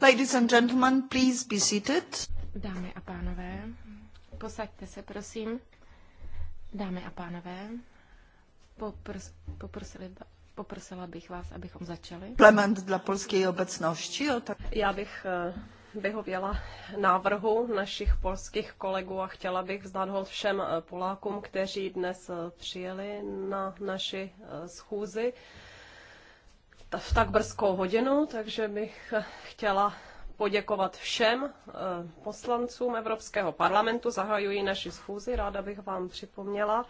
Ladies and gentlemen, please be seated. Dámy a pánové, posaďte se, prosím. Dámy a pánové, popros, poprosili, poprosila bych vás, abychom začali. Implement dla polské obecnosti. tak... Já bych eh, vyhověla návrhu našich polských kolegů a chtěla bych vzdát hold všem eh, Polákům, kteří dnes eh, přijeli na naši schůzi v tak brzkou hodinu, takže bych chtěla poděkovat všem eh, poslancům Evropského parlamentu. Zahajuji naši schůzi. Ráda bych vám připomněla,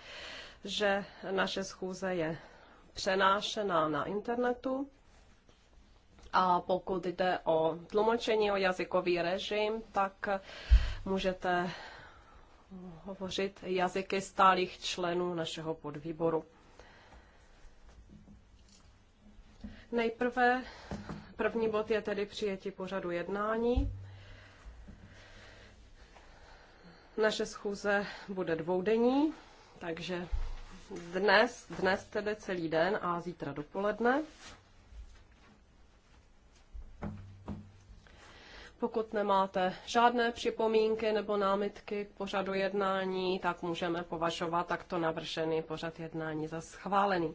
že naše schůze je přenášená na internetu. A pokud jde o tlumočení, o jazykový režim, tak můžete hovořit jazyky stálých členů našeho podvýboru. Nejprve první bod je tedy přijetí pořadu jednání. Naše schůze bude dvoudenní, takže dnes, dnes tedy celý den a zítra dopoledne. Pokud nemáte žádné připomínky nebo námitky k pořadu jednání, tak můžeme považovat takto navržený pořad jednání za schválený.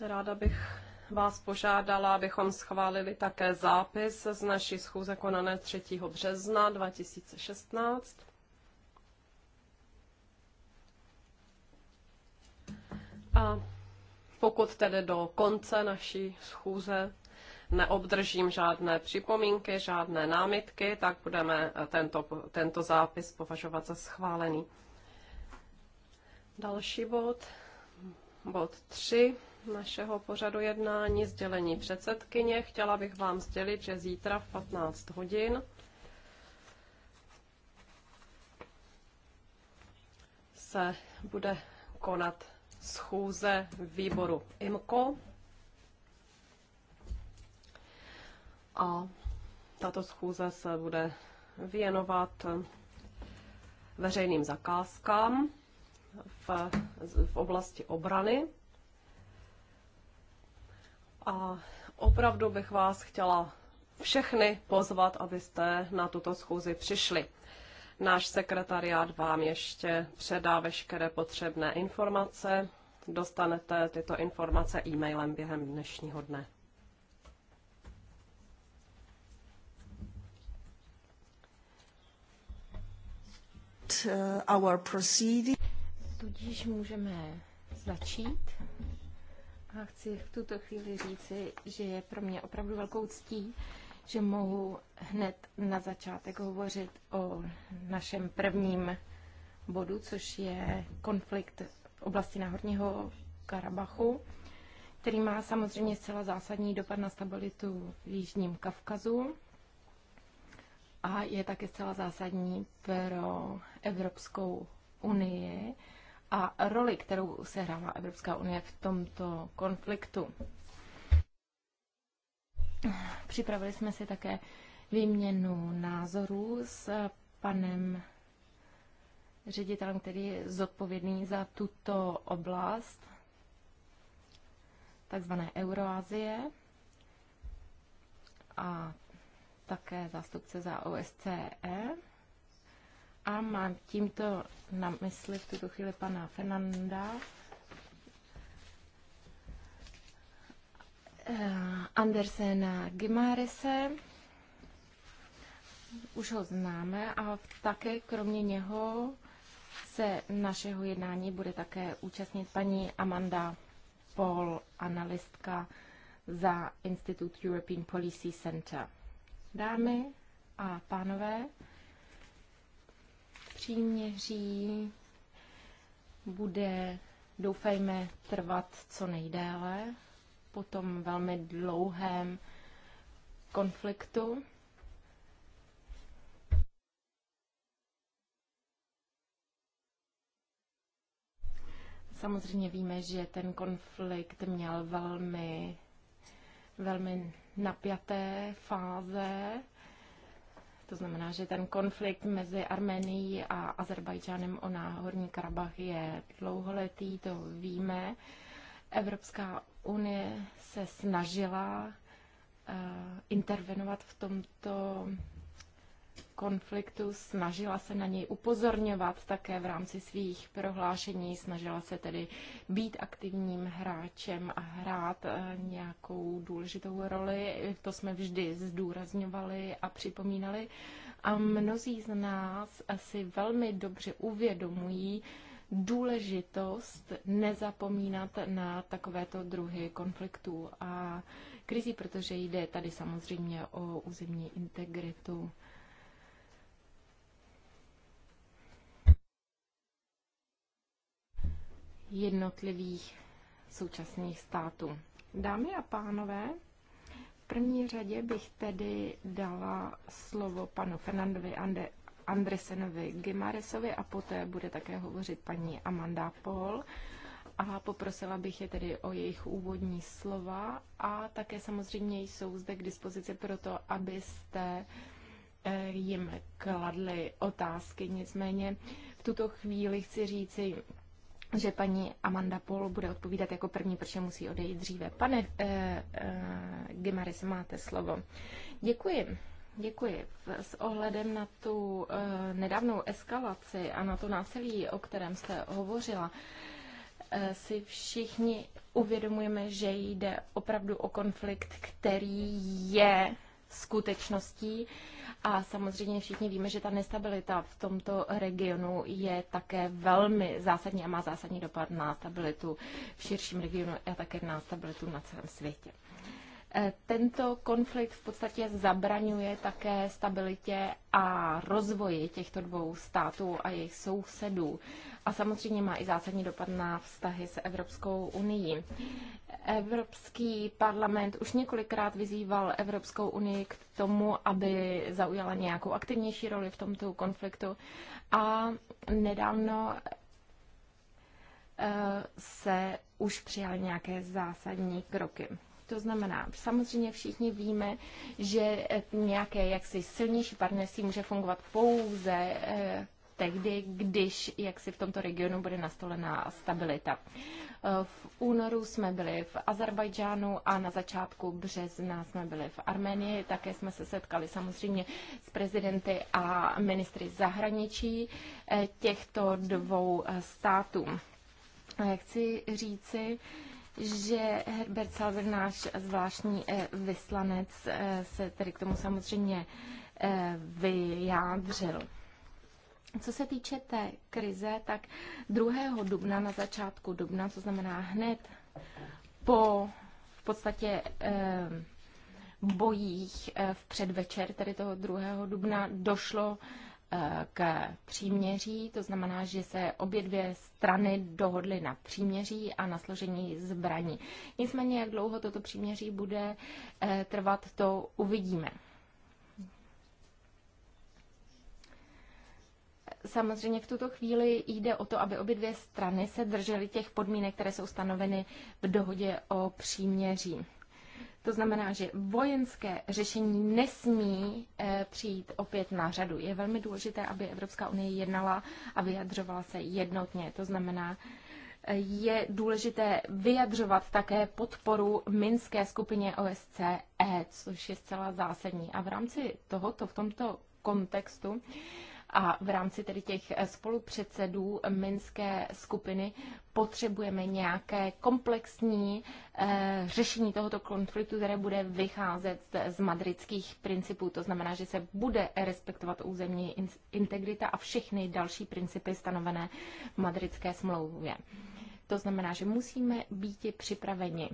Ráda bych vás požádala, abychom schválili také zápis z naší schůze konané 3. března 2016. A pokud tedy do konce naší schůze neobdržím žádné připomínky, žádné námitky, tak budeme tento, tento zápis považovat za schválený. Další bod, bod 3 našeho pořadu jednání sdělení předsedkyně. Chtěla bych vám sdělit, že zítra v 15 hodin se bude konat schůze výboru IMCO. A tato schůze se bude věnovat veřejným zakázkám v, v oblasti obrany. A opravdu bych vás chtěla všechny pozvat, abyste na tuto schůzi přišli. Náš sekretariát vám ještě předá veškeré potřebné informace. Dostanete tyto informace e-mailem během dnešního dne. Uh, our proceeding. Tudíž můžeme začít. A chci v tuto chvíli říci, že je pro mě opravdu velkou ctí, že mohu hned na začátek hovořit o našem prvním bodu, což je konflikt v oblasti Náhorního Karabachu, který má samozřejmě zcela zásadní dopad na stabilitu v Jižním Kavkazu a je také zcela zásadní pro Evropskou unii a roli, kterou sehrála Evropská unie v tomto konfliktu. Připravili jsme si také výměnu názorů s panem ředitelem, který je zodpovědný za tuto oblast, takzvané Euroazie a také zástupce za OSCE. A mám tímto na mysli v tuto chvíli pana Fernanda. Eh, Andersena Gimárese. Už ho známe a také kromě něho se našeho jednání bude také účastnit paní Amanda Paul, analystka za Institut European Policy Center. Dámy a pánové, příměří bude, doufejme, trvat co nejdéle po tom velmi dlouhém konfliktu. Samozřejmě víme, že ten konflikt měl velmi, velmi napjaté fáze to znamená, že ten konflikt mezi Armenií a Azerbajdžánem o náhorní Karabach je dlouholetý, to víme. Evropská unie se snažila eh, intervenovat v tomto konfliktu, snažila se na něj upozorňovat také v rámci svých prohlášení, snažila se tedy být aktivním hráčem a hrát eh, nějakou důležitou roli. To jsme vždy zdůrazňovali a připomínali. A mnozí z nás asi velmi dobře uvědomují, důležitost nezapomínat na takovéto druhy konfliktů a krizí, protože jde tady samozřejmě o územní integritu jednotlivých současných států. Dámy a pánové, v první řadě bych tedy dala slovo panu Fernandovi Ande, Andresenovi Gimaresovi a poté bude také hovořit paní Amanda Paul. A poprosila bych je tedy o jejich úvodní slova a také samozřejmě jsou zde k dispozici pro to, abyste eh, jim kladli otázky. Nicméně v tuto chvíli chci říci, že paní Amanda Pol bude odpovídat jako první, protože musí odejít dříve. Pane eh, eh, Gimaris, máte slovo. Děkuji. Děkuji. S ohledem na tu eh, nedávnou eskalaci a na to násilí, o kterém jste hovořila, eh, si všichni uvědomujeme, že jde opravdu o konflikt, který je skutečností. Eh, a samozřejmě všichni víme, že ta nestabilita v tomto regionu je také velmi zásadní a má zásadní dopad na stabilitu v širším regionu a také na stabilitu na celém světě. E, tento konflikt v podstatě zabraňuje také stabilitě a rozvoji těchto dvou států a jejich sousedů. A samozřejmě má i zásadní dopad na vztahy s Evropskou unii. Evropský parlament už několikrát vyzýval Evropskou unii k tomu, aby zaujala nějakou aktivnější roli v tomto konfliktu a nedávno eh, se už přijaly nějaké zásadní kroky. To znamená, samozřejmě všichni víme, že nějaké jaksi silnější partnerství může fungovat pouze eh, tehdy, když jak si v tomto regionu bude nastolená stabilita. Eh, v únoru jsme byli v Azerbajdžánu a na začátku března jsme byli v Armenii. Také jsme se setkali samozřejmě s prezidenty a ministry zahraničí eh, těchto dvou eh, států. Chci říci, že Herbert Salver, náš zvláštní vyslanec, se tedy k tomu samozřejmě vyjádřil. Co se týče té krize, tak 2. dubna, na začátku dubna, to znamená hned po v podstatě eh, bojích eh, v předvečer, tedy toho 2. dubna, došlo eh, k příměří, to znamená, že se obě dvě strany dohodly na příměří a na složení zbraní. Nicméně, jak dlouho toto příměří bude eh, trvat, to uvidíme. samozřejmě v tuto chvíli jde o to, aby obě dvě strany se držely těch podmínek, které jsou stanoveny v dohodě o příměří. To znamená, že vojenské řešení nesmí eh, přijít opět na řadu. Je velmi důležité, aby Evropská unie jednala a vyjadřovala se jednotně. To znamená, eh, je důležité vyjadřovat také podporu Minské skupině OSCE, což je zcela zásadní. A v rámci tohoto, v tomto kontextu a v rámci tedy těch eh, spolupředsedů Minské skupiny potřebujeme nějaké komplexní eh, řešení tohoto konfliktu, které bude vycházet z madridských principů. To znamená, že se bude respektovat územní integrita a všechny další principy stanovené v madridské smlouvě. To znamená, že musíme být připraveni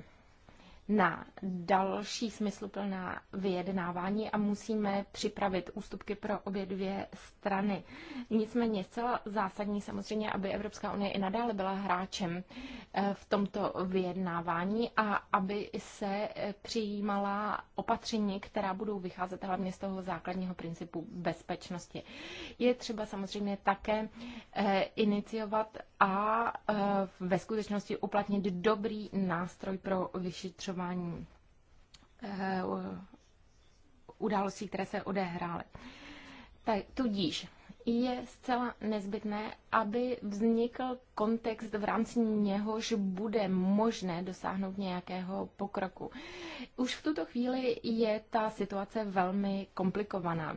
na další smysluplná vyjednávání a musíme připravit ústupky pro obě dvě strany. Nicméně zcela zásadní samozřejmě, aby Evropská unie i nadále byla hráčem eh, v tomto vyjednávání a aby se eh, přijímala opatření, která budou vycházet hlavně z toho základního principu bezpečnosti. Je třeba samozřejmě také eh, iniciovat a ve skutečnosti uplatnit dobrý nástroj pro vyšetřování sledování eh, událostí, které se odehrály. Tak, tudíž je zcela nezbytné, aby vznikl kontext, v rámci něhož bude možné dosáhnout nějakého pokroku. Už v tuto chvíli je ta situace velmi komplikovaná.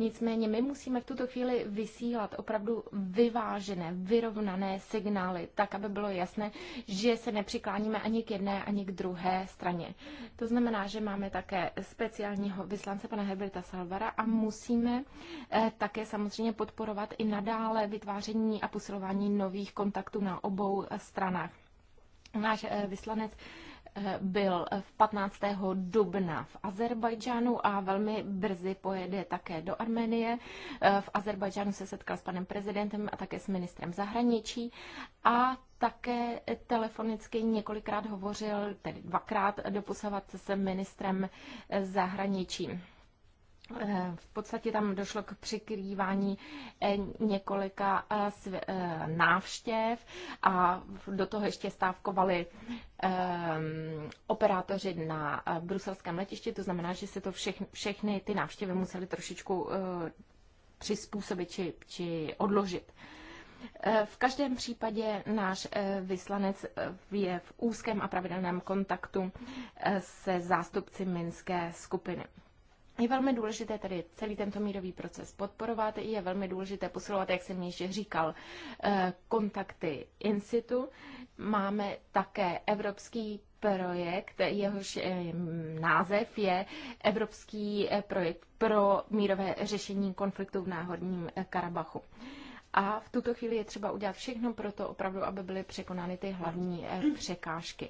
Nicméně my musíme v tuto chvíli vysílat opravdu vyvážené, vyrovnané signály, tak, aby bylo jasné, že se nepřikláníme ani k jedné, ani k druhé straně. To znamená, že máme také speciálního vyslance pana Herberta Salvara a musíme eh, také samozřejmě podporovat i nadále vytváření a posilování nových kontaktů na obou stranách. Náš eh, vyslanec Eh, byl v 15. dubna v Azerbajdžánu a velmi brzy pojede také do Arménie. Eh, v Azerbajdžánu se setkal s panem prezidentem a také s ministrem zahraničí a také telefonicky několikrát hovořil, tedy dvakrát doposavat se ministrem eh, zahraničí. Eh, v podstatě tam došlo k přikrývání eh, několika eh, návštěv a do toho ještě stávkovali operátoři na bruselském letišti, to znamená, že se to všechny, všechny ty návštěvy museli trošičku přizpůsobit či, či odložit. V každém případě náš vyslanec je v úzkém a pravidelném kontaktu se zástupci minské skupiny. Je velmi důležité tady celý tento mírový proces podporovat, je velmi důležité posilovat, jak jsem již říkal, eh, kontakty in situ. Máme také Evropský projekt, jehož eh, název je Evropský eh, projekt pro mírové řešení konfliktů v Náhorním Karabachu. A v tuto chvíli je třeba udělat všechno pro to opravdu, aby byly překonány ty hlavní eh, překážky.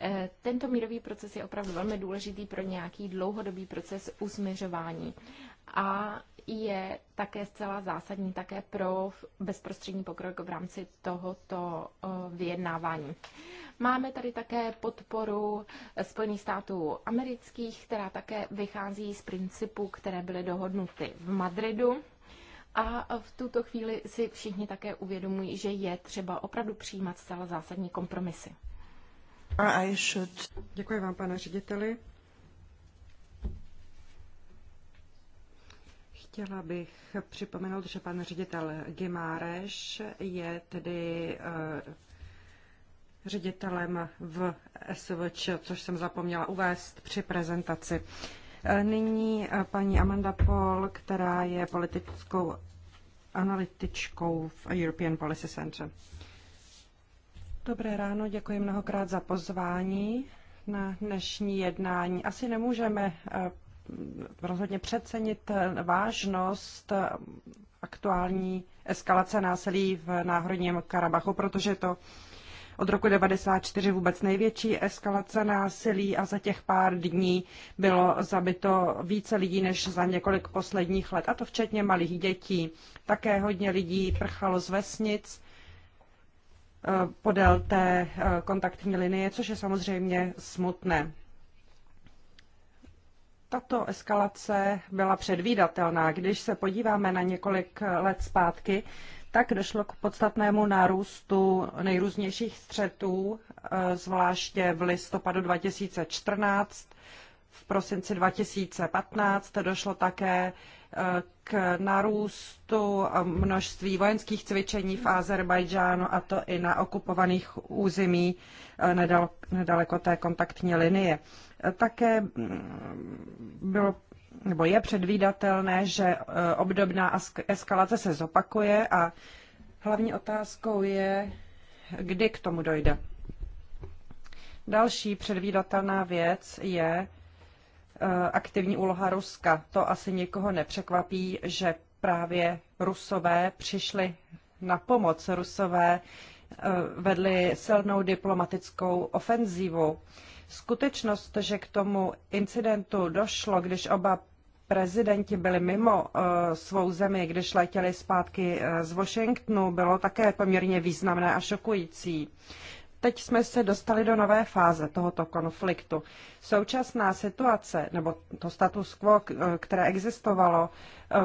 Eh, tento mírový proces je opravdu velmi důležitý pro nějaký dlouhodobý proces usměřování. A je také zcela zásadní také pro bezprostřední pokrok v rámci tohoto eh, vyjednávání. Máme tady také podporu Spojených států amerických, která také vychází z principů, které byly dohodnuty v Madridu. A v tuto chvíli si všichni také uvědomují, že je třeba opravdu přijímat zcela zásadní kompromisy. Děkuji vám, pane řediteli. Chtěla bych připomenout, že pan ředitel Gimáreš je tedy eh, ředitelem v SVČ, což jsem zapomněla uvést při prezentaci. Nyní eh, paní Amanda Paul, která je politickou analytičkou v European Policy Center. Dobré ráno, děkuji mnohokrát za pozvání na dnešní jednání. Asi nemůžeme eh, rozhodně přecenit eh, vážnost aktuální eskalace násilí v náhrodním Karabachu, protože to od roku 1994 vůbec největší eskalace násilí a za těch pár dní bylo zabito více lidí než za několik posledních let, a to včetně malých dětí. Také hodně lidí prchalo z vesnic eh, podél té eh, kontaktní linie, což je samozřejmě smutné. Tato eskalace byla předvídatelná. Když se podíváme na několik let zpátky, tak došlo k podstatnému nárůstu nejrůznějších střetů, eh, zvláště v listopadu 2014. V prosinci 2015 došlo také eh, k narůstu množství vojenských cvičení v Azerbajdžánu a to i na okupovaných území eh, nedaleko té kontaktní linie. Také mm, bylo nebo je předvídatelné, že e, obdobná eskalace se zopakuje a hlavní otázkou je, kdy k tomu dojde. Další předvídatelná věc je e, aktivní úloha Ruska. To asi nikoho nepřekvapí, že právě Rusové přišli na pomoc. Rusové e, vedli silnou diplomatickou ofenzívu. Skutečnost, že k tomu incidentu došlo, když oba prezidenti byli mimo uh, svou zemi, když letěli zpátky uh, z Washingtonu, bylo také poměrně významné a šokující. Teď jsme se dostali do nové fáze tohoto konfliktu. Současná situace, nebo to status quo, eh, které existovalo,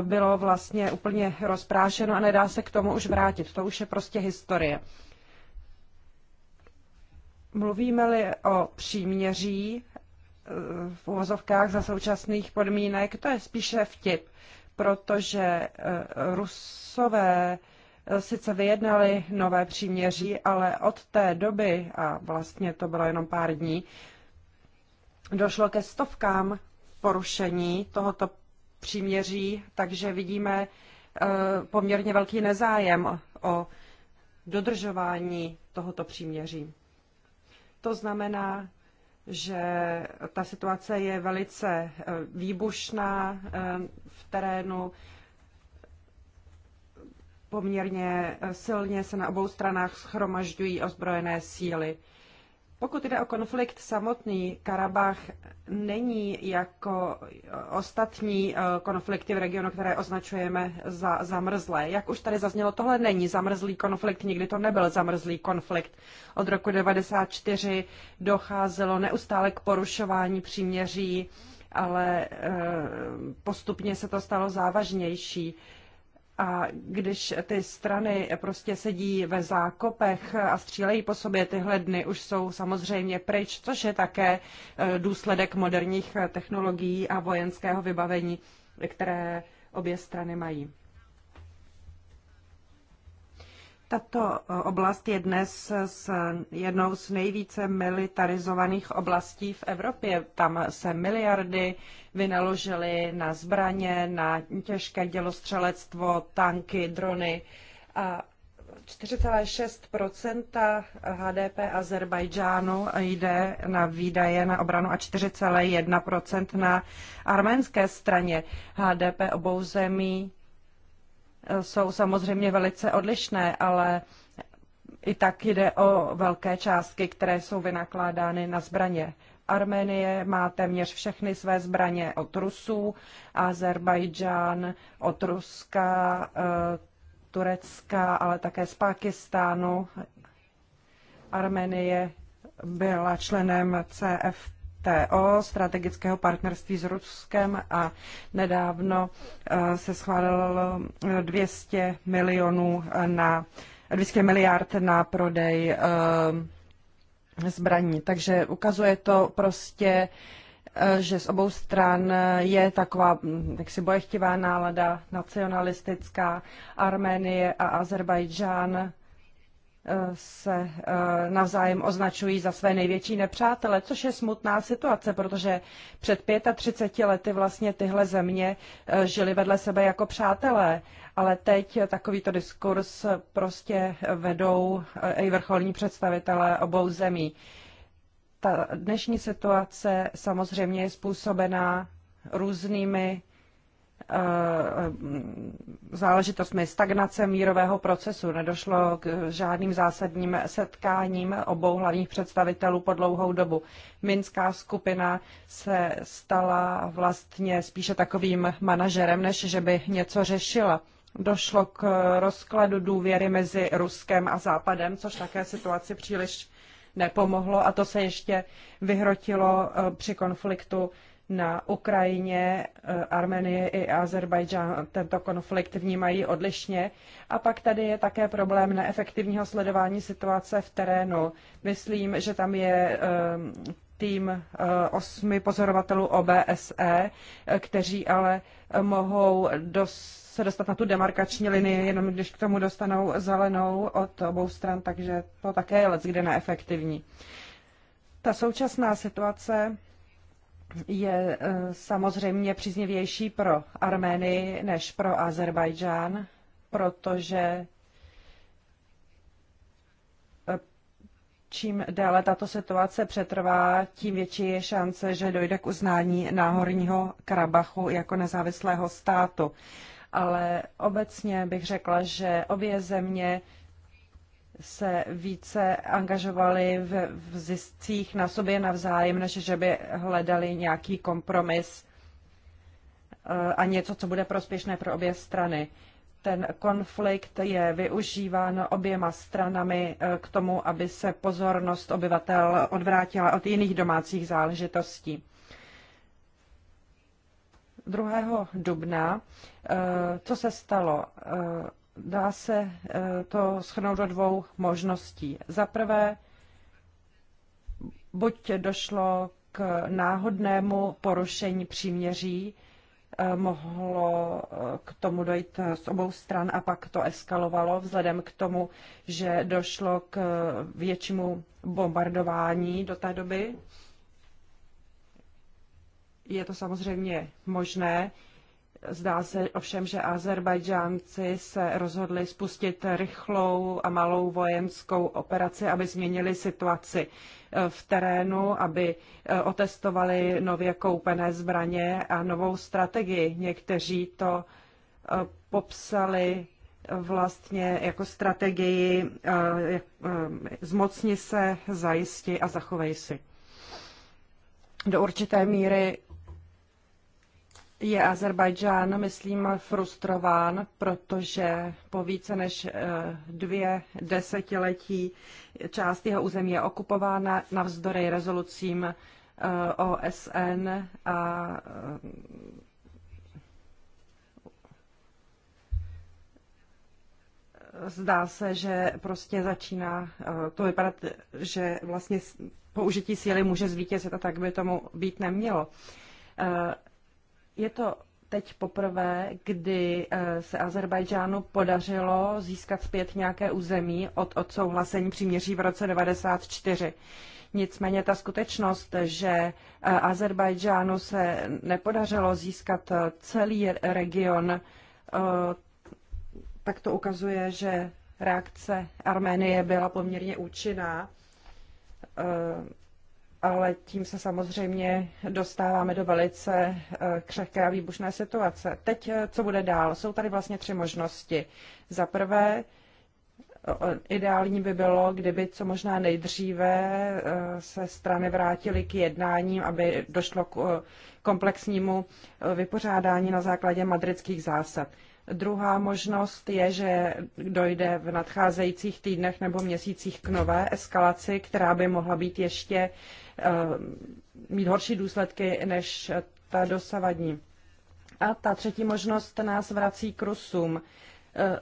bylo vlastně úplně rozprášeno a nedá se k tomu už vrátit. To už je prostě historie. Mluvíme-li o příměří eh, v uvozovkách za současných podmínek, to je spíše vtip, protože eh, rusové eh, sice vyjednali nové příměří, ale od té doby, a vlastně to bylo jenom pár dní, došlo ke stovkám porušení tohoto příměří, takže vidíme poměrně velký nezájem o dodržování tohoto příměří. To znamená, že ta situace je velice eh, výbušná eh, v terénu. Poměrně eh, silně se na obou stranách schromažďují ozbrojené síly. Pokud jde o konflikt samotný, Karabach není jako eh, ostatní eh, konflikty v regionu, které označujeme za zamrzlé. Jak už tady zaznělo, tohle není zamrzlý konflikt, nikdy to nebyl zamrzlý konflikt. Od roku 1994 docházelo neustále k porušování příměří, ale eh, postupně se to stalo závažnější. A když ty strany prostě sedí ve zákopech a střílejí po sobě, tyhle dny už jsou samozřejmě pryč, což je také e, důsledek moderních technologií a vojenského vybavení, které obě strany mají. Tato eh, oblast je dnes s jednou z nejvíce militarizovaných oblastí v Evropě. Tam se miliardy vynaložily na zbraně, na těžké dělostřelectvo, tanky, drony. A 4,6 HDP Azerbajdžánu jde na výdaje na obranu a 4,1 na arménské straně HDP obou zemí E, jsou samozřejmě velice odlišné, ale i tak jde o velké částky, které jsou vynakládány na zbraně. Arménie má téměř všechny své zbraně od Rusů, Azerbajdžán od Ruska, e, Turecka, ale také z Pakistánu. Arménie byla členem CFP VTO, strategického partnerství s Ruskem a nedávno eh, se schválilo 200 eh, milionů eh, na 200 miliard na prodej zbraní. Takže ukazuje to prostě, že z obou stran je taková hm, jaksi bojechtivá nálada nacionalistická. Arménie a Azerbajdžán Eh, se eh, navzájem označují za své největší nepřátele, což je smutná situace, protože před 35 lety vlastně tyhle země eh, žili vedle sebe jako přátelé, ale teď takovýto diskurs prostě vedou i vrcholní představitelé obou zemí. Ta dnešní situace samozřejmě je způsobená různými Eh, záležitostmi stagnace mírového procesu. Nedošlo k žádným zásadním setkáním obou hlavních představitelů po dlouhou dobu. Minská skupina se stala vlastně spíše takovým manažerem, než že by něco řešila. Došlo k rozkladu důvěry mezi Ruskem a Západem, což také situaci příliš nepomohlo a to se ještě vyhrotilo eh, při konfliktu na Ukrajině, eh, Armenie i Azerbajdžán tento konflikt vnímají odlišně. A pak tady je také problém neefektivního sledování situace v terénu. Myslím, že tam je eh, tým eh, osmi pozorovatelů OBSE, kteří ale mohou dost se dostat na tu demarkační linii, jenom když k tomu dostanou zelenou od obou stran, takže to také je let kde neefektivní. Ta současná situace je eh, samozřejmě příznivější pro Arménii než pro Azerbajdžán, protože eh, čím déle tato situace přetrvá, tím větší je šance, že dojde k uznání Náhorního Karabachu jako nezávislého státu. Ale obecně bych řekla, že obě země se více angažovali v, v ziscích na sobě navzájem, než že by hledali nějaký kompromis eh, a něco, co bude prospěšné pro obě strany. Ten konflikt je využíván oběma stranami eh, k tomu, aby se pozornost obyvatel odvrátila od jiných domácích záležitostí. 2. dubna, eh, co se stalo? dá se eh, to schrnout do dvou možností. Za prvé, buď došlo k náhodnému porušení příměří, eh, mohlo eh, k tomu dojít z obou stran a pak to eskalovalo vzhledem k tomu, že došlo k většímu bombardování do té doby. Je to samozřejmě možné. Zdá se ovšem, že Azerbajdžánci se rozhodli spustit rychlou a malou vojenskou operaci, aby změnili situaci eh, v terénu, aby eh, otestovali nově koupené zbraně a novou strategii. Někteří to eh, popsali vlastně jako strategii zmocni se, zajisti a zachovej si. Do určité míry je Azerbajdžán, myslím, frustrován, protože po více než eh, dvě desetiletí část jeho území je okupována navzdory rezolucím eh, OSN a eh, zdá se, že prostě začíná to vypadat, že vlastně použití síly může zvítězit a tak by tomu být nemělo. Je to teď poprvé, kdy eh, se Azerbajdžánu podařilo získat zpět nějaké území od odsouhlasení příměří v roce 1994. Nicméně ta skutečnost, že eh, Azerbajdžánu se nepodařilo získat eh, celý region, tak to ukazuje, že reakce Arménie byla poměrně účinná ale tím se samozřejmě dostáváme do velice eh, křehké a výbušné situace. Teď, eh, co bude dál? Jsou tady vlastně tři možnosti. Za prvé, ideální by bylo, kdyby co možná nejdříve eh, se strany vrátily k jednáním, aby došlo k komplexnímu vypořádání na základě madridských zásad. Druhá možnost je, že dojde v nadcházejících týdnech nebo měsících k nové eskalaci, která by mohla být ještě eh, mít horší důsledky než ta dosavadní. A ta třetí možnost nás vrací k Rusům. Eh,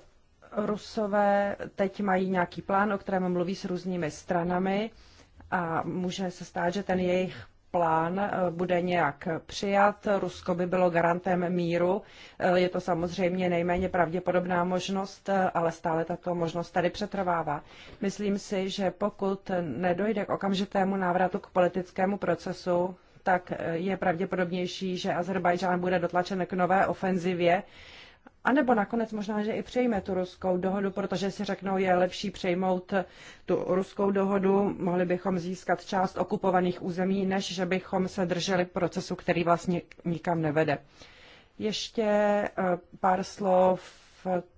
Rusové teď mají nějaký plán, o kterém mluví s různými stranami a může se stát, že ten jejich plán eh, bude nějak přijat. Rusko by bylo garantem míru. Eh, je to samozřejmě nejméně pravděpodobná možnost, eh, ale stále tato možnost tady přetrvává. Myslím si, že pokud nedojde k okamžitému návratu k politickému procesu, tak je pravděpodobnější, že Azerbajdžán bude dotlačen k nové ofenzivě a nebo nakonec možná, že i přejme tu ruskou dohodu, protože si řeknou, je lepší přejmout tu ruskou dohodu, mohli bychom získat část okupovaných území, než že bychom se drželi procesu, který vlastně nikam nevede. Ještě eh, pár slov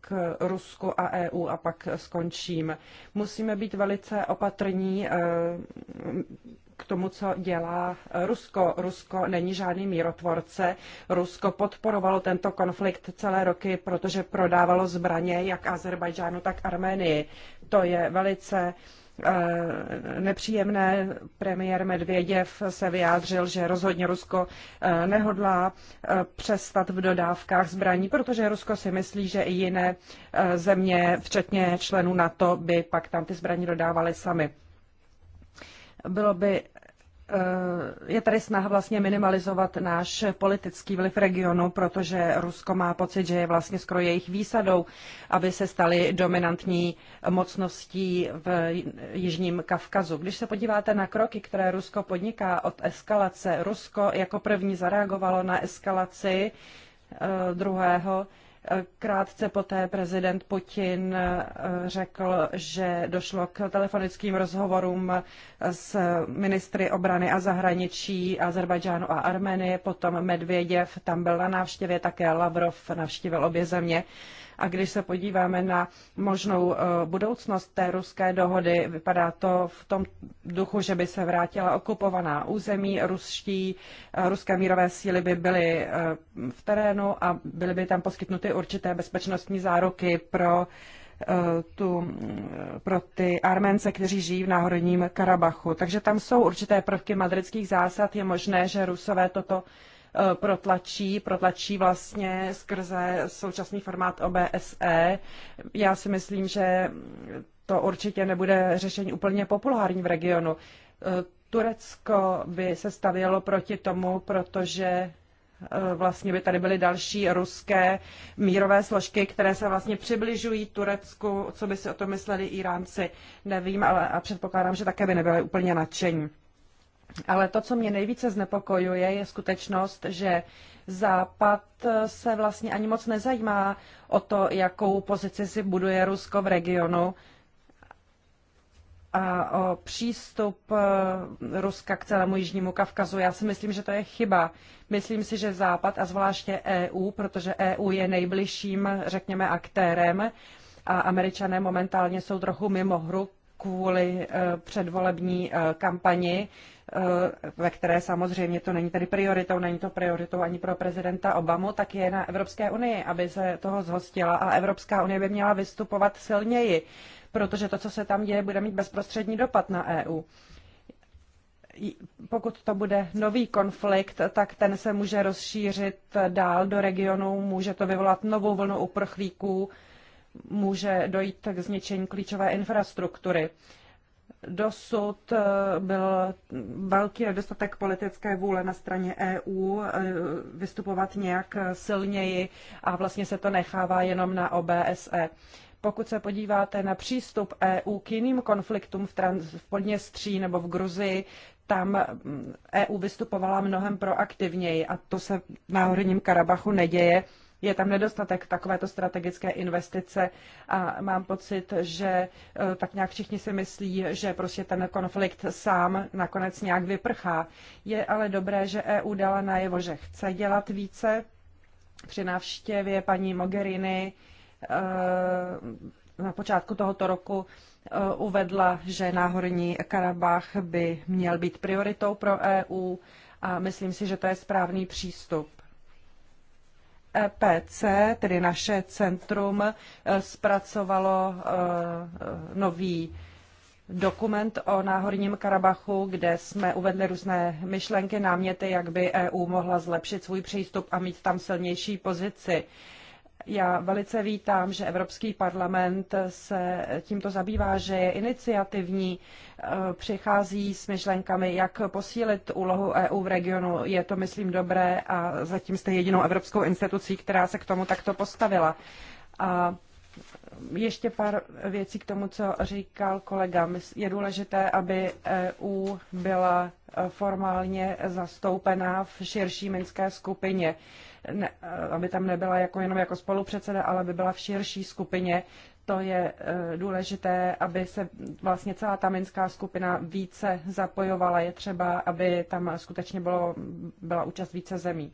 k Rusku a EU a pak skončím. Musíme být velice opatrní eh, k tomu, co dělá eh, Rusko. Rusko není žádný mírotvorce. Rusko podporovalo tento konflikt celé roky, protože prodávalo zbraně jak Azerbajdžánu, tak Arménii. To je velice eh, nepříjemné. Premiér Medvěděv se vyjádřil, že rozhodně Rusko eh, nehodlá přestat v dodávkách zbraní, protože Rusko si myslí, že i jiné země, včetně členů NATO, by pak tam ty zbraně dodávaly sami. Bylo by eh, je tady snaha vlastně minimalizovat náš politický vliv regionu, protože Rusko má pocit, že je vlastně skoro jejich výsadou, aby se stali dominantní mocností v Jižním Kavkazu. Když se podíváte na kroky, které Rusko podniká od eskalace, Rusko jako první zareagovalo na eskalaci eh, druhého Krátce poté prezident Putin eh, řekl, že došlo k telefonickým rozhovorům s ministry obrany a zahraničí Azerbajdžánu a Armenie, potom Medvěděv tam byl na návštěvě, také Lavrov navštívil obě země. A když se podíváme na možnou eh, budoucnost té ruské dohody, vypadá to v tom duchu, že by se vrátila okupovaná území, ruští, eh, ruské mírové síly by byly eh, v terénu a byly by tam poskytnuty určité bezpečnostní záruky pro tu, pro ty Armence, kteří žijí v Náhorním Karabachu. Takže tam jsou určité prvky madridských zásad. Je možné, že Rusové toto Eh, protlačí, protlačí vlastně skrze současný formát OBSE. Já si myslím, že to určitě nebude řešení úplně populární v regionu. Eh, Turecko by se stavělo proti tomu, protože eh, vlastně by tady byly další ruské mírové složky, které se vlastně přibližují Turecku, co by si o tom mysleli Iránci, nevím, ale a předpokládám, že také by nebyly úplně nadšení. Ale to, co mě nejvíce znepokojuje, je skutečnost, že Západ se vlastně ani moc nezajímá o to, jakou pozici si buduje Rusko v regionu a o přístup eh, Ruska k celému Jižnímu Kavkazu. Já si myslím, že to je chyba. Myslím si, že Západ a zvláště EU, protože EU je nejbližším, řekněme, aktérem a američané momentálně jsou trochu mimo hru kvůli eh, předvolební eh, kampani, Eh, ve které samozřejmě to není tedy prioritou, není to prioritou ani pro prezidenta Obamu, tak je na Evropské unii, aby se toho zhostila a Evropská unie by měla vystupovat silněji, protože to, co se tam děje, bude mít bezprostřední dopad na EU pokud to bude nový konflikt, tak ten se může rozšířit dál do regionu, může to vyvolat novou vlnu uprchlíků, může dojít k zničení klíčové infrastruktury. Dosud eh, byl velký nedostatek politické vůle na straně EU eh, vystupovat nějak silněji a vlastně se to nechává jenom na OBSE. Pokud se podíváte na přístup EU k jiným konfliktům v, trans, v Podněstří nebo v Gruzii, tam mm, EU vystupovala mnohem proaktivněji a to se na Horním Karabachu neděje je tam nedostatek takovéto strategické investice a mám pocit, že e, tak nějak všichni si myslí, že prostě ten konflikt sám nakonec nějak vyprchá. Je ale dobré, že EU dala najevo, že chce dělat více. Při návštěvě paní Mogherini e, na počátku tohoto roku e, uvedla, že náhorní Karabach by měl být prioritou pro EU a myslím si, že to je správný přístup. EPC, tedy naše centrum, e, zpracovalo e, e, nový dokument o Náhorním Karabachu, kde jsme uvedli různé myšlenky, náměty, jak by EU mohla zlepšit svůj přístup a mít tam silnější pozici. Já velice vítám, že Evropský parlament se tímto zabývá, že je iniciativní, eh, přichází s myšlenkami, jak posílit úlohu EU v regionu. Je to, myslím, dobré a zatím jste jedinou evropskou institucí, která se k tomu takto postavila. A ještě pár věcí k tomu, co říkal kolega. Je důležité, aby EU byla eh, formálně zastoupená v širší minské skupině ne, eh, aby tam nebyla jako jenom jako spolupředseda, ale aby byla v širší skupině. To je eh, důležité, aby se vlastně celá ta minská skupina více zapojovala. Je třeba, aby tam skutečně bylo, byla účast více zemí.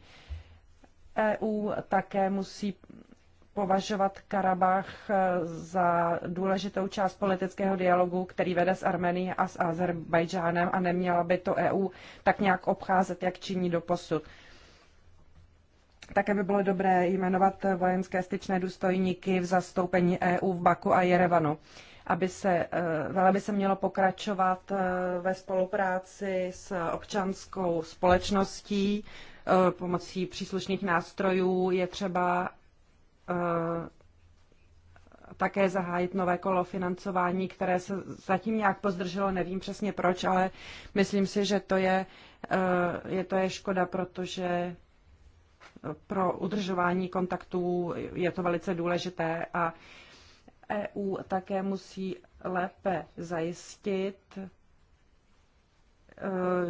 EU také musí považovat Karabach eh, za důležitou část politického dialogu, který vede s Armenií a s Azerbajdžánem a neměla by to EU tak nějak obcházet, jak činí do posud. Také by bylo dobré jmenovat vojenské styčné důstojníky v zastoupení EU v Baku a Jerevanu aby se, eh, by se mělo pokračovat eh, ve spolupráci s občanskou společností eh, pomocí příslušných nástrojů. Je třeba také zahájit nové kolo financování, které se zatím nějak pozdrželo, nevím přesně proč, ale myslím si, že to je, je, to je škoda, protože pro udržování kontaktů je to velice důležité a EU také musí lépe zajistit, e,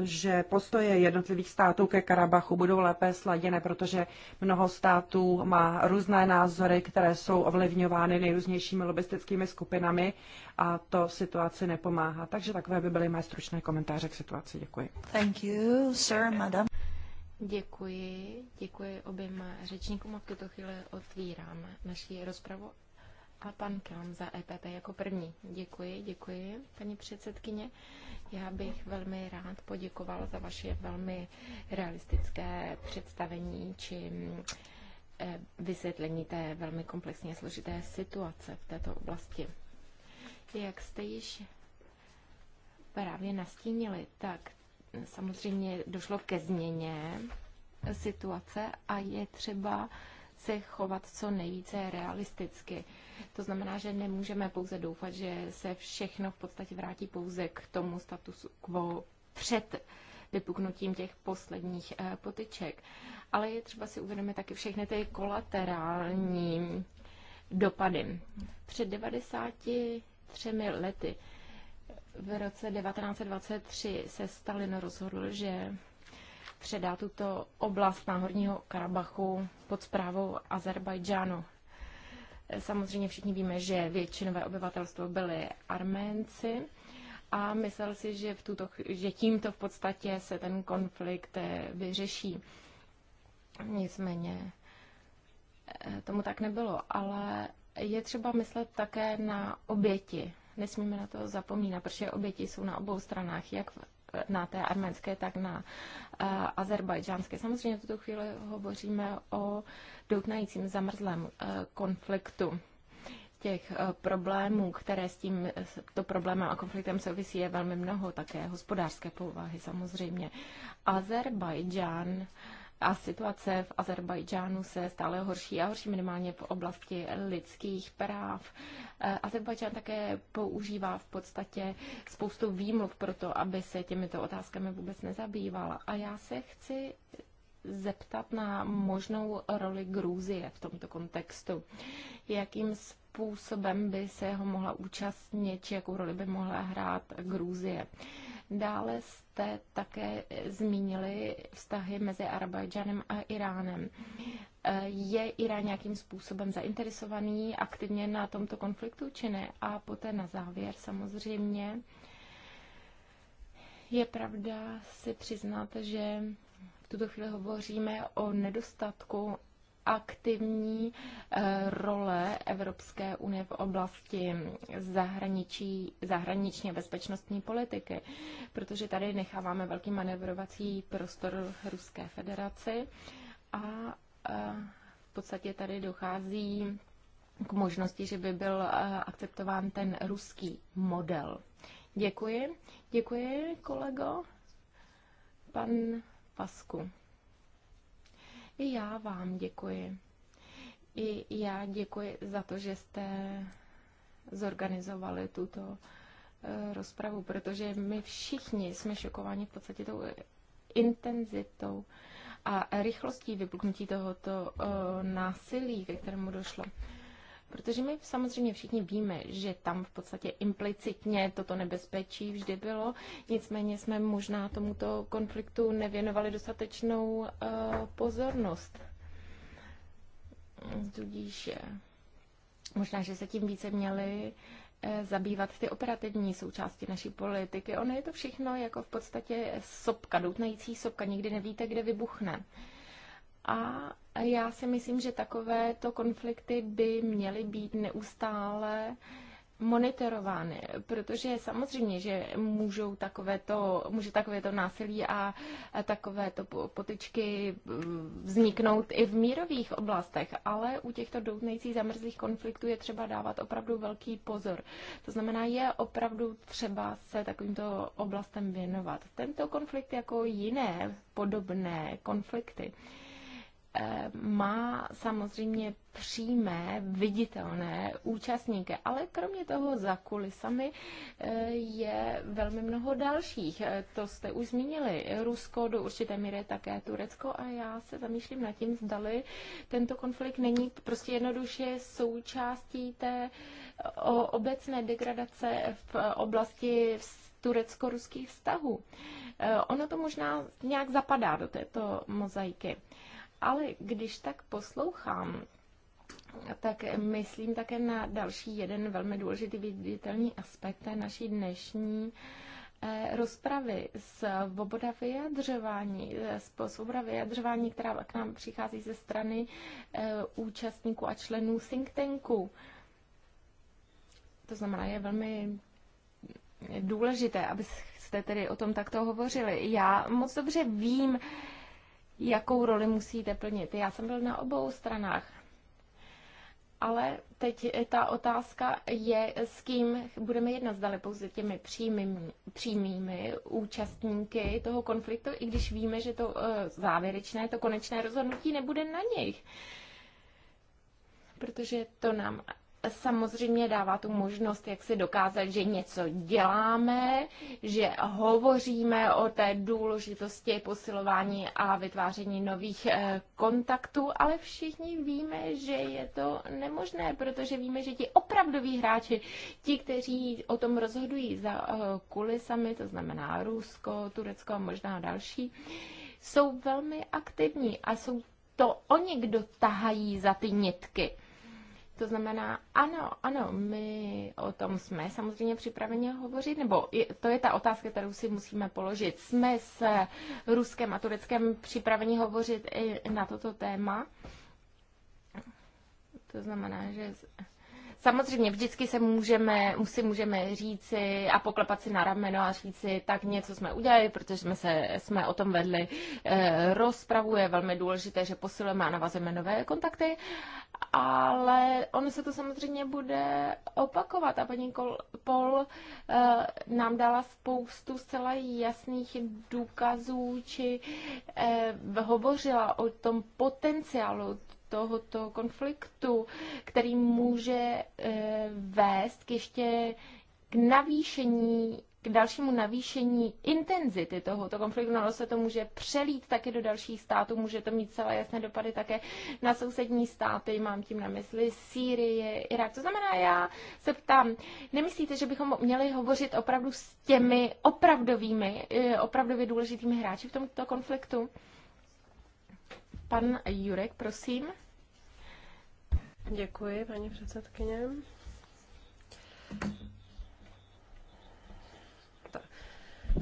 že postoje jednotlivých států ke Karabachu budou lépe sladěné, protože mnoho států má různé názory, které jsou ovlivňovány nejrůznějšími lobistickými skupinami a to situaci nepomáhá. Takže takové by byly mé stručné komentáře k situaci. Děkuji. Thank you, sir, madam. Děkuji, děkuji oběma řečníkům a v tuto chvíli otvírám naši rozpravu a pan Kelm za EPP jako první. Děkuji, děkuji, paní předsedkyně. Já bych velmi rád poděkoval za vaše velmi realistické představení či eh, vysvětlení té velmi komplexně složité situace v této oblasti. Jak jste již právě nastínili, tak samozřejmě došlo ke změně situace a je třeba se chovat co nejvíce realisticky. To znamená, že nemůžeme pouze doufat, že se všechno v podstatě vrátí pouze k tomu statusu quo před vypuknutím těch posledních eh, potyček. Ale je třeba si uvědomit taky všechny ty kolaterální dopady. Před 93 lety v roce 1923 se Stalin rozhodl, že předá tuto oblast Náhorního Karabachu pod zprávou Azerbajdžánu. Samozřejmě všichni víme, že většinové obyvatelstvo byly Arménci a myslel si, že, v tuto, že tímto v podstatě se ten konflikt eh, vyřeší. Nicméně eh, tomu tak nebylo, ale je třeba myslet také na oběti Nesmíme na to zapomínat, protože oběti jsou na obou stranách, jak na té arménské, tak na eh, azerbajdžánské. Samozřejmě v tuto chvíli hovoříme o doutnajícím zamrzlém eh, konfliktu těch eh, problémů, které s tím to problémem a konfliktem souvisí, je velmi mnoho, také hospodářské povahy samozřejmě. Azerbajdžán a situace v Azerbajdžánu se stále horší a horší minimálně v oblasti lidských práv. Eh, Azerbajdžán také používá v podstatě spoustu výmluv pro to, aby se těmito otázkami vůbec nezabývala. A já se chci zeptat na možnou roli Gruzie v tomto kontextu. Jakým způsobem by se ho mohla účastnit, či jakou roli by mohla hrát Gruzie? Dále jste také zmínili vztahy mezi Arabajďanem a Iránem. E, je Irán nějakým způsobem zainteresovaný aktivně na tomto konfliktu, či ne? A poté na závěr samozřejmě je pravda si přiznat, že v tuto chvíli hovoříme o nedostatku aktivní eh, role Evropské unie v oblasti zahraničí, zahraničně bezpečnostní politiky, protože tady necháváme velký manevrovací prostor Ruské federaci a eh, v podstatě tady dochází k možnosti, že by byl eh, akceptován ten ruský model. Děkuji. Děkuji, kolego. Pan Pasku. I já vám děkuji. I já děkuji za to, že jste zorganizovali tuto eh, rozpravu, protože my všichni jsme šokováni v podstatě tou intenzitou a rychlostí vypuknutí tohoto eh, násilí, ke kterému došlo. Protože my samozřejmě všichni víme, že tam v podstatě implicitně toto nebezpečí vždy bylo, nicméně jsme možná tomuto konfliktu nevěnovali dostatečnou eh, pozornost. Tudíž eh, možná, že se tím více měli eh, zabývat ty operativní součásti naší politiky. Ono je to všechno jako v podstatě sopka, doutnající sopka, nikdy nevíte, kde vybuchne. Uh, a já si myslím, že takovéto konflikty by měly být neustále monitorovány, protože samozřejmě, že můžou takovéto, může takovéto násilí a takovéto potičky mm, vzniknout i v mírových oblastech, ale u těchto doutnejcích zamrzlých konfliktů je třeba dávat opravdu velký pozor. To znamená, je opravdu třeba se takovýmto oblastem věnovat. Tento konflikt jako jiné podobné konflikty Eh, má samozřejmě přímé, viditelné účastníky, ale kromě toho za kulisami eh, je velmi mnoho dalších. Eh, to jste už zmínili. Rusko, do určité míry také Turecko a já se zamýšlím nad tím, zdali tento konflikt není prostě jednoduše součástí té obecné degradace v oblasti turecko-ruských vztahů. Ono to možná nějak zapadá do této mozaiky ale když tak poslouchám, tak myslím také na další jeden velmi důležitý viditelný aspekt té naší dnešní eh, rozpravy, svoboda vyjadřování, eh, svoboda vyjadřování, která k nám přichází ze strany eh, účastníků a členů think tanku. To znamená, je velmi důležité, abyste tedy o tom takto hovořili. Já moc dobře vím, jakou roli musíte plnit. Já jsem byl na obou stranách. Ale teď ta otázka je, s kým budeme jednat, zdali pouze těmi přímými, přímými účastníky toho konfliktu, i když víme, že to eh, závěrečné, to konečné rozhodnutí nebude na nich. Protože to nám samozřejmě dává tu možnost, jak si dokázat, že něco děláme, že hovoříme o té důležitosti posilování a vytváření nových eh, kontaktů, ale všichni víme, že je to nemožné, protože víme, že ti opravdoví hráči, ti, kteří o tom rozhodují za eh, kulisami, to znamená Rusko, Turecko a možná další, jsou velmi aktivní a jsou to oni, kdo tahají za ty nitky. To znamená, ano, ano, my o tom jsme samozřejmě připraveni hovořit, nebo je, to je ta otázka, kterou si musíme položit. Jsme s Ruskem a Tureckem připraveni hovořit i na toto téma? To znamená, že Samozřejmě vždycky se můžeme, si můžeme říci a poklepat si na rameno a říci, tak něco jsme udělali, protože jsme, se, jsme o tom vedli eh, rozpravu, je velmi důležité, že posilujeme a navazujeme nové kontakty, ale ono se to samozřejmě bude opakovat a paní Kol, Pol eh, nám dala spoustu zcela jasných důkazů, či eh, hovořila o tom potenciálu tohoto konfliktu, který může eh, vést k ještě k navýšení k dalšímu navýšení intenzity tohoto konfliktu. No, se to může přelít také do dalších států, může to mít celé jasné dopady také na sousední státy, mám tím na mysli Sýrie, Irák. To znamená, já se ptám, nemyslíte, že bychom měli hovořit opravdu s těmi opravdovými, eh, opravdově důležitými hráči v tomto konfliktu? Pan Jurek, prosím. Děkuji, paní předsedkyně.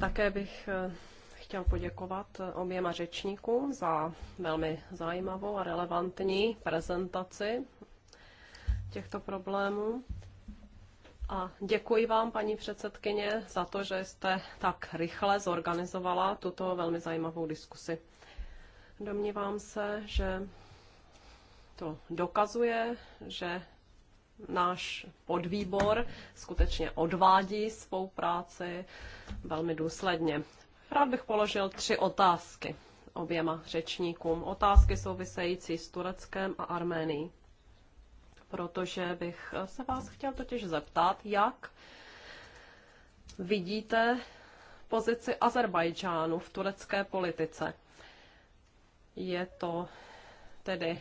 Také bych eh, chtěl poděkovat eh, oběma řečníkům za velmi zajímavou a relevantní prezentaci těchto problémů. A děkuji vám, paní předsedkyně, za to, že jste tak rychle zorganizovala tuto velmi zajímavou diskusi. Domnívám se, že to dokazuje, že náš podvýbor skutečně odvádí svou práci velmi důsledně. Rád bych položil tři otázky oběma řečníkům. Otázky související s Tureckem a Arménií. Protože bych se vás chtěl totiž zeptat, jak vidíte pozici Azerbajdžánu v turecké politice. Je to tedy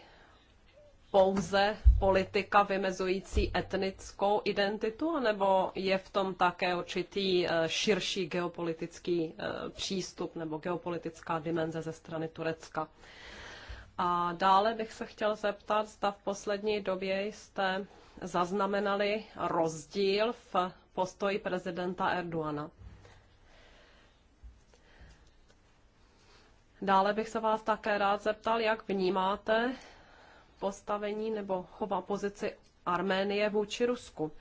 pouze politika vymezující etnickou identitu, nebo je v tom také určitý eh, širší geopolitický eh, přístup nebo geopolitická dimenze ze strany Turecka? A dále bych se chtěl zeptat, zda v poslední době jste zaznamenali rozdíl v postoji prezidenta Erdoana. Dále bych se vás také rád zeptal, jak vnímáte postavení nebo chova pozici Arménie vůči Rusku.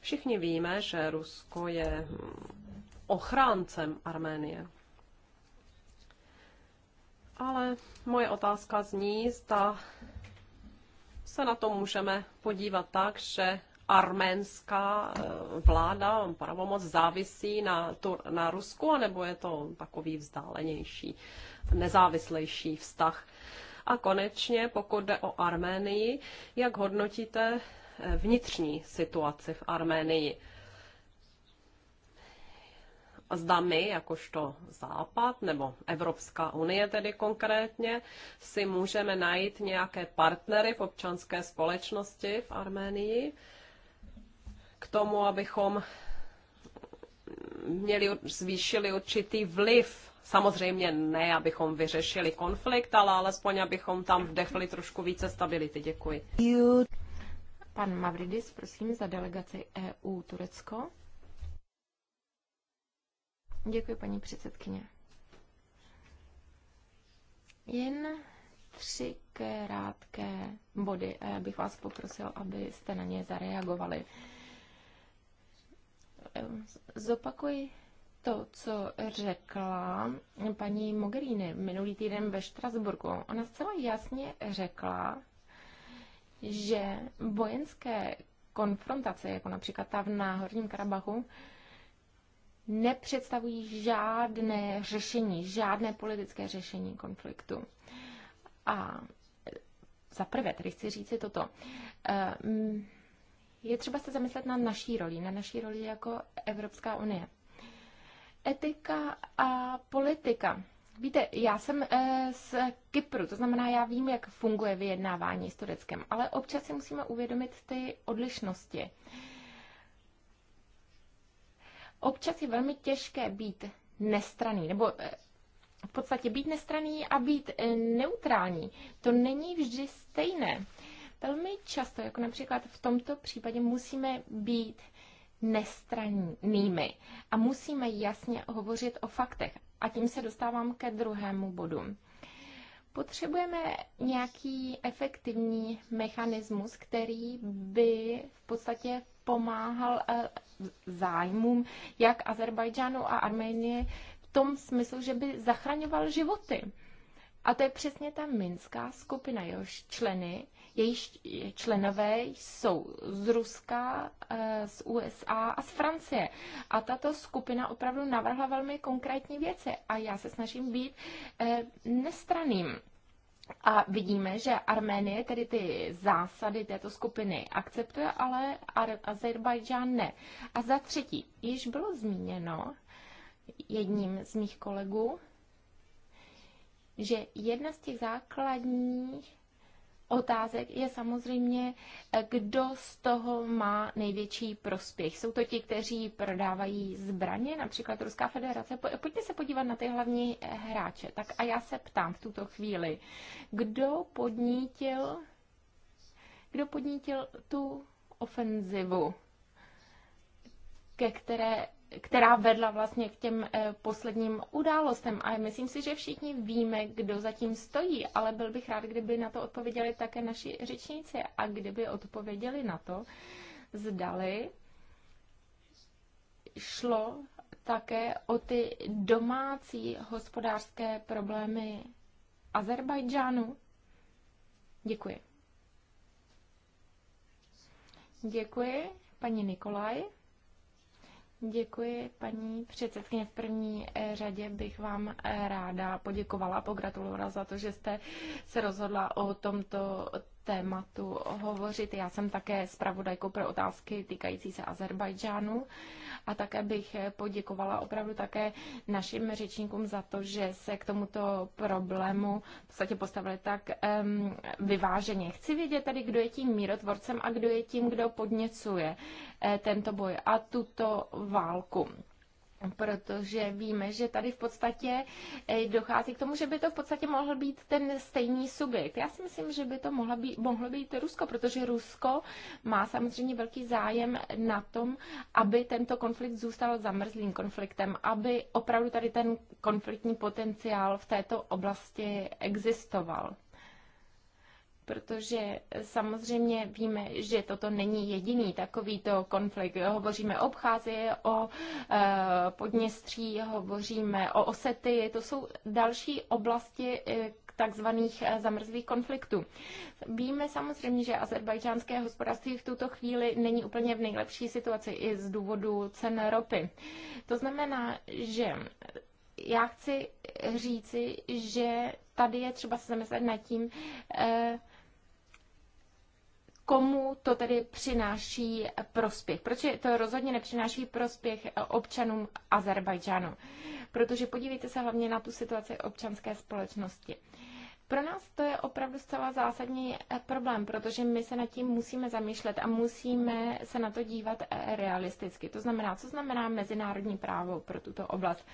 Všichni víme, že Rusko je ochráncem Arménie. Ale moje otázka zní, zda se na to můžeme podívat tak, že arménská eh, vláda pravomoc závisí na, na Rusku, anebo je to takový vzdálenější nezávislejší vztah. A konečně, pokud jde o Arménii, jak hodnotíte eh, vnitřní situaci v Arménii? Zda my, jakožto Západ, nebo Evropská unie tedy konkrétně, si můžeme najít nějaké partnery v občanské společnosti v Arménii k tomu, abychom měli, zvýšili určitý vliv Samozřejmě ne, abychom vyřešili konflikt, ale alespoň abychom tam vdechli trošku více stability. Děkuji. Pan Mavridis, prosím, za delegaci EU Turecko. Děkuji, paní předsedkyně. Jen tři krátké body a já bych vás poprosil, abyste na ně zareagovali. Ehm, zopakuji to, co řekla paní Mogherini minulý týden ve Štrasburgu. Ona zcela jasně řekla, že vojenské konfrontace, jako například ta v Náhorním Karabachu, nepředstavují žádné řešení, žádné politické řešení konfliktu. A za prvé, tedy chci říct si toto. Ehm, je třeba se zamyslet na naší roli, na naší roli jako Evropská unie etika a politika. Víte, já jsem eh, z Kypru, to znamená, já vím, jak funguje vyjednávání s Tureckem, ale občas si musíme uvědomit ty odlišnosti. Občas je velmi těžké být nestraný, nebo eh, v podstatě být nestraný a být eh, neutrální. To není vždy stejné. Velmi často, jako například v tomto případě, musíme být nestrannými. A musíme jasně hovořit o faktech. A tím se dostávám ke druhému bodu. Potřebujeme nějaký efektivní mechanismus, který by v podstatě pomáhal eh, zájmům jak Azerbajdžánu a Arménie v tom smyslu, že by zachraňoval životy. A to je přesně ta minská skupina, jehož členy jejich členové jsou z Ruska, eh, z USA a z Francie. A tato skupina opravdu navrhla velmi konkrétní věci a já se snažím být eh, nestraným. A vidíme, že Arménie tedy ty zásady této skupiny akceptuje, ale Azerbajdžán ne. A za třetí, již bylo zmíněno jedním z mých kolegů, že jedna z těch základních otázek je samozřejmě, kdo z toho má největší prospěch. Jsou to ti, kteří prodávají zbraně, například Ruská federace. Pojďme se podívat na ty hlavní hráče. Tak a já se ptám v tuto chvíli, kdo podnítil, kdo podnítil tu ofenzivu, ke které která vedla vlastně k těm eh, posledním událostem. A myslím si, že všichni víme, kdo zatím stojí, ale byl bych rád, kdyby na to odpověděli také naši řečníci a kdyby odpověděli na to, zdali šlo také o ty domácí hospodářské problémy Azerbajdžánu. Děkuji. Děkuji, paní Nikolaj. Děkuji, paní předsedkyně. V první eh, řadě bych vám eh, ráda poděkovala a pogratulovala za to, že jste se rozhodla o tomto tématu hovořit. Já jsem také zpravodajkou pro otázky týkající se Azerbajdžánu a také bych poděkovala opravdu také našim řečníkům za to, že se k tomuto problému v podstatě postavili tak um, vyváženě. Chci vědět tady, kdo je tím mírotvorcem a kdo je tím, kdo podněcuje eh, tento boj a tuto válku. Protože víme, že tady v podstatě eh, dochází k tomu, že by to v podstatě mohl být ten stejný subjekt. Já si myslím, že by to mohlo být, mohlo být Rusko, protože Rusko má samozřejmě velký zájem na tom, aby tento konflikt zůstal zamrzlým konfliktem, aby opravdu tady ten konfliktní potenciál v této oblasti existoval protože samozřejmě víme, že toto není jediný takovýto konflikt. Hovoříme o Obcházii, o e, Podněstří, hovoříme o Osety, to jsou další oblasti, eh, takzvaných eh, zamrzlých konfliktů. Víme samozřejmě, že azerbajdžánské hospodářství v tuto chvíli není úplně v nejlepší situaci i z důvodu cen ropy. To znamená, že já chci říci, že tady je třeba se zamyslet nad tím, komu to tedy přináší prospěch. Proč to rozhodně nepřináší prospěch občanům Azerbajdžánu? Protože podívejte se hlavně na tu situaci občanské společnosti. Pro nás to je opravdu zcela zásadní problém, protože my se nad tím musíme zamýšlet a musíme se na to dívat realisticky. To znamená, co znamená mezinárodní právo pro tuto oblast.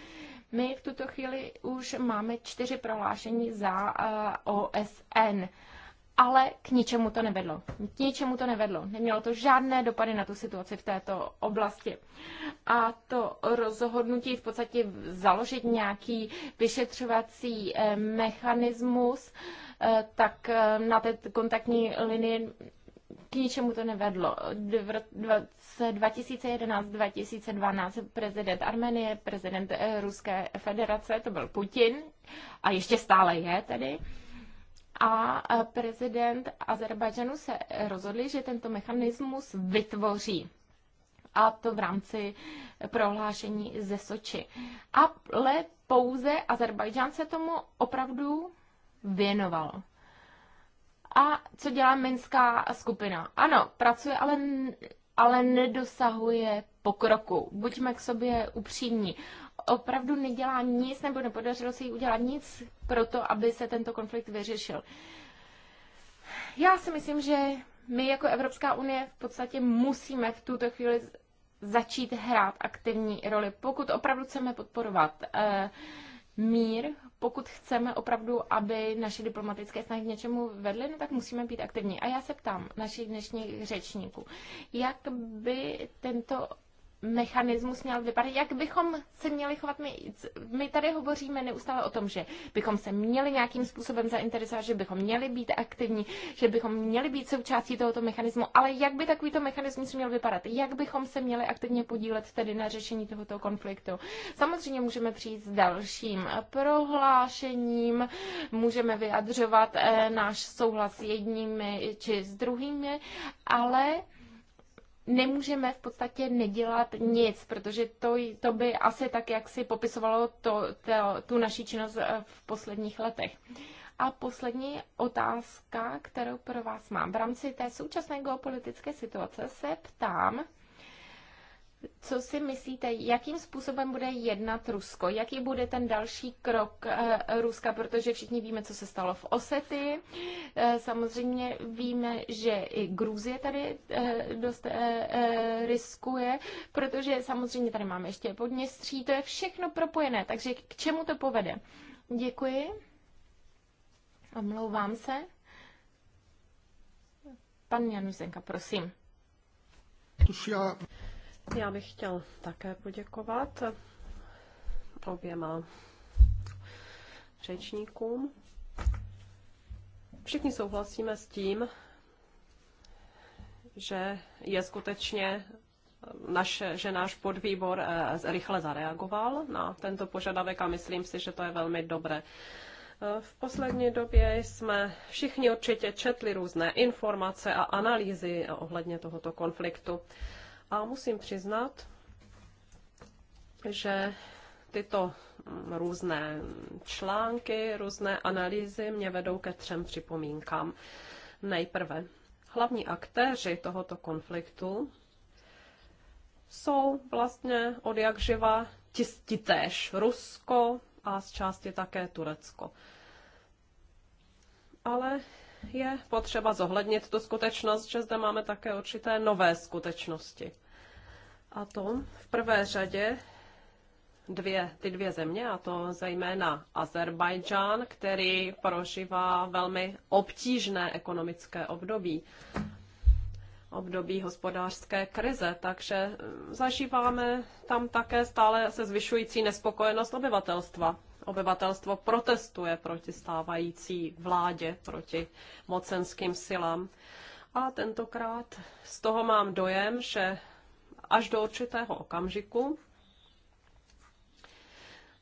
My v tuto chvíli už máme čtyři prohlášení za eh, OSN ale k ničemu to nevedlo. K ničemu to nevedlo. Nemělo to žádné dopady na tu situaci v této oblasti. A to rozhodnutí v podstatě založit nějaký vyšetřovací eh, mechanismus, eh, tak eh, na té kontaktní linii k ničemu to nevedlo. V roce 2011-2012 prezident Armenie, prezident Ruské federace, to byl Putin a ještě stále je tedy, a eh, prezident Azerbajdžanu se rozhodli, že tento mechanismus vytvoří a to v rámci prohlášení ze Soči. Ale pouze Azerbajdžan se tomu opravdu věnoval. A co dělá minská skupina? Ano, pracuje, ale, ale nedosahuje pokroku. Buďme k sobě upřímní opravdu nedělá nic nebo nepodařilo se jí udělat nic pro to, aby se tento konflikt vyřešil. Já si myslím, že my jako Evropská unie v podstatě musíme v tuto chvíli začít hrát aktivní roli. Pokud opravdu chceme podporovat eh, mír, pokud chceme opravdu, aby naše diplomatické snahy k něčemu vedly, no tak musíme být aktivní. A já se ptám našich dnešních řečníků, jak by tento mechanismus měl vypadat, jak bychom se měli chovat. My, my tady hovoříme neustále o tom, že bychom se měli nějakým způsobem zainteresovat, že bychom měli být aktivní, že bychom měli být součástí tohoto mechanismu, ale jak by takovýto mechanismus měl vypadat? Jak bychom se měli aktivně podílet tedy na řešení tohoto konfliktu? Samozřejmě můžeme přijít s dalším prohlášením, můžeme vyjadřovat eh, náš souhlas s jedními či s druhými, ale nemůžeme v podstatě nedělat nic, protože to, to by asi tak, jak si popisovalo to, to, tu naší činnost eh, v posledních letech. A poslední otázka, kterou pro vás mám. V rámci té současné geopolitické situace se ptám, co si myslíte, jakým způsobem bude jednat Rusko? Jaký bude ten další krok eh, Ruska? Protože všichni víme, co se stalo v Osety. Eh, samozřejmě víme, že i Gruzie tady eh, dost riskuje, protože samozřejmě tady máme ještě Podněstří. To je všechno propojené, takže k čemu to povede? Děkuji. Omlouvám se. Pan Januzenka, prosím. Tuž já já bych chtěl také poděkovat oběma řečníkům. Všichni souhlasíme s tím, že je skutečně naše, že náš podvýbor eh, rychle zareagoval na tento požadavek a myslím si, že to je velmi dobré. Eh, v poslední době jsme všichni určitě četli různé informace a analýzy ohledně tohoto konfliktu. A musím přiznat, že tyto různé články, různé analýzy mě vedou ke třem připomínkám. Nejprve, hlavní aktéři tohoto konfliktu jsou vlastně od jak živa tistitéž Rusko a z části také Turecko. Ale je potřeba zohlednit tu skutečnost, že zde máme také určité nové skutečnosti. A to v prvé řadě dvě, ty dvě země, a to zejména Azerbajdžán, který prožívá velmi obtížné ekonomické období období hospodářské krize, takže e, zažíváme tam také stále se zvyšující nespokojenost obyvatelstva obyvatelstvo protestuje proti stávající vládě, proti mocenským silám. A tentokrát z toho mám dojem, že až do určitého okamžiku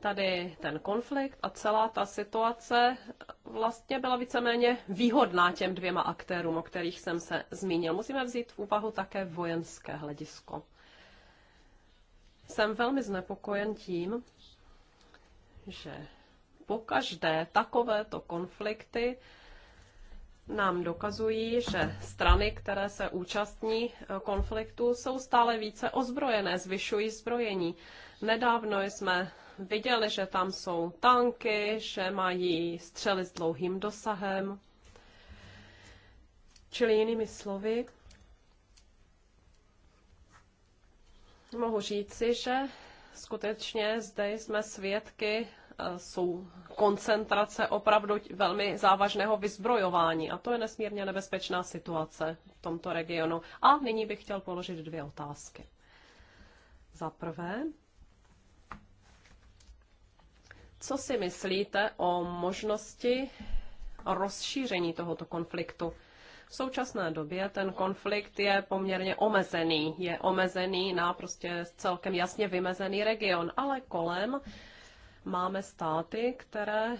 tady ten konflikt a celá ta situace vlastně byla víceméně výhodná těm dvěma aktérům, o kterých jsem se zmínil. Musíme vzít v úvahu také vojenské hledisko. Jsem velmi znepokojen tím, že pokaždé takovéto konflikty nám dokazují, že strany, které se účastní eh, konfliktu, jsou stále více ozbrojené, zvyšují zbrojení. Nedávno jsme viděli, že tam jsou tanky, že mají střely s dlouhým dosahem. Čili jinými slovy, mohu říci, že skutečně zde jsme svědky e, jsou koncentrace opravdu velmi závažného vyzbrojování a to je nesmírně nebezpečná situace v tomto regionu. A nyní bych chtěl položit dvě otázky. Za prvé, co si myslíte o možnosti rozšíření tohoto konfliktu? V současné době ten konflikt je poměrně omezený. Je omezený na prostě celkem jasně vymezený region, ale kolem máme státy, které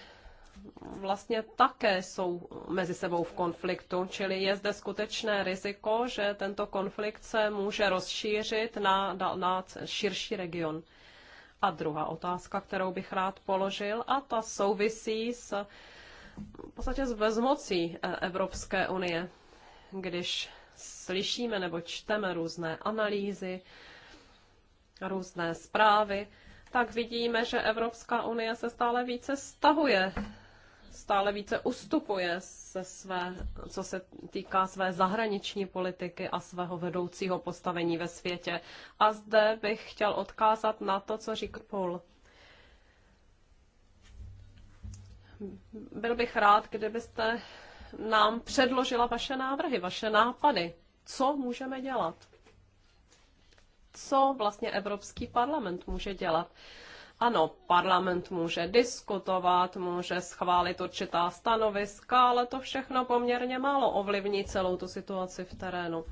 vlastně také jsou mezi sebou v konfliktu, čili je zde skutečné riziko, že tento konflikt se může rozšířit na, na, na širší region. A druhá otázka, kterou bych rád položil, a ta souvisí s v podstatě s bezmocí e- Evropské unie když slyšíme nebo čteme různé analýzy, různé zprávy, tak vidíme, že Evropská unie se stále více stahuje, stále více ustupuje se své, co se týká své zahraniční politiky a svého vedoucího postavení ve světě. A zde bych chtěl odkázat na to, co říkal Paul. Byl bych rád, kdybyste nám předložila vaše návrhy, vaše nápady. Co můžeme dělat? Co vlastně Evropský parlament může dělat? Ano, parlament může diskutovat, může schválit určitá stanoviska, ale to všechno poměrně málo ovlivní celou tu situaci v terénu.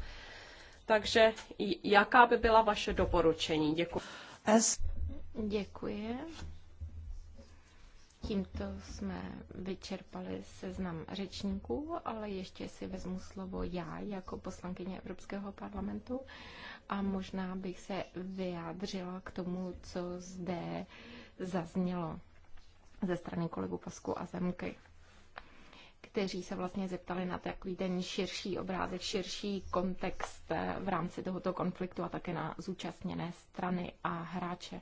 Takže jaká by byla vaše doporučení? Děkuji. Děkuji. Tímto jsme vyčerpali seznam řečníků, ale ještě si vezmu slovo já jako poslankyně Evropského parlamentu a možná bych se vyjádřila k tomu, co zde zaznělo ze strany kolegu Pasku a Zemky kteří se vlastně zeptali na takový ten širší obrázek, širší kontext v rámci tohoto konfliktu a také na zúčastněné strany a hráče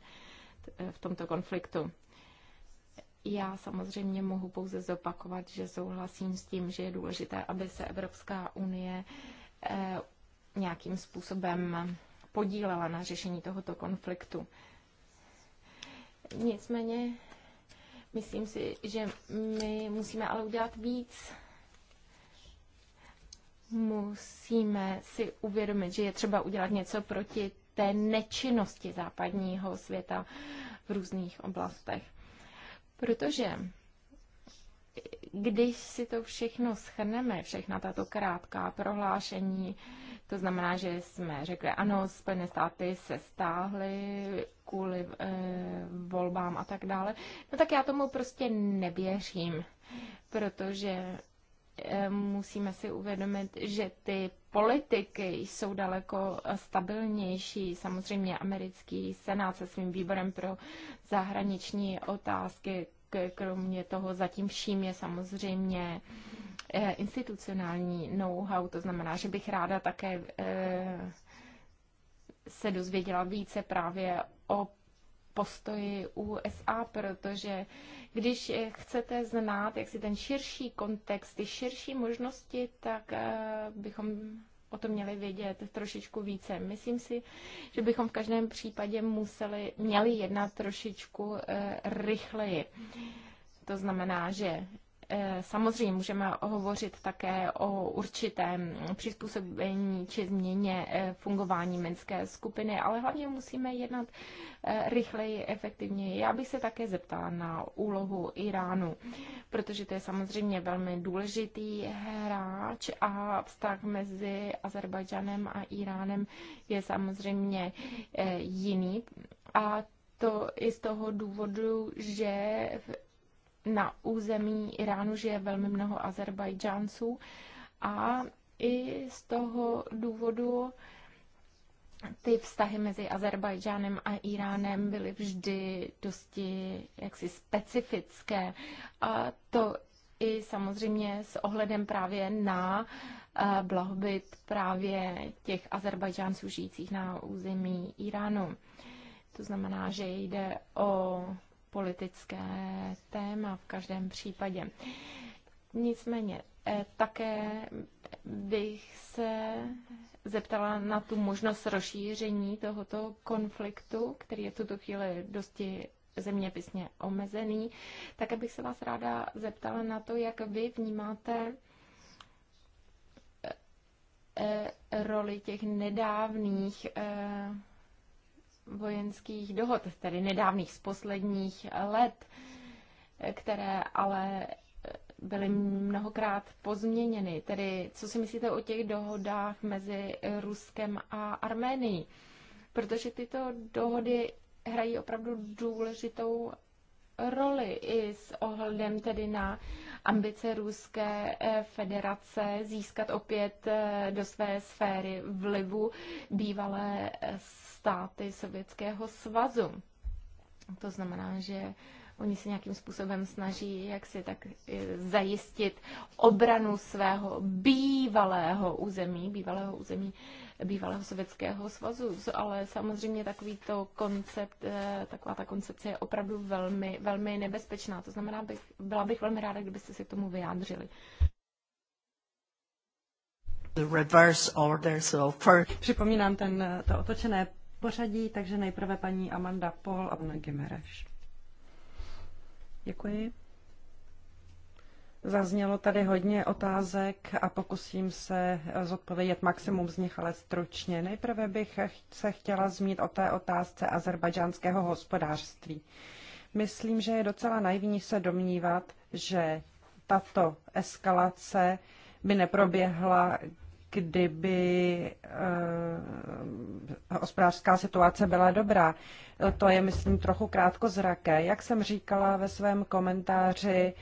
v tomto konfliktu. Já samozřejmě mohu pouze zopakovat, že souhlasím s tím, že je důležité, aby se Evropská unie eh, nějakým způsobem podílela na řešení tohoto konfliktu. Nicméně, myslím si, že my musíme ale udělat víc. Musíme si uvědomit, že je třeba udělat něco proti té nečinnosti západního světa v různých oblastech. Protože když si to všechno schrneme, všechna tato krátká prohlášení, to znamená, že jsme řekli, ano, Spojené státy se stáhly kvůli e, volbám a tak dále, no tak já tomu prostě nevěřím, protože Eh, musíme si uvědomit, že ty politiky jsou daleko eh, stabilnější. Samozřejmě americký senát se svým výborem pro zahraniční otázky, kromě toho zatím vším je samozřejmě eh, institucionální know-how, to znamená, že bych ráda také se dozvěděla více právě o postoji USA, protože když chcete znát jak si ten širší kontext, ty širší možnosti, tak eh, bychom o tom měli vědět trošičku více. Myslím si, že bychom v každém případě museli, měli jednat trošičku eh, rychleji. To znamená, že Eh, samozřejmě můžeme hovořit také o určitém přizpůsobení či změně eh, fungování menské skupiny, ale hlavně musíme jednat eh, rychleji, efektivněji. Já bych se také zeptala na úlohu Iránu, protože to je samozřejmě velmi důležitý hráč a vztah mezi Azerbajdžanem a Iránem je samozřejmě jiný. A to i z toho důvodu, že v na území Iránu žije velmi mnoho Azerbajdžánců a i z toho důvodu ty vztahy mezi Azerbajdžánem a Iránem byly vždy dosti jaksi specifické. A to i samozřejmě s ohledem právě na eh, blahobyt právě těch Azerbajdžánců žijících na území Iránu. To znamená, že jde o politické téma v každém případě. Nicméně eh, také bych se zeptala na tu možnost rozšíření tohoto konfliktu, který je v tuto chvíli dosti zeměpisně omezený. Také bych se vás ráda zeptala na to, jak vy vnímáte eh, eh, roli těch nedávných vojenských dohod, tedy nedávných z posledních let, které ale byly mnohokrát pozměněny. Tedy co si myslíte o těch dohodách mezi Ruskem a Arménií? Protože tyto dohody hrají opravdu důležitou roli i s ohledem tedy na ambice Ruské eh, federace získat opět eh, do své sféry vlivu bývalé eh, státy Sovětského svazu. To znamená, že Oni se nějakým způsobem snaží, jak si tak eh, zajistit obranu svého bývalého území, bývalého území bývalého sovětského svazu, ale samozřejmě takovýto koncept, eh, taková ta koncepce je opravdu velmi, velmi nebezpečná. To znamená, bych, byla bych velmi ráda, kdybyste se k tomu vyjádřili. The Order, so first... Připomínám ten, eh, to otočené pořadí, takže nejprve paní Amanda Paul a pan Gimereš. Děkuji. Zaznělo tady hodně otázek a pokusím se zodpovědět maximum z nich, ale stručně. Nejprve bych se chtěla zmínit o té otázce azerbajdžánského hospodářství. Myslím, že je docela naivní se domnívat, že tato eskalace by neproběhla, kdyby uh, hospodářská situace byla dobrá. To je, myslím, trochu krátko zraké. Jak jsem říkala ve svém komentáři,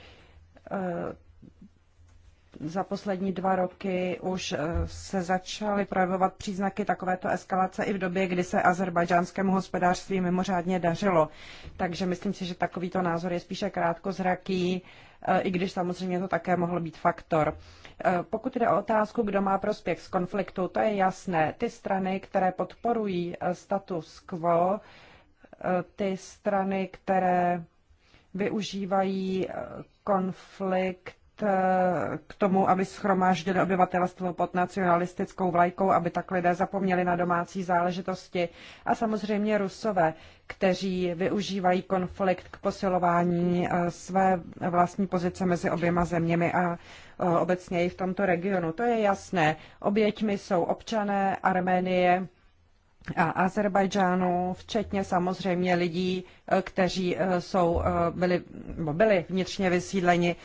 uh, za poslední dva roky už eh, se začaly projevovat příznaky takovéto eskalace i v době, kdy se azerbajdžánskému hospodářství mimořádně dařilo. Takže myslím si, že takovýto názor je spíše krátkozraký. Uh, E, i když samozřejmě to také mohl být faktor. E, pokud jde o otázku, kdo má prospěch z konfliktu, to je jasné. Ty strany, které podporují e, status quo, ty strany, které využívají konflikt Eh, k tomu, aby schromáždili obyvatelstvo pod nacionalistickou vlajkou, aby tak lidé zapomněli na domácí záležitosti. A samozřejmě Rusové, kteří využívají konflikt k posilování eh, své vlastní pozice mezi oběma zeměmi a eh, obecně i v tomto regionu. To je jasné. Oběťmi jsou občané Arménie, a Azerbajdžánu, včetně samozřejmě lidí, eh, kteří eh, jsou, eh, byli, byli vnitřně vysídleni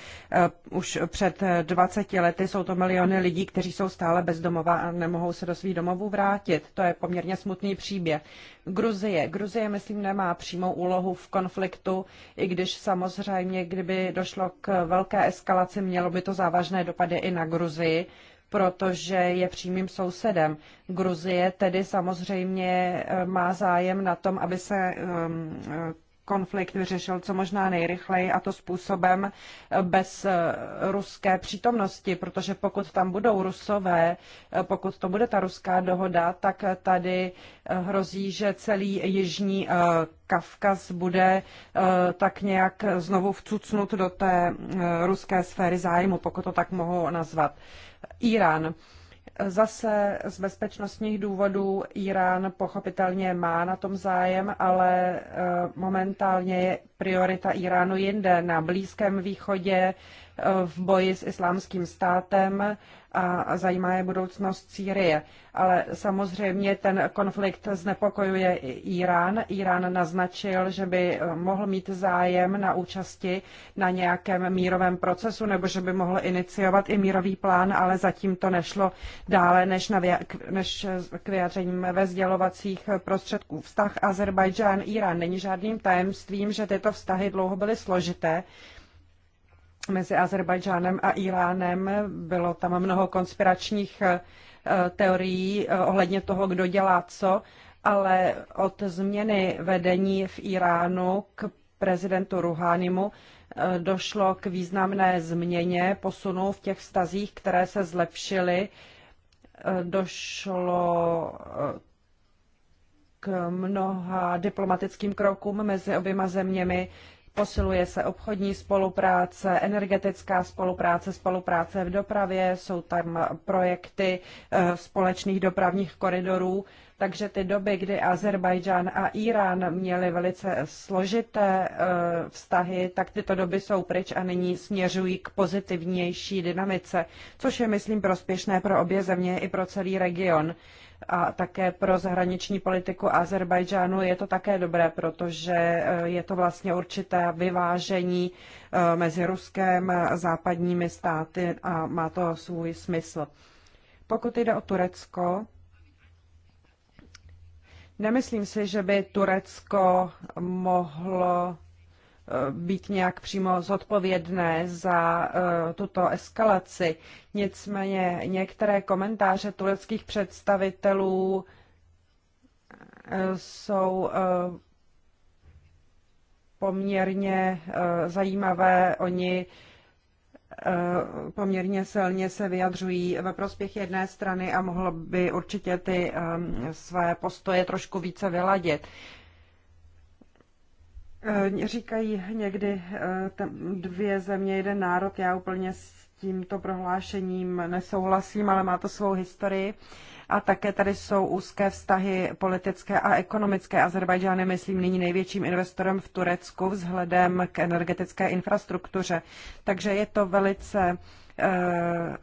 už před 20 lety. Jsou to miliony lidí, kteří jsou stále bezdomová a nemohou se do svých domovů vrátit. To je poměrně smutný příběh. Gruzie. Gruzie, myslím, nemá přímou úlohu v konfliktu, i když samozřejmě, kdyby došlo k velké eskalaci, mělo by to závažné dopady i na Gruzii protože je přímým sousedem. Gruzie tedy samozřejmě eh, má zájem na tom, aby se ehm, eh, konflikt vyřešil co možná nejrychleji a to způsobem eh, bez ruské přítomnosti, protože pokud tam budou rusové, pokud to bude ta ruská dohoda, tak tady hrozí, že celý jižní Kavkaz bude tak nějak znovu vcucnut do té ruské sféry zájmu, pokud to tak mohu nazvat. Irán. Zase z bezpečnostních důvodů Irán pochopitelně má na tom zájem, ale eh, momentálně je priorita Iránu jinde, na Blízkém východě, eh, v boji s islámským státem a zajímá je budoucnost Sýrie. Ale samozřejmě ten konflikt znepokojuje i Irán. Irán naznačil, že by eh, mohl mít zájem na účasti na nějakém mírovém procesu nebo že by mohl iniciovat i mírový plán, ale zatím to nešlo dále než, na vyja- než eh, k vyjádřením ve sdělovacích prostředků. Vztah Azerbajdžán-Irán není žádným tajemstvím, že tyto vztahy dlouho byly složité mezi Azerbajdžánem a Iránem. Bylo tam mnoho konspiračních eh, teorií eh, ohledně toho, kdo dělá co, ale od změny vedení v Iránu k prezidentu Ruhánimu eh, došlo k významné změně posunu v těch vztazích, které se zlepšily. Došlo k mnoha diplomatickým krokům mezi oběma zeměmi, Posiluje se obchodní spolupráce, energetická spolupráce, spolupráce v dopravě, jsou tam projekty eh, společných dopravních koridorů takže ty doby, kdy Azerbajdžán a Irán měly velice složité eh, vztahy, tak tyto doby jsou pryč a nyní směřují k pozitivnější dynamice, což je, myslím, prospěšné pro obě země i pro celý region. A také pro zahraniční politiku Azerbajdžánu je to také dobré, protože eh, je to vlastně určité vyvážení eh, mezi Ruskem a západními státy a má to svůj smysl. Pokud jde o Turecko, Nemyslím si, že by Turecko mohlo eh, být nějak přímo zodpovědné za eh, tuto eskalaci. Nicméně některé komentáře tureckých představitelů eh, jsou poměrně zajímavé. Oni Eh, poměrně silně se vyjadřují ve prospěch jedné strany a mohl by určitě ty ehm, své postoje trošku více vyladit. Eh, říkají někdy eh, dvě země, jeden národ. Já úplně s tímto prohlášením nesouhlasím, ale má to svou historii a také tady jsou úzké vztahy politické a ekonomické. Azerbajdžán je, myslím, nyní největším investorem v Turecku vzhledem k energetické infrastruktuře. Takže je to velice eh,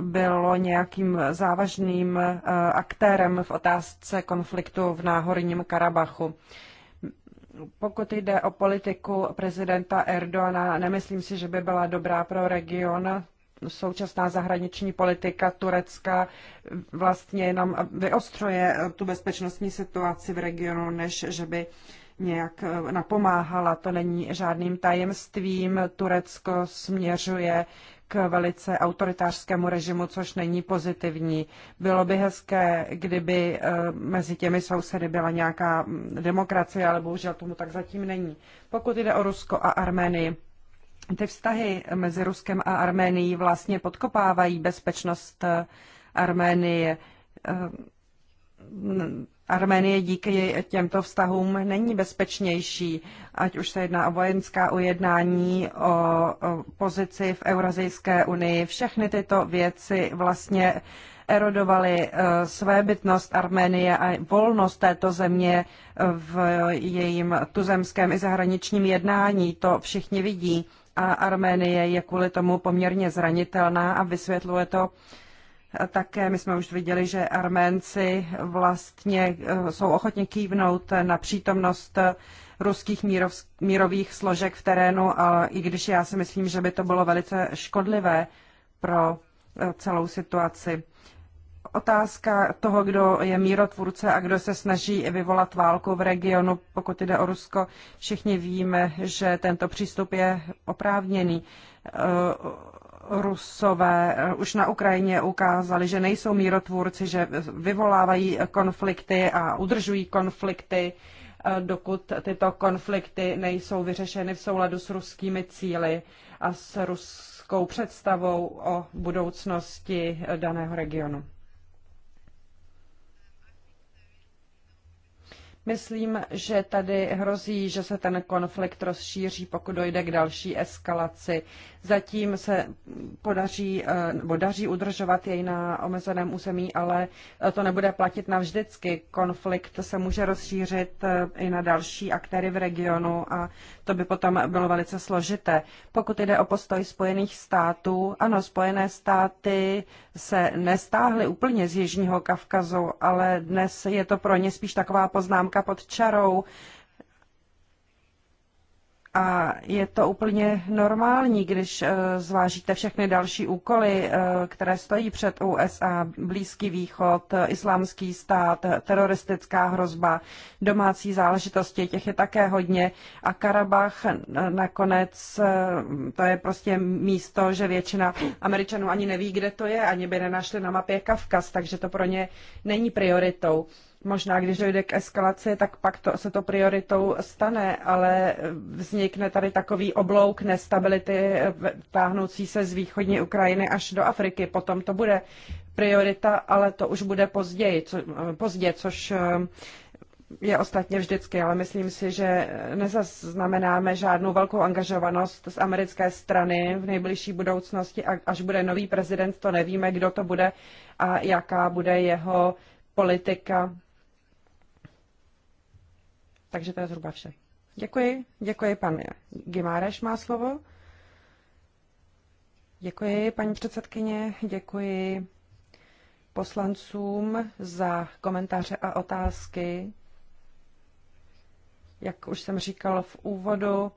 bylo nějakým závažným eh, aktérem v otázce konfliktu v Náhorním Karabachu. Pokud jde o politiku prezidenta Erdoana, nemyslím si, že by byla dobrá pro region současná zahraniční politika Turecka vlastně nám vyostřuje tu bezpečnostní situaci v regionu, než že by nějak napomáhala. To není žádným tajemstvím. Turecko směřuje k velice autoritářskému režimu, což není pozitivní. Bylo by hezké, kdyby eh, mezi těmi sousedy byla nějaká mm, demokracie, ale bohužel tomu tak zatím není. Pokud jde o Rusko a Armenii, ty vztahy mezi Ruskem a Arménií vlastně podkopávají bezpečnost eh, Arménie. Eh, Arménie díky těmto vztahům není bezpečnější, ať už se jedná o vojenská ujednání, o, pozici v Eurazijské unii. Všechny tyto věci vlastně erodovaly eh, svébytnost Arménie a volnost této země v jejím tuzemském i zahraničním jednání. To všichni vidí a Arménie je kvůli tomu poměrně zranitelná a vysvětluje to také my jsme už viděli, že Arménci vlastně eh, jsou ochotně kývnout na přítomnost ruských mírov, mírových složek v terénu, ale i když já si myslím, že by to bylo velice škodlivé pro eh, celou situaci otázka toho, kdo je mírotvůrce a kdo se snaží vyvolat válku v regionu, pokud jde o Rusko, všichni víme, že tento přístup je oprávněný. Eh, Rusové už na Ukrajině ukázali, že nejsou mírotvůrci, že vyvolávají konflikty a udržují konflikty, eh, dokud tyto konflikty nejsou vyřešeny v souladu s ruskými cíly a s ruskou představou o budoucnosti daného regionu. Myslím, že tady hrozí, že se ten konflikt rozšíří, pokud dojde k další eskalaci. Zatím se podaří, eh, nebo daří udržovat jej na omezeném území, ale to nebude platit navždycky. Konflikt se může rozšířit eh, i na další aktéry v regionu a to by potom bylo velice složité. Pokud jde o postoj Spojených států, ano, Spojené státy se nestáhly úplně z Jižního Kavkazu, ale dnes je to pro ně spíš taková poznámka pod čarou, a je to úplně normální, když eh, zvážíte všechny další úkoly, eh, které stojí před USA, Blízký východ, islámský stát, teroristická hrozba, domácí záležitosti, těch je také hodně. A Karabach eh, nakonec, to je prostě místo, že většina Američanů ani neví, kde to je, ani by nenašli na mapě Kavkaz, takže to pro ně není prioritou. Možná, když dojde k eskalaci, tak pak to, se to prioritou stane, ale vznikne tady takový oblouk nestability eh, táhnoucí se z východní Ukrajiny až do Afriky. Potom to bude priorita, ale to už bude později, co, eh, pozdě, což eh, je ostatně vždycky, ale myslím si, že nezaznamenáme žádnou velkou angažovanost z americké strany v nejbližší budoucnosti, až bude nový prezident, to nevíme, kdo to bude a jaká bude jeho politika takže to je zhruba vše. Děkuji. Děkuji, pan Gimáreš má slovo. Děkuji, paní předsedkyně. Děkuji poslancům za komentáře a otázky. Jak už jsem říkal v úvodu,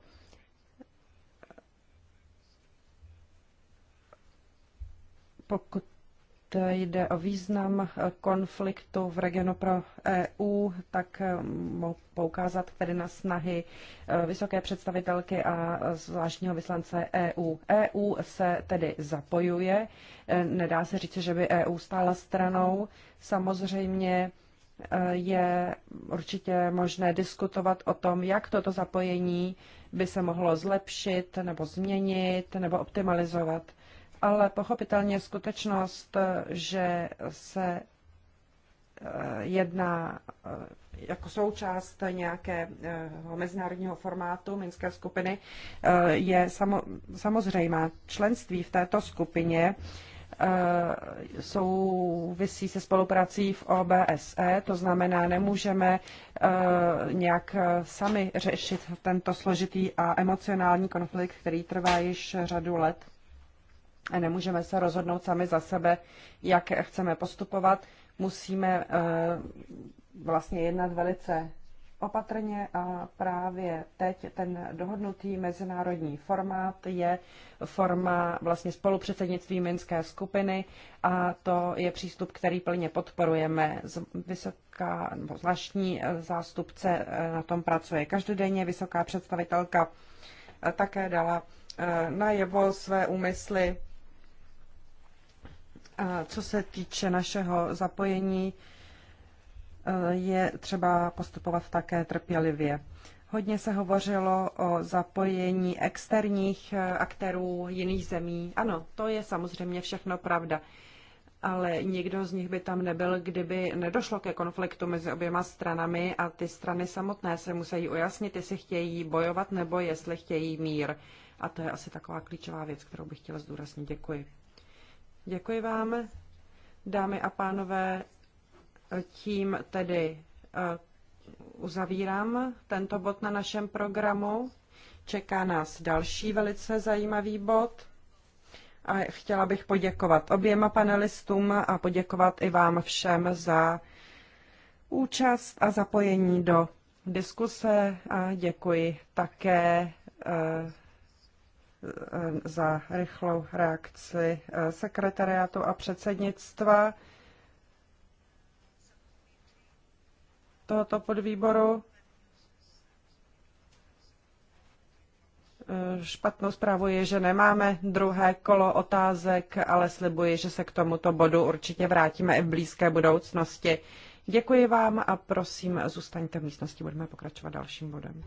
pokud jde o význam konfliktu v regionu pro EU, tak eh, mohu poukázat tedy na snahy eh, vysoké představitelky a zvláštního vyslance EU. EU se tedy zapojuje, eh, nedá se říct, že by EU stála stranou. Samozřejmě je určitě možné diskutovat o tom, jak toto zapojení by se mohlo zlepšit nebo změnit nebo optimalizovat ale pochopitelně skutečnost, že se eh, jedná eh, jako součást nějakého mezinárodního formátu Minské skupiny, eh, je samozřejmá. Členství v této skupině souvisí se spoluprací v OBSE, to znamená, nemůžeme nějak sami řešit tento složitý a emocionální konflikt, který trvá již řadu let nemůžeme se rozhodnout sami za sebe, jak chceme postupovat. Musíme eh, vlastně jednat velice opatrně a právě teď ten dohodnutý mezinárodní formát je forma vlastně spolupředsednictví Minské skupiny a to je přístup, který plně podporujeme. Vysoká nebo zvláštní eh, zástupce eh, na tom pracuje každodenně, vysoká představitelka také dala najevo své úmysly co se týče našeho zapojení, eh, je třeba postupovat také trpělivě. Hodně se hovořilo o zapojení externích eh, aktérů jiných zemí. Ano, to je samozřejmě všechno pravda. Ale nikdo z nich by tam nebyl, kdyby nedošlo ke konfliktu mezi oběma stranami a ty strany samotné se musí ujasnit, jestli chtějí bojovat nebo jestli chtějí mír. A to je asi taková klíčová věc, kterou bych chtěla zdůraznit. Děkuji. Děkuji vám, dámy a pánové. Tím tedy eh, uzavírám tento bod na našem programu. Čeká nás další velice zajímavý bod. A chtěla bych poděkovat oběma panelistům a poděkovat i vám všem za účast a zapojení do diskuse a děkuji také eh, Eh, za rychlou reakci eh, sekretariátu a předsednictva tohoto podvýboru. Eh, špatnou zprávu je, že nemáme druhé kolo otázek, ale slibuji, že se k tomuto bodu určitě vrátíme i v blízké budoucnosti. Děkuji vám a prosím, zůstaňte v místnosti, budeme pokračovat dalším bodem.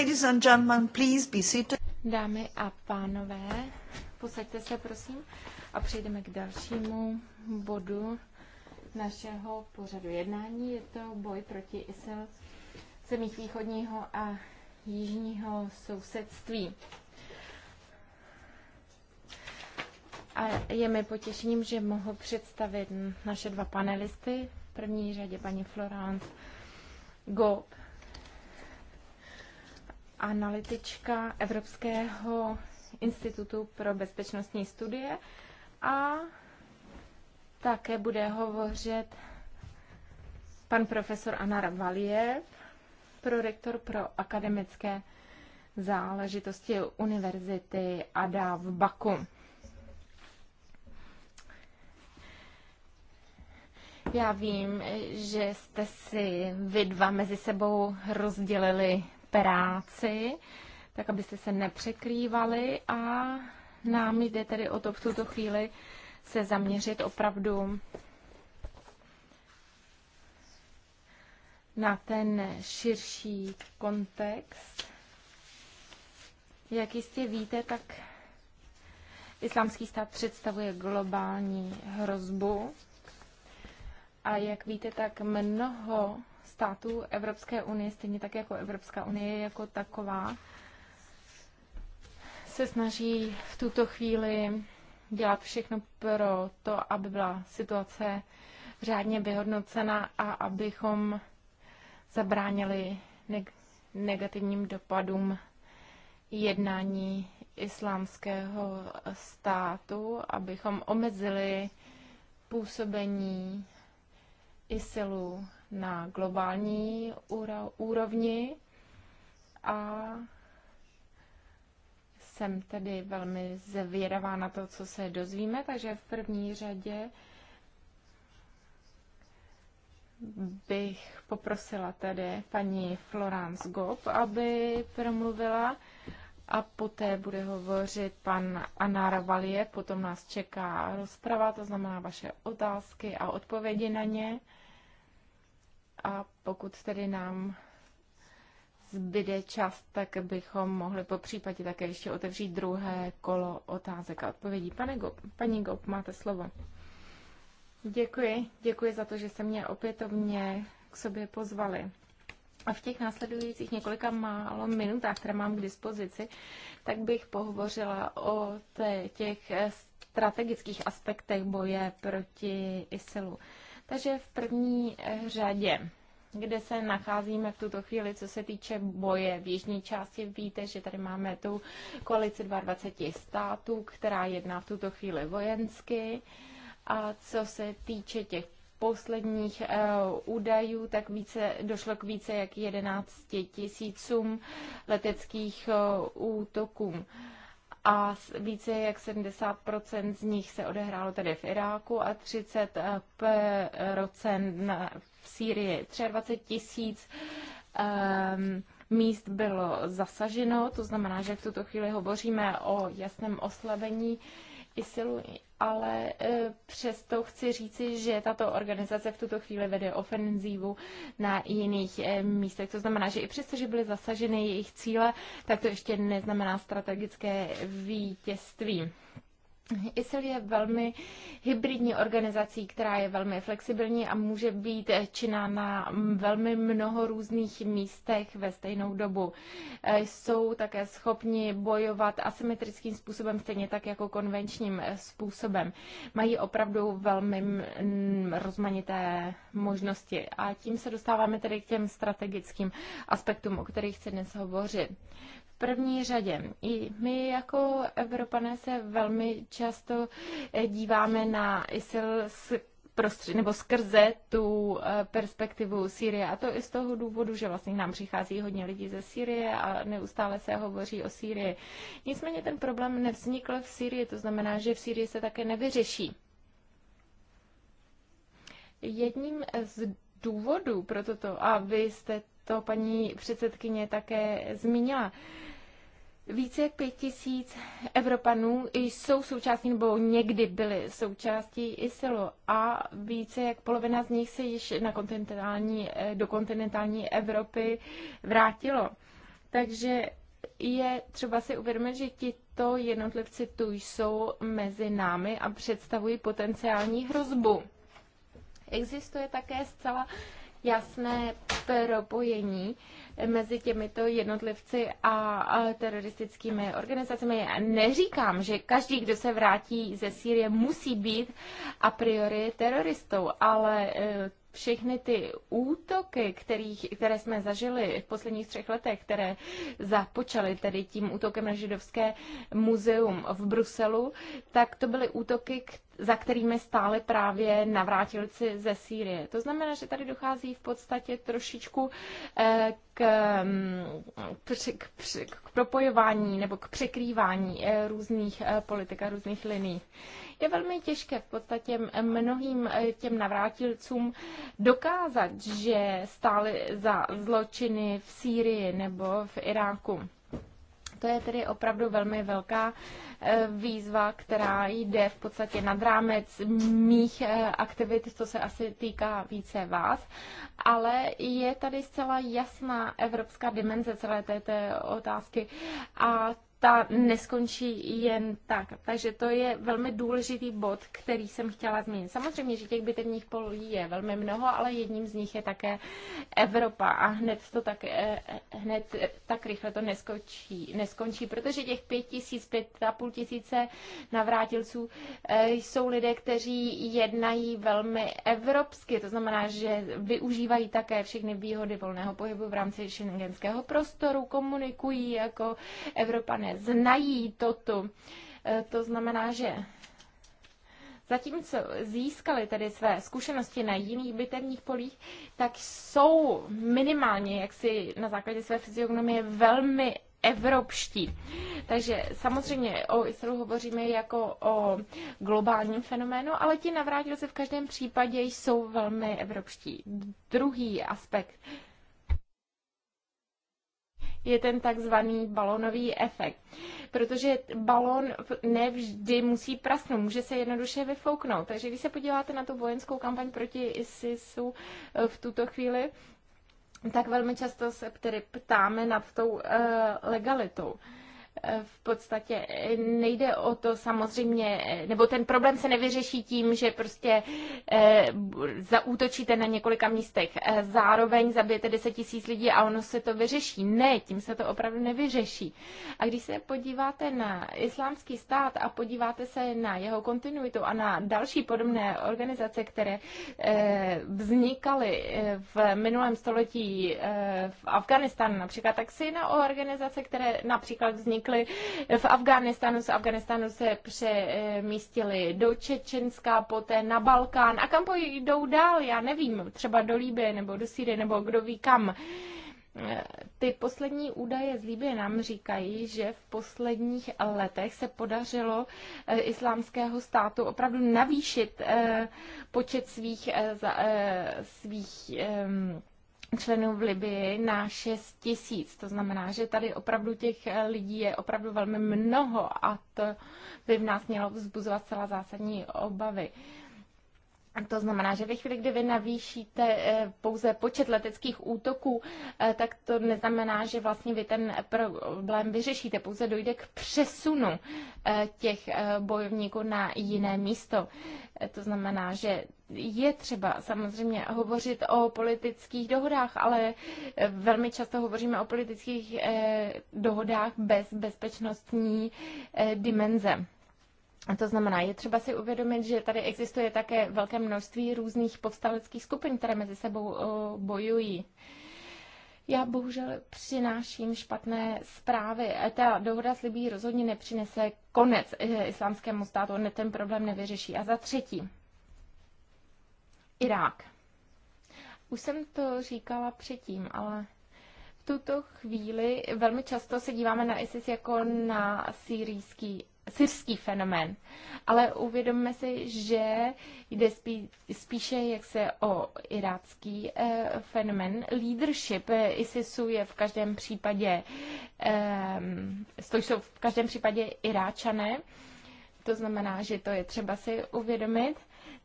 Ladies and gentlemen, please be seated. Dámy a pánové, posaďte se prosím a přejdeme k dalšímu bodu našeho pořadu jednání. Je to boj proti ISIL zemích východního a jižního sousedství. A je mi potěšením, že mohu představit naše dva panelisty. V první řadě paní Florence Gob, analytička Evropského institutu pro bezpečnostní studie a také bude hovořit pan profesor Anar Valiev, prorektor pro akademické záležitosti Univerzity ADA v Baku. Já vím, že jste si vy dva mezi sebou rozdělili práci, tak abyste se nepřekrývali a nám jde tedy o to v tuto chvíli se zaměřit opravdu na ten širší kontext. Jak jistě víte, tak islámský stát představuje globální hrozbu. A jak víte, tak mnoho států Evropské unie, stejně tak jako Evropská unie jako taková, se snaží v tuto chvíli dělat všechno pro to, aby byla situace řádně vyhodnocena a abychom zabránili negativním dopadům jednání islámského státu, abychom omezili působení ISILu na globální úrovni a jsem tedy velmi zvědavá na to, co se dozvíme, takže v první řadě bych poprosila tedy paní Florence Gob, aby promluvila a poté bude hovořit pan Anar Valie, potom nás čeká rozprava, to znamená vaše otázky a odpovědi na ně a pokud tedy nám zbyde čas, tak bychom mohli po případě také ještě otevřít druhé kolo otázek a odpovědí. Pane Gop, paní Gop, máte slovo. Děkuji, děkuji za to, že se mě opětovně k sobě pozvali. A v těch následujících několika málo minutách, které mám k dispozici, tak bych pohovořila o těch strategických aspektech boje proti ISILu. Takže v první eh, řadě kde se nacházíme v tuto chvíli, co se týče boje v jižní části. Víte, že tady máme tu koalici 22 států, která jedná v tuto chvíli vojensky. A co se týče těch posledních uh, údajů, tak více, došlo k více jak 11 tisícům leteckých uh, eh, útokům. Uh, a více jak 70% z nich se odehrálo tedy v Iráku a 30% eh, v Sýrii. 23 tisíc um, míst bylo zasaženo, to znamená, že v tuto chvíli hovoříme o jasném oslabení uh, ISILu, ale e, přesto chci říci, že tato organizace v tuto chvíli vede ofenzívu na jiných e, místech. To znamená, že i přesto, že byly zasaženy jejich cíle, tak to ještě neznamená strategické vítězství. ISIL je velmi hybridní organizací, která je velmi flexibilní a může být činná na velmi mnoho různých místech ve stejnou dobu. E, jsou také schopni bojovat asymetrickým způsobem, stejně tak jako konvenčním způsobem. Mají opravdu velmi rozmanité možnosti. A tím se dostáváme tedy k těm strategickým aspektům, o kterých chci dnes hovořit první řadě. I my jako Evropané se velmi často eh, díváme na ISIL s nebo skrze tu eh, perspektivu Sýrie. A to i z toho důvodu, že vlastně nám přichází hodně lidí ze Sýrie a neustále se hovoří o Sýrii. Nicméně ten problém nevznikl v Sýrii, to znamená, že v Sýrii se také nevyřeší. Jedním z důvodů pro toto, a vy jste to paní předsedkyně také zmínila, více jak pět tisíc Evropanů jsou součástí nebo někdy byly součástí ISILu a více jak polovina z nich se již na kontinentální, eh, do kontinentální Evropy vrátilo. Takže je třeba si uvědomit, že tito jednotlivci tu jsou mezi námi a představují potenciální hrozbu. Existuje také zcela jasné propojení mezi těmito jednotlivci a teroristickými organizacemi. Já neříkám, že každý, kdo se vrátí ze Sýrie, musí být a priori teroristou, ale eh, všechny ty útoky, kterých, které jsme zažili v posledních třech letech, které započaly tedy tím útokem na židovské muzeum v Bruselu, tak to byly útoky, za kterými stály právě navrátilci ze Sýrie. To znamená, že tady dochází v podstatě trošičku eh, k, mm, k, k propojování nebo k překrývání eh, různých eh, politik a různých liní je velmi těžké v podstatě mnohým eh, těm navrátilcům dokázat, že stáli za zločiny v Sýrii nebo v Iráku. To je tedy opravdu velmi velká eh, výzva, která jde v podstatě nad rámec mých eh, aktivit, to se asi týká více vás, ale je tady zcela jasná evropská dimenze celé této otázky a ta neskončí jen tak. Takže to je velmi důležitý bod, který jsem chtěla zmínit. Samozřejmě, že těch bitevních polí je velmi mnoho, ale jedním z nich je také Evropa a hned to tak, eh, eh, hned tak rychle to neskočí, neskončí, protože těch pět tisíc, pět a půl tisíce navrátilců eh, jsou lidé, kteří jednají velmi evropsky, to znamená, že využívají také všechny výhody volného pohybu v rámci šengenského prostoru, komunikují jako Evropané znají toto. E, to znamená, že zatímco získali tedy své zkušenosti na jiných bitevních polích, tak jsou minimálně, jak si na základě své fyziognomie, velmi evropští. Takže samozřejmě o Israelu hovoříme jako o globálním fenoménu, ale ti navrátilci v každém případě jsou velmi evropští. Druhý aspekt je ten takzvaný balonový efekt. Protože balon nevždy musí prasnout, může se jednoduše vyfouknout. Takže když se podíváte na tu vojenskou kampaň proti ISISu eh, v tuto chvíli, tak velmi často se tedy ptáme nad tou e, legalitou v podstatě nejde o to samozřejmě, nebo ten problém se nevyřeší tím, že prostě eh, zaútočíte na několika místech, eh, zároveň zabijete 10 tisíc lidí a ono se to vyřeší. Ne, tím se to opravdu nevyřeší. A když se podíváte na islámský stát a podíváte se na jeho kontinuitu a na další podobné organizace, které eh, vznikaly v minulém století v Afganistánu například, tak si na organizace, které například vznikly vznikly v Afghánistánu, z Afganistánu se přemístili do Čečenska, poté na Balkán a kam pojdou dál, já nevím, třeba do Líbie nebo do Sýrie nebo kdo ví kam. Ty poslední údaje z Líbie nám říkají, že v posledních letech se podařilo eh, islámského státu opravdu navýšit eh, počet svých, eh, svých členů v Libii na 6 tisíc. To znamená, že tady opravdu těch lidí je opravdu velmi mnoho a to by v nás mělo vzbuzovat celá zásadní obavy. To znamená, že ve chvíli, kdy vy navýšíte eh, pouze počet leteckých útoků, eh, tak to neznamená, že vlastně vy ten problém vyřešíte. Pouze dojde k přesunu eh, těch bojovníků na jiné místo. To znamená, že je třeba samozřejmě hovořit o politických dohodách, ale velmi často hovoříme o politických eh, dohodách bez bezpečnostní eh, dimenze. A to znamená, je třeba si uvědomit, že tady existuje také velké množství různých povstaleckých skupin, které mezi sebou eh, bojují. Já bohužel přináším špatné zprávy. Ta dohoda s Libí rozhodně nepřinese konec islámskému státu, ne ten problém nevyřeší. A za třetí, Irák. Už jsem to říkala předtím, ale v tuto chvíli velmi často se díváme na ISIS jako na sýrijský syrský fenomén. Ale uvědomme si, že jde spí, spíše jak se o irácký eh, fenomén. Leadership ISISu je v každém případě, eh, to jsou v každém případě iráčané. To znamená, že to je třeba si uvědomit.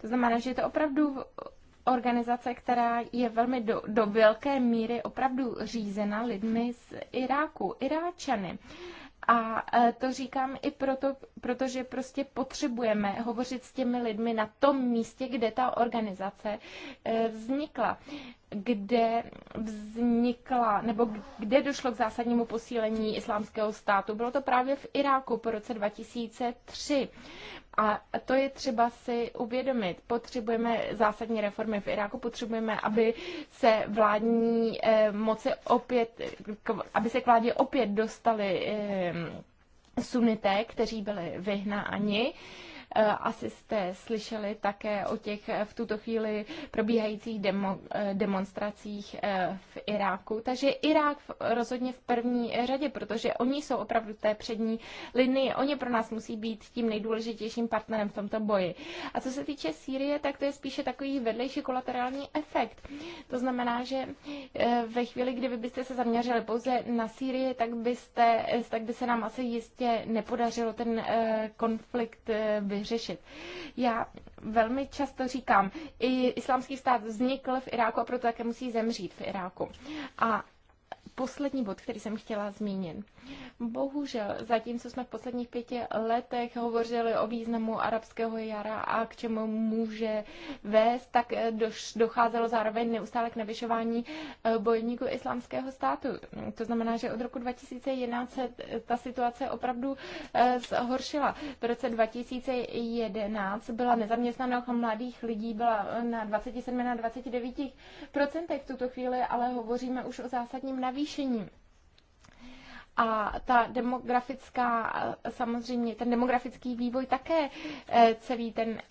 To znamená, že je to opravdu organizace, která je velmi do, do velké míry opravdu řízena lidmi z Iráku, Iráčany. A e, to říkám i proto, protože prostě potřebujeme hovořit s těmi lidmi na tom místě, kde ta organizace e, vznikla, kde vznikla, nebo kde došlo k zásadnímu posílení islámského státu. Bylo to právě v Iráku po roce 2003. A to je třeba si uvědomit. Potřebujeme zásadní reformy v Iráku, potřebujeme, aby se vládní eh, moci opět, aby se k vládě opět dostali eh, sunité, kteří byli vyhnáni. Eh, Eh, asi jste slyšeli také o těch eh, v tuto chvíli probíhajících demo, eh, demonstracích v Iráku. Takže Irák rozhodně v první řadě, protože oni jsou opravdu té přední linii. Oni pro nás musí být tím nejdůležitějším partnerem v tomto boji. A co se týče Sýrie, tak to je spíše takový vedlejší kolaterální efekt. To znamená, že ve chvíli, kdyby byste se zaměřili pouze na Sýrii, tak, byste, tak by se nám asi jistě nepodařilo ten konflikt vyřešit. Já velmi často říkám, i islámský stát vznikl v Iráku a proto také musí zemřít v Iráku. A poslední bod, který jsem chtěla zmínit. Bohužel, zatímco jsme v posledních pěti letech hovořili o významu arabského jara a k čemu může vést, tak eh, docházelo zároveň neustále k navyšování eh, bojovníků islámského státu. To znamená, že od roku 2011 eh, ta situace opravdu zhoršila. V roce 2011 byla nezaměstnanost mladých lidí byla na 27 na 29 procentech v tuto chvíli, ale hovoříme už o zásadním navýšení a ta demografická, samozřejmě ten demografický vývoj také eh, celý ten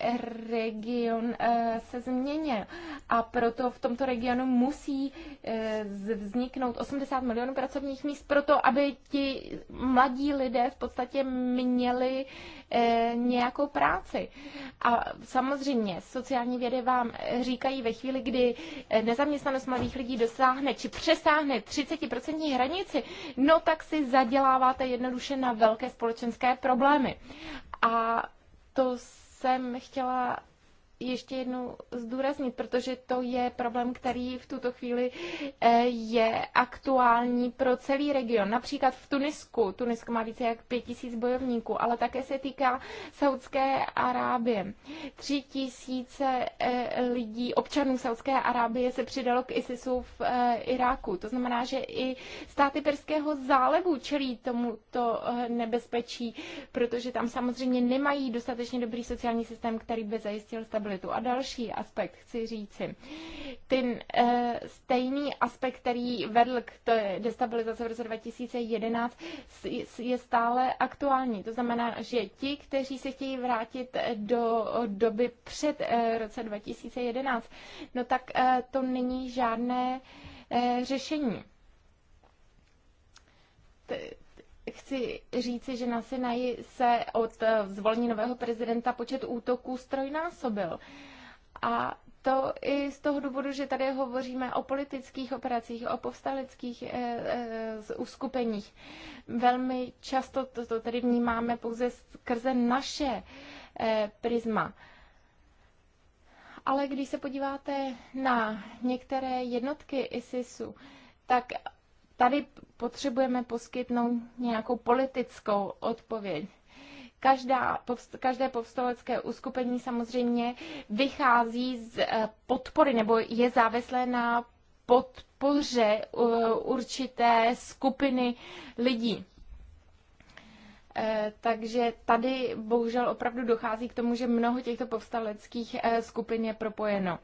region eh, se změnil. A proto v tomto regionu musí eh, vzniknout 80 milionů pracovních míst, proto aby ti mladí lidé v podstatě měli nějakou práci. A samozřejmě sociální vědy vám říkají ve chvíli, kdy nezaměstnanost mladých lidí dosáhne či přesáhne 30% hranici, no tak si si zaděláváte jednoduše na velké společenské problémy. A to jsem chtěla ještě jednou zdůraznit, protože to je problém, který v tuto chvíli eh, je aktuální pro celý region. Například v Tunisku. Tunisko má více jak pět tisíc bojovníků, ale také se týká Saudské Arábie. Tři tisíce eh, lidí, občanů Saudské Arábie se přidalo k ISISu v eh, Iráku. To znamená, že i státy Perského zálevu čelí tomuto nebezpečí, protože tam samozřejmě nemají dostatečně dobrý sociální systém, který by zajistil stabilitu stabilitu. A další aspekt chci říci, ten uh, stejný aspekt, který vedl k té destabilizaci v roce 2011, je stále aktuální. To znamená, že ti, kteří se chtějí vrátit do doby před uh, roce 2011, no tak uh, to není žádné uh, řešení chci říci, že na Sinaji se od eh, zvolení nového prezidenta počet útoků strojnásobil. A to i z toho důvodu, že tady hovoříme o politických operacích, o povstaleckých e, e, uskupeních. Velmi často to, to tady vnímáme pouze skrze naše e, prisma. Ale když se podíváte na některé jednotky ISISu, tak tady potřebujeme poskytnout nějakou politickou odpověď. Každá, každé povstalecké uskupení samozřejmě vychází z eh, podpory nebo je závislé na podpoře eh, určité skupiny lidí. Eh, takže tady bohužel opravdu dochází k tomu, že mnoho těchto povstaleckých skupin je propojeno.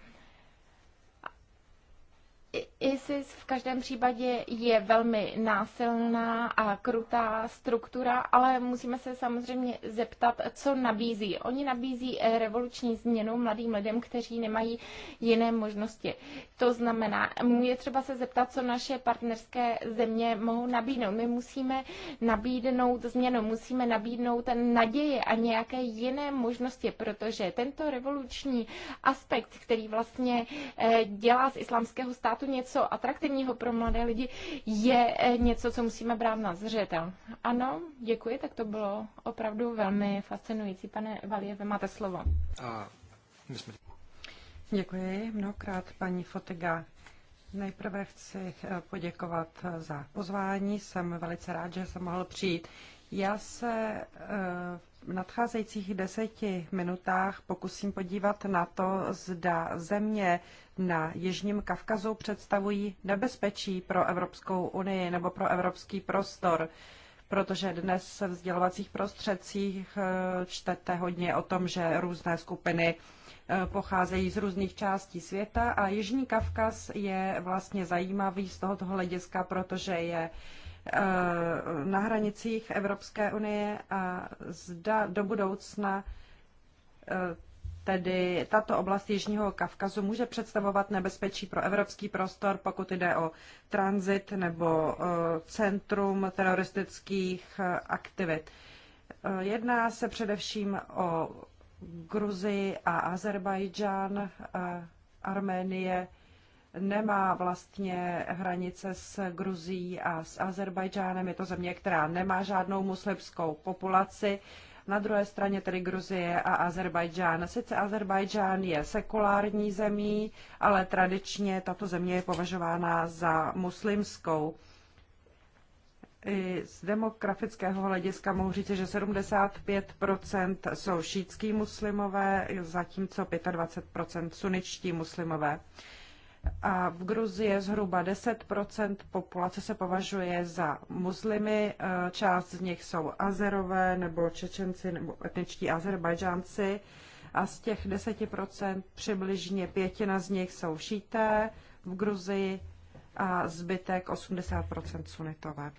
ISIS v každém případě je velmi násilná a krutá struktura, ale musíme se samozřejmě zeptat, co nabízí. Oni nabízí eh, revoluční změnu mladým lidem, kteří nemají jiné možnosti. To znamená, je třeba se zeptat, co naše partnerské země mohou nabídnout. My musíme nabídnout změnu, musíme nabídnout naděje a nějaké jiné možnosti, protože tento revoluční aspekt, který vlastně eh, dělá z islámského státu státu něco atraktivního pro mladé lidi je eh, něco, co musíme brát na zřetel. Ano, děkuji, tak to bylo opravdu velmi fascinující. Pane vy máte slovo. A my jsme... Děkuji mnohokrát, paní Fotega. Nejprve chci eh, poděkovat eh, za pozvání. Jsem velice rád, že jsem mohl přijít. Já se v nadcházejících deseti minutách pokusím podívat na to, zda země na Jižním Kavkazu představují nebezpečí pro Evropskou unii nebo pro evropský prostor, protože dnes se v vzdělovacích prostředcích eh, čtete hodně o tom, že různé skupiny eh, pocházejí z různých částí světa a Jižní Kavkaz je vlastně zajímavý z tohoto hlediska, protože je eh, na hranicích Evropské unie a zda do budoucna Tedy tato oblast Jižního Kavkazu může představovat nebezpečí pro evropský prostor, pokud jde o tranzit nebo e, centrum teroristických e, aktivit. E, jedná se především o Gruzii a Azerbajdžán. Arménie nemá vlastně hranice s Gruzií a s Azerbajdžánem. Je to země, která nemá žádnou muslimskou populaci na druhé straně tedy Gruzie a Azerbajdžán. Sice Azerbajdžán je sekulární zemí, ale tradičně tato země je považována za muslimskou. I z demografického hlediska mohu říct, že 75 jsou šítský muslimové, zatímco 25 suničtí muslimové. A v Gruzii zhruba 10 populace se považuje za muslimy, e, část z nich jsou Azerové nebo Čečenci nebo etničtí Azerbajdžánci. A z těch 10 přibližně pětina z nich jsou šíté v Gruzii a zbytek 80 sunitové.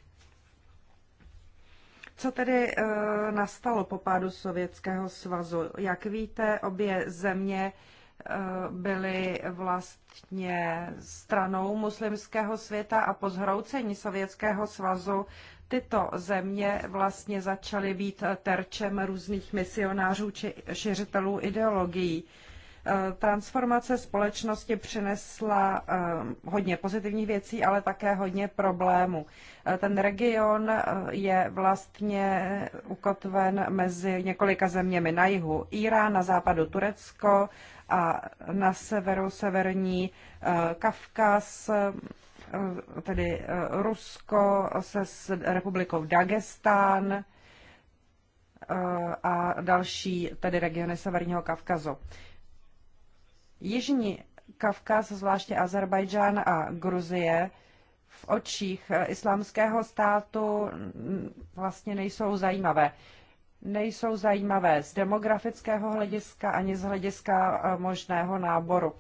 Co tedy e, nastalo po pádu Sovětského svazu? Jak víte, obě země Eh, byli vlastně stranou muslimského světa a po zhroucení Sovětského svazu tyto země vlastně začaly být terčem různých misionářů či šiřitelů ideologií. Eh, transformace společnosti přinesla eh, hodně pozitivních věcí, ale také hodně problémů. Eh, ten region je vlastně ukotven mezi několika zeměmi na jihu Irán, na západu Turecko a na severu severní Kavkaz, tedy Rusko se s republikou Dagestán a další tedy regiony Severního Kavkazu. Jižní Kavkaz, zvláště Azerbajdžán a Gruzie, v očích eh, islámského státu vlastně nejsou zajímavé. Nejsou zajímavé z demografického hlediska ani z hlediska eh, možného náboru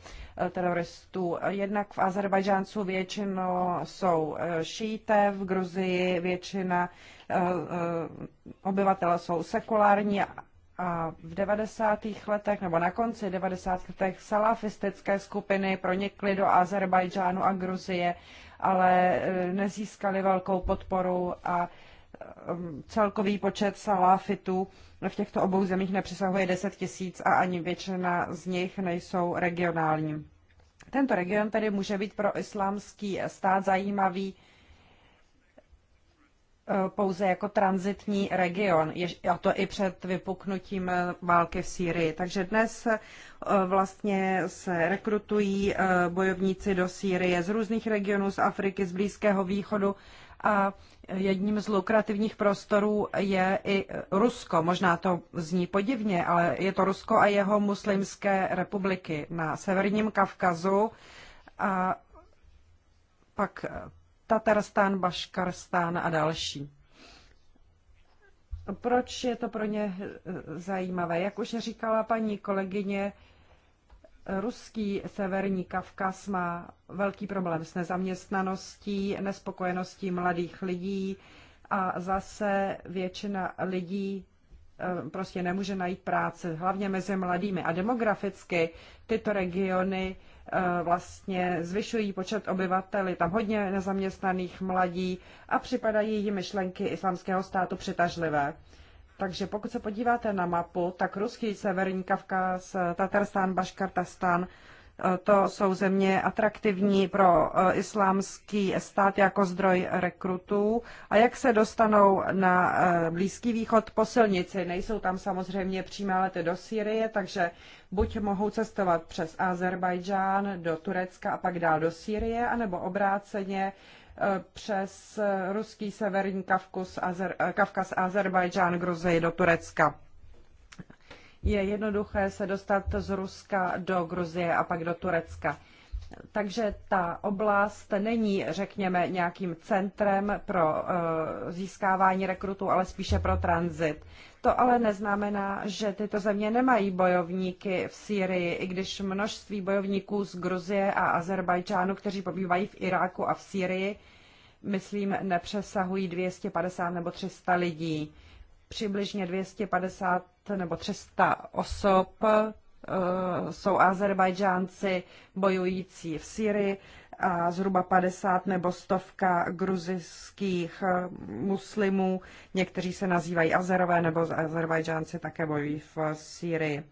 eh, teroristů. Jednak v Azerbajdžáncu většinou jsou šíité, v Gruzii většina obyvatel jsou sekulární a v 90. letech nebo na konci 90. letech salafistické skupiny pronikly do Azerbajdžánu a Gruzie, ale eh, nezískaly velkou podporu a eh, celkový počet salafitů v těchto obou zemích nepřesahuje 10 tisíc a ani většina z nich nejsou regionální. Tento region tedy může být pro islámský stát zajímavý Eh, pouze jako transitní region, a to i před vypuknutím eh, války v Sýrii. Takže dnes eh, vlastně se rekrutují bojovníci do Sýrie z různých regionů, z Afriky, z Blízkého východu a jedním z lukrativních prostorů je i Rusko. Možná to zní podivně, ale je to Rusko a jeho muslimské republiky na severním Kavkazu a pak Tatarstán, Baškarstán a další. Proč je to pro ně eh, zajímavé? Jak už říkala paní kolegyně, ruský severní Kavkaz má velký problém s nezaměstnaností, nespokojeností mladých lidí a zase většina lidí eh, prostě nemůže najít práci, hlavně mezi mladými. A demograficky tyto regiony Eh, vlastně zvyšují počet obyvatel, je tam hodně nezaměstnaných mladí a připadají jim myšlenky islámského státu přitažlivé. Takže pokud se podíváte na mapu, tak ruský severní Kavkaz, eh, Tatarstán, Baškartastán to jsou země atraktivní pro eh, islámský stát jako zdroj rekrutů. A jak se dostanou na eh, Blízký východ po silnici? Nejsou tam samozřejmě přímé lety do Sýrie, takže buď mohou cestovat přes Azerbajdžán do Turecka a pak dál do Sýrie, anebo obráceně eh, přes ruský severní Kavkaz, Azer, Kavkaz Azerbajdžán, Gruzii do Turecka je jednoduché se dostat z Ruska do Gruzie a pak do Turecka. Takže ta oblast není, řekněme, nějakým centrem pro uh, získávání rekrutů, ale spíše pro tranzit. To ale neznamená, že tyto země nemají bojovníky v Sýrii, i když množství bojovníků z Gruzie a Azerbajdžánu, kteří pobývají v Iráku a v Sýrii, myslím, nepřesahují 250 nebo 300 lidí. Přibližně 250 nebo 300 osob eh, jsou Azerbajdžánci bojující v Syrii a zhruba 50 nebo stovka gruzijských eh, muslimů. Někteří se nazývají Azerové nebo Azerbajdžánci také bojují v Syrii.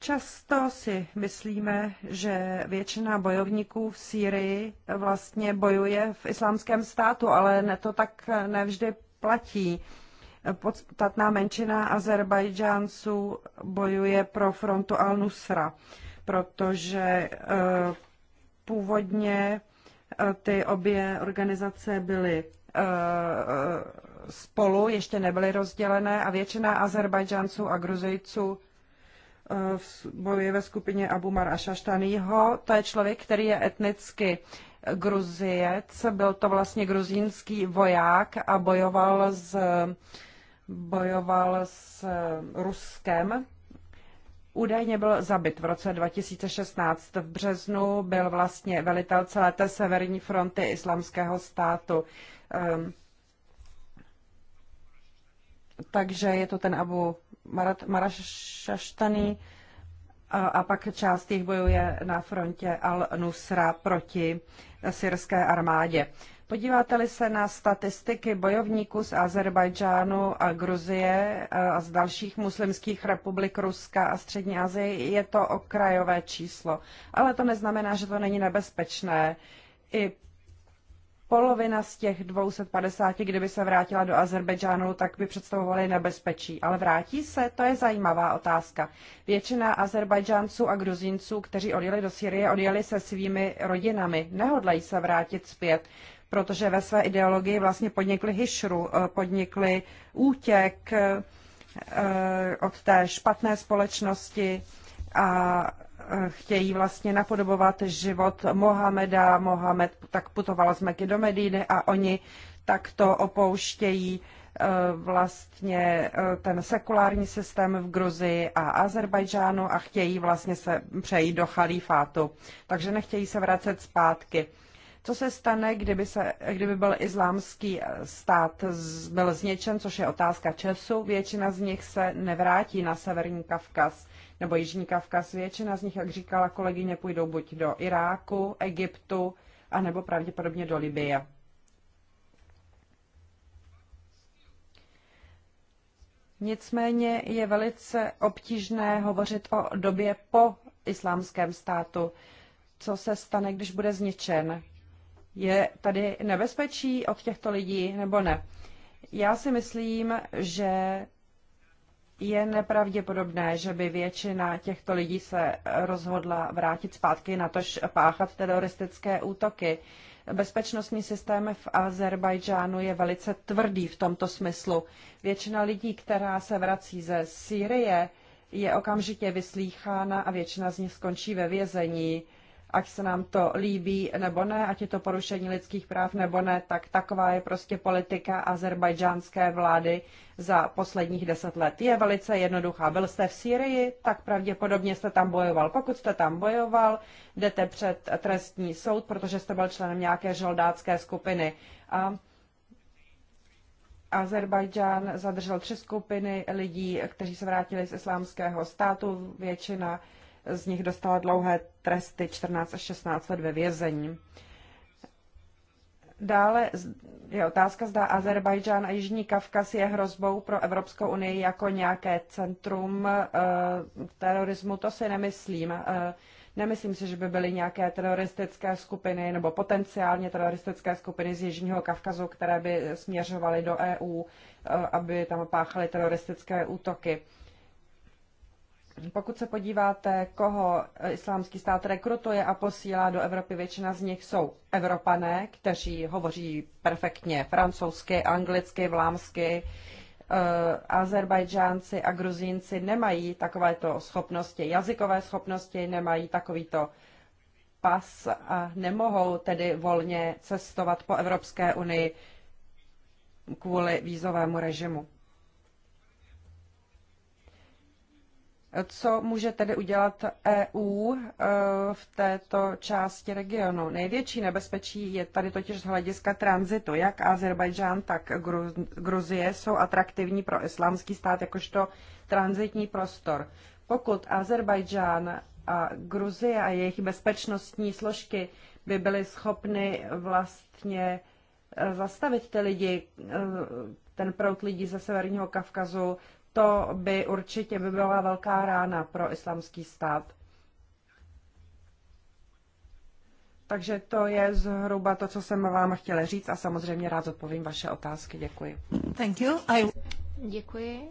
Často si myslíme, že většina bojovníků v Sýrii vlastně bojuje v islámském státu, ale ne to tak eh, nevždy platí podstatná menšina Azerbajdžánců bojuje pro frontu Al-Nusra, protože eh, původně eh, ty obě organizace byly eh, spolu, ještě nebyly rozdělené a většina Azerbajdžánců a Gruzejců bojuje ve skupině Abumar a Šaštanýho. To je člověk, který je etnicky Gruziec, byl to vlastně gruzínský voják a bojoval s bojoval s Ruskem. Údajně byl zabit v roce 2016. V březnu byl vlastně velitel celé té severní fronty islamského státu. Ehm, takže je to ten Abu Marat, a, a pak část bojů bojuje na frontě Al-Nusra proti syrské armádě. Podíváte-li se na statistiky bojovníků z Azerbajdžánu a Gruzie eh, a z dalších muslimských republik Ruska a Střední Asie, je to okrajové číslo. Ale to neznamená, že to není nebezpečné. I polovina z těch 250, kdyby se vrátila do Azerbejdžánu, tak by představovaly nebezpečí. Ale vrátí se? To je zajímavá otázka. Většina Azerbajdžánců a Gruzínců, kteří odjeli do Syrie, odjeli se svými rodinami. Nehodlají se vrátit zpět protože ve své ideologii vlastně podnikli hišru, eh, podnikli útěk eh, od té špatné společnosti a eh, chtějí vlastně napodobovat život Mohameda. Mohamed tak putoval z Meky do Medíny a oni takto opouštějí vlastně ten sekulární systém v Gruzii a Azerbajdžánu a chtějí vlastně se přejít do chalífátu. Takže nechtějí se vracet zpátky. Co se stane, kdyby, se, kdyby byl islámský eh, stát byl zničen, což je otázka času, většina z nich se nevrátí na severní Kavkaz nebo jižní Kavkaz. Většina z nich, jak říkala kolegyně, půjdou buď do Iráku, Egyptu, a nebo pravděpodobně do Libie. Nicméně je velice obtížné hovořit o době po islámském státu. Co se stane, když bude zničen? Je tady nebezpečí od těchto lidí nebo ne? Já si myslím, že je nepravděpodobné, že by většina těchto lidí se rozhodla vrátit zpátky na tož páchat teroristické útoky. Bezpečnostní systém v Azerbajdžánu je velice tvrdý v tomto smyslu. Většina lidí, která se vrací ze Sýrie, je okamžitě vyslýchána a většina z nich skončí ve vězení ať se nám to líbí nebo ne, ať je to porušení lidských práv nebo ne, tak taková je prostě politika azerbajdžánské vlády za posledních deset let. Je velice jednoduchá. Byl jste v Sýrii, tak pravděpodobně jste tam bojoval. Pokud jste tam bojoval, jdete před trestní soud, protože jste byl členem nějaké žoldácké skupiny. A Azerbajdžán zadržel tři skupiny lidí, kteří se vrátili z islámského státu. Většina z nich dostala dlouhé tresty 14 až 16 let ve vězení. Dále je otázka, zda Azerbajdžán a Jižní Kavkaz je hrozbou pro Evropskou unii jako nějaké centrum eh, terorismu. To si nemyslím. Eh, nemyslím si, že by byly nějaké teroristické skupiny nebo potenciálně teroristické skupiny z Jižního Kavkazu, které by směřovaly do EU, eh, aby tam páchaly teroristické útoky. Pokud se podíváte, koho eh, islámský stát rekrutuje a posílá do Evropy, většina z nich jsou Evropané, kteří hovoří perfektně francouzsky, anglicky, vlámsky. Eh, Azerbajdžánci a Gruzínci nemají takovéto schopnosti, jazykové schopnosti, nemají takovýto pas a nemohou tedy volně cestovat po Evropské unii kvůli vízovému režimu. Co může tedy udělat EU e, v této části regionu? Největší nebezpečí je tady totiž z hlediska tranzitu. Jak Azerbajdžán, tak Gruzie jsou atraktivní pro islámský stát jakožto tranzitní prostor. Pokud Azerbajdžán a Gruzie a jejich bezpečnostní složky by byly schopny vlastně e, zastavit ty lidi, e, ten prout lidí ze Severního Kavkazu, to by určitě by byla velká rána pro islamský stát. Takže to je zhruba to, co jsem vám chtěla říct a samozřejmě rád odpovím vaše otázky. Děkuji. Thank you. I... Děkuji.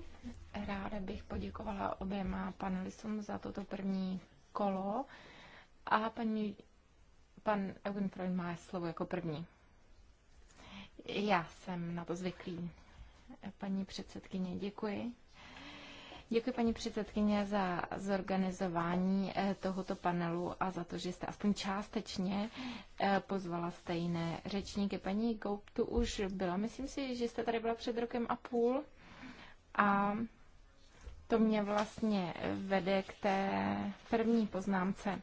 Ráda bych poděkovala oběma panelistům za toto první kolo. A paní, pan Eugen Freud má slovo jako první. Já jsem na to zvyklý paní předsedkyně. Děkuji. Děkuji paní předsedkyně za zorganizování eh, tohoto panelu a za to, že jste aspoň částečně eh, pozvala stejné řečníky. Paní Goup tu už byla, myslím si, že jste tady byla před rokem a půl a to mě vlastně vede k té první poznámce.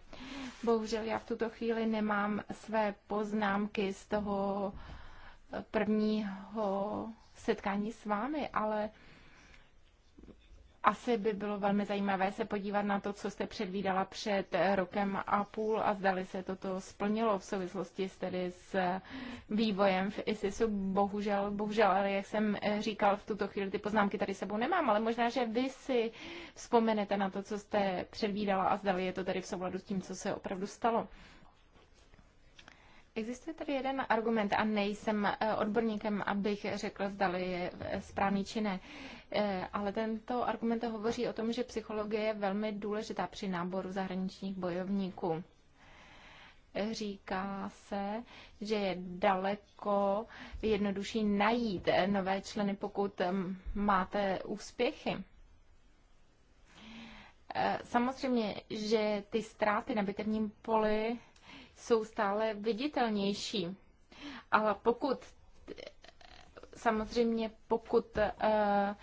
Bohužel já v tuto chvíli nemám své poznámky z toho prvního setkání s vámi, ale asi by bylo velmi zajímavé se podívat na to, co jste předvídala před rokem a půl a zdali se toto splnilo v souvislosti s, tedy s vývojem v ISISu. Bohužel, bohužel, ale jak jsem eh, říkal, v tuto chvíli ty poznámky tady sebou nemám, ale možná, že vy si vzpomenete na to, co jste předvídala a zdali je to tedy v souladu s tím, co se opravdu stalo. Existuje tady jeden argument a nejsem eh, odborníkem, abych řekl, zdali je eh, správný či ne. Eh, ale tento argument hovoří o tom, že psychologie je velmi důležitá při náboru zahraničních bojovníků říká se, že je daleko jednodušší najít nové členy, pokud máte úspěchy. Samozřejmě, že ty ztráty na bitevním poli jsou stále viditelnější. Ale pokud, samozřejmě pokud eh,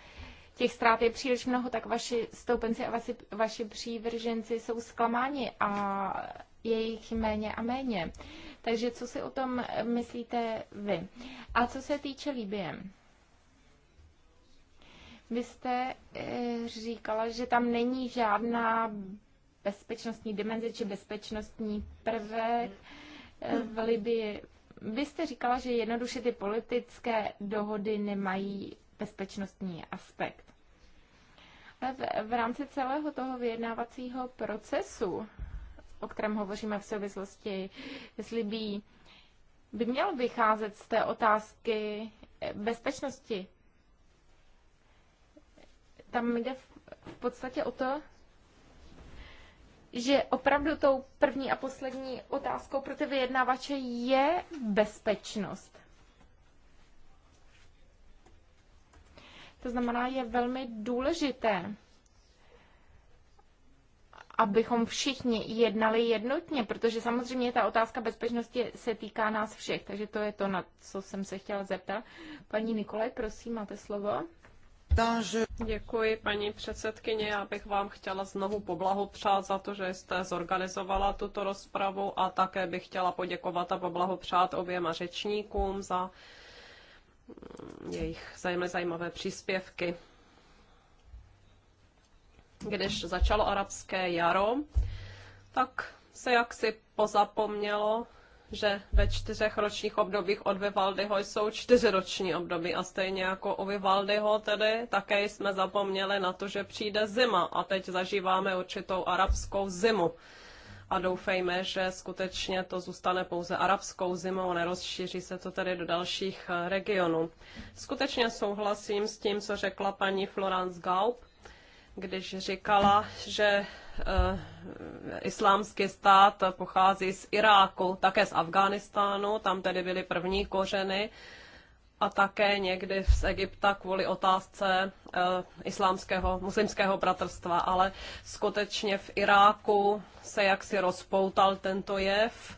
těch ztrát je příliš mnoho, tak vaši stoupenci a vaši, vaši přívrženci jsou zklamáni a je jich méně a méně. Takže co si o tom myslíte vy? A co se týče Libie? Vy jste eh, říkala, že tam není žádná bezpečnostní dimenzi či bezpečnostní prvek eh, v Libii. Vy jste říkala, že jednoduše ty politické dohody nemají bezpečnostní aspekt. Ale v, v rámci celého toho vyjednávacího procesu, o kterém hovoříme v souvislosti s Libií, by měl vycházet z té otázky eh, bezpečnosti. Tam jde v, v podstatě o to, že opravdu tou první a poslední otázkou pro ty vyjednávače je bezpečnost. To znamená, je velmi důležité, abychom všichni jednali jednotně, protože samozřejmě ta otázka bezpečnosti se týká nás všech. Takže to je to, na co jsem se chtěla zeptat. Paní Nikolaj, prosím, máte slovo. Děkuji, paní předsedkyně. Já bych vám chtěla znovu poblahopřát za to, že jste zorganizovala tuto rozpravu a také bych chtěla poděkovat a poblahopřát oběma řečníkům za mm, jejich zajímavé příspěvky. Když začalo arabské jaro, tak se jaksi pozapomnělo že ve čtyřech ročních obdobích od Vivaldiho jsou roční období a stejně jako u Vivaldiho tedy také jsme zapomněli na to, že přijde zima a teď zažíváme určitou arabskou zimu. A doufejme, že skutečně to zůstane pouze arabskou zimou, nerozšíří se to tedy do dalších eh, regionů. Skutečně souhlasím s tím, co řekla paní Florence Gaub, když říkala, že Eh, islámský stát pochází z Iráku, také z Afghánistánu, tam tedy byly první kořeny a také někdy z Egypta kvůli otázce eh, islámského, muslimského bratrstva, ale skutečně v Iráku se jaksi rozpoutal tento jev,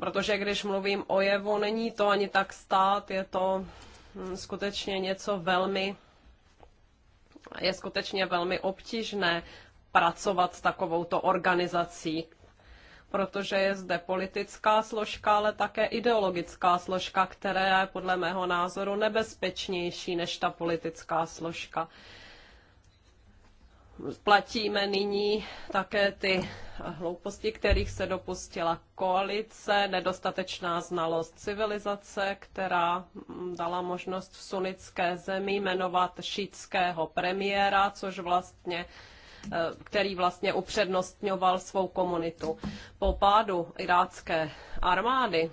protože když mluvím o jevu, není to ani tak stát, je to hm, skutečně něco velmi je skutečně velmi obtížné pracovat s takovouto organizací, protože je zde politická složka, ale také ideologická složka, která je podle mého názoru nebezpečnější než ta politická složka. Platíme nyní také ty hlouposti, kterých se dopustila koalice, nedostatečná znalost civilizace, která dala možnost v sunické zemi jmenovat šítského premiéra, což vlastně Eh, který vlastně upřednostňoval svou komunitu. Po pádu irácké armády,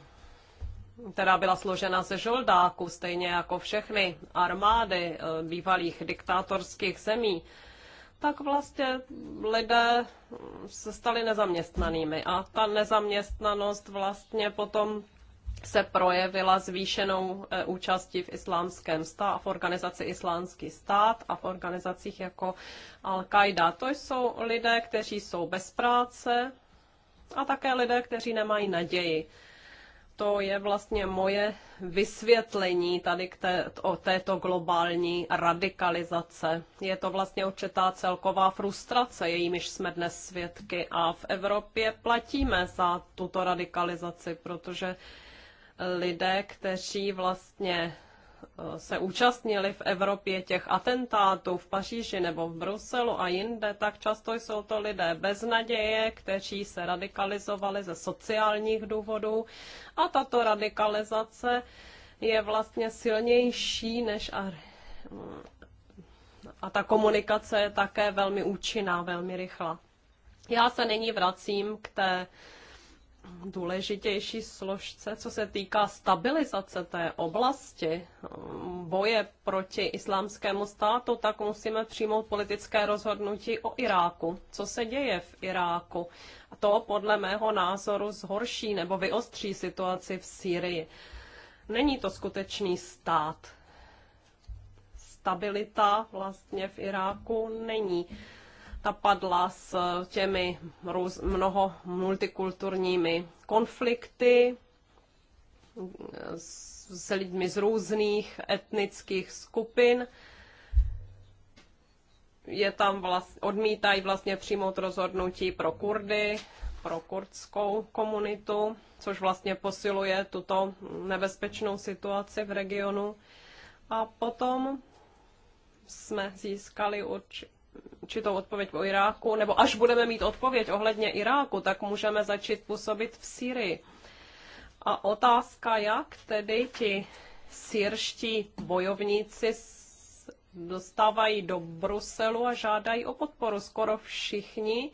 která byla složena ze žoldáků, stejně jako všechny armády eh, bývalých diktátorských zemí, tak vlastně lidé se stali nezaměstnanými a ta nezaměstnanost vlastně potom se projevila zvýšenou eh, účastí v islámském stát, v organizaci Islámský stát a v organizacích jako Al-Qaida. To jsou lidé, kteří jsou bez práce a také lidé, kteří nemají naději. To je vlastně moje vysvětlení tady k té, o této globální radikalizace. Je to vlastně určitá celková frustrace, jejímiž jsme dnes svědky a v Evropě platíme za tuto radikalizaci, protože lidé, kteří vlastně eh, se účastnili v Evropě těch atentátů v Paříži nebo v Bruselu a jinde, tak často jsou to lidé bez naděje, kteří se radikalizovali ze sociálních důvodů a tato radikalizace je vlastně silnější než a, mm, a ta komunikace je také velmi účinná, velmi rychlá. Já se nyní vracím k té důležitější složce, co se týká stabilizace té oblasti, eh, boje proti islámskému státu, tak musíme přijmout politické rozhodnutí o Iráku. Co se děje v Iráku? A to podle mého názoru zhorší nebo vyostří situaci v Sýrii. Není to skutečný stát. Stabilita vlastně v Iráku není ta padla s těmi růz, mnoho multikulturními konflikty, s lidmi z různých etnických skupin. Je tam vlast, odmítají vlastně přijmout rozhodnutí pro Kurdy, pro kurdskou komunitu, což vlastně posiluje tuto nebezpečnou situaci v regionu. A potom jsme získali určitě určitou odpověď o Iráku, nebo až budeme mít odpověď ohledně Iráku, tak můžeme začít působit v Syrii. A otázka, jak tedy ti syrští bojovníci dostávají do Bruselu a žádají o podporu. Skoro všichni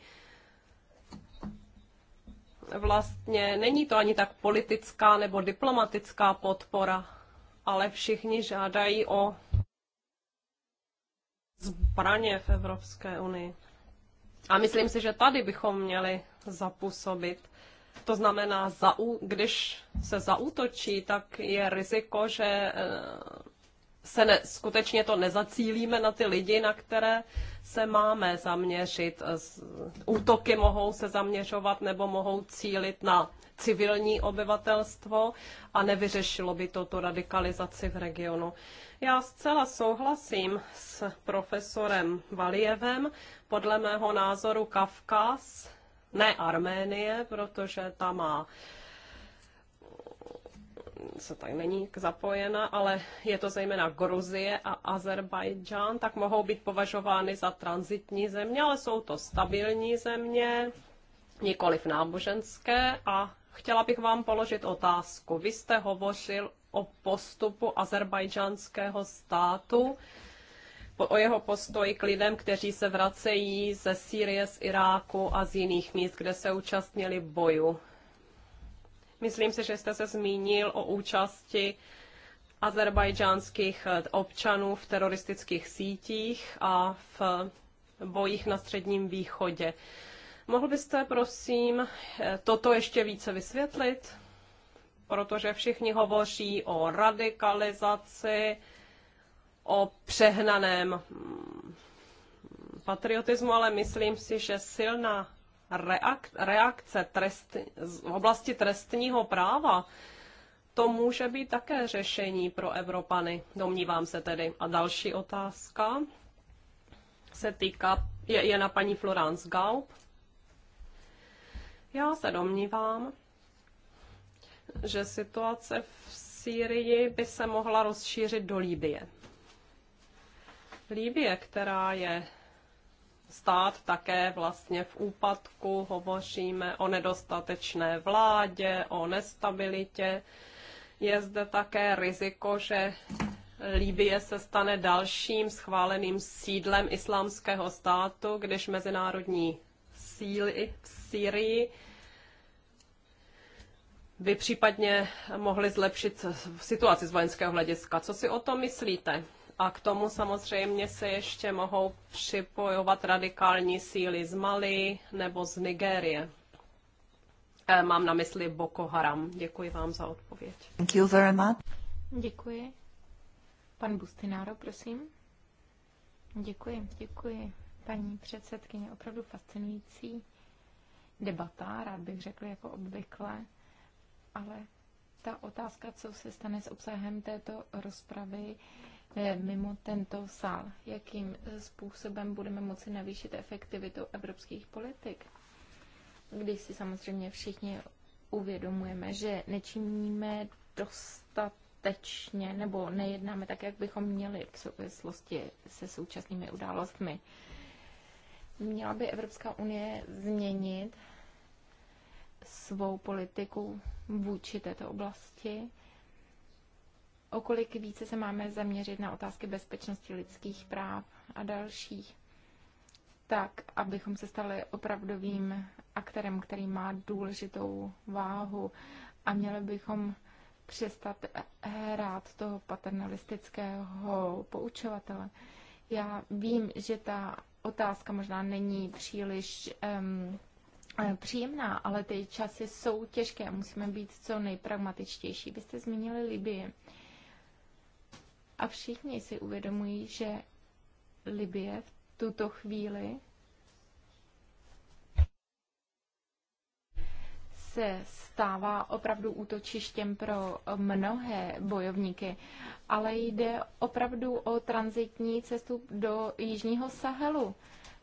vlastně není to ani tak politická nebo diplomatická podpora, ale všichni žádají o zbraně v Evropské unii. A myslím si, že tady bychom měli zapůsobit. To znamená, když se zaútočí, tak je riziko, že eh, se ne, skutečně to nezacílíme na ty lidi, na které se máme zaměřit. Útoky mohou se zaměřovat nebo mohou cílit na civilní obyvatelstvo a nevyřešilo by to tu radikalizaci v regionu. Já zcela souhlasím s profesorem Valijevem. Podle mého názoru Kavkaz, ne Arménie, protože ta má se tak není zapojena, ale je to zejména Gruzie a Azerbajdžán, tak mohou být považovány za transitní země, ale jsou to stabilní země, nikoliv náboženské a chtěla bych vám položit otázku. Vy jste hovořil o postupu azerbajdžánského státu, o jeho postoji k lidem, kteří se vracejí ze Sýrie, z Iráku a z jiných míst, kde se účastnili boju. Myslím si, že jste se zmínil o účasti azerbajdžánských eh, občanů v teroristických sítích a v bojích na Středním východě. Mohl byste, prosím, eh, toto ještě více vysvětlit? protože všichni hovoří o radikalizaci, o přehnaném mm, patriotismu, ale myslím si, že silná reakce trest, v oblasti trestního práva, to může být také řešení pro Evropany, domnívám se tedy. A další otázka se týká, je, je na paní Florence Gaub. Já se domnívám, že situace v Sýrii by se mohla rozšířit do Líbie. Líbie, která je stát také vlastně v úpadku, hovoříme o nedostatečné vládě, o nestabilitě. Je zde také riziko, že Líbie se stane dalším schváleným sídlem islámského státu, když mezinárodní síly v Sýrii by případně mohly zlepšit situaci z vojenského hlediska. Co si o tom myslíte? A k tomu samozřejmě se ještě mohou připojovat radikální síly z Mali nebo z Nigérie. Eh, mám na mysli Boko Haram. Děkuji vám za odpověď. Thank you very much. Děkuji. Pan Bustináro, prosím. Děkuji, děkuji. Paní předsedkyně, opravdu fascinující debata, rád bych řekl jako obvykle ale ta otázka, co se stane s obsahem této rozpravy eh, mimo tento sál, jakým eh, způsobem budeme moci navýšit efektivitu evropských politik, když si samozřejmě všichni uvědomujeme, že nečiníme dostatečně nebo nejednáme tak, jak bychom měli v souvislosti se současnými událostmi. Měla by Evropská unie změnit svou politiku vůči této oblasti? Okolik více se máme zaměřit na otázky bezpečnosti lidských práv a dalších? Tak, abychom se stali opravdovým aktérem, který má důležitou váhu a měli bychom přestat hrát toho paternalistického poučovatele. Já vím, že ta otázka možná není příliš um, Eh, příjemná, ale ty časy jsou těžké a musíme být co nejpragmatičtější. Vy jste zmínili Libii. A všichni si uvědomují, že Libie v tuto chvíli se stává opravdu útočištěm pro mnohé bojovníky, ale jde opravdu o transitní cestu do Jižního Sahelu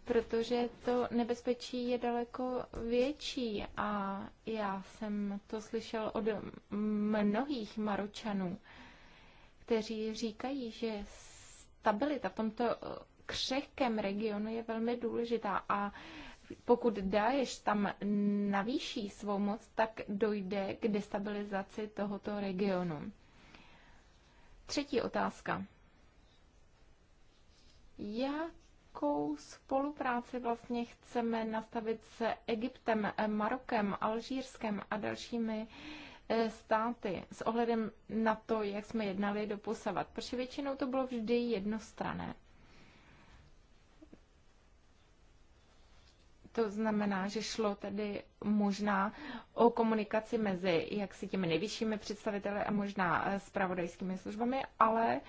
protože to nebezpečí je daleko větší a já jsem to slyšel od mnohých Maročanů, kteří říkají, že stabilita v tomto eh, křehkém regionu je velmi důležitá a pokud Daesh tam navýší svou moc, tak dojde k destabilizaci tohoto regionu. Třetí otázka. Jak jakou spolupráci vlastně chceme nastavit s Egyptem, Marokem, Alžírskem a dalšími eh, státy s ohledem na to, jak jsme jednali do posavat. Protože většinou to bylo vždy jednostrané. To znamená, že šlo tedy možná o komunikaci mezi jak si těmi nejvyššími představiteli a možná s eh, spravodajskými službami, ale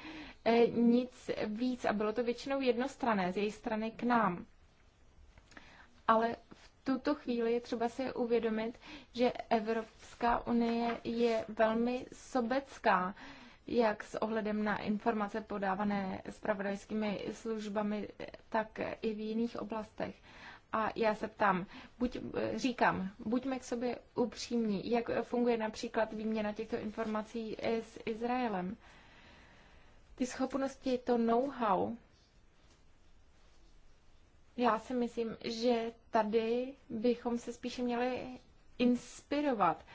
eh, nic víc. A bylo to většinou jednostrané z její strany k nám. Ale v tuto chvíli je třeba si uvědomit, že Evropská unie je velmi sobecká jak s ohledem na informace podávané spravodajskými službami, eh, tak i v jiných oblastech. A já se ptám, buď, eh, říkám, buďme k sobě upřímní, jak funguje například výměna těchto informací eh, s Izraelem. Ty schopnosti, to know-how, já si myslím, že tady bychom se spíše měli inspirovat.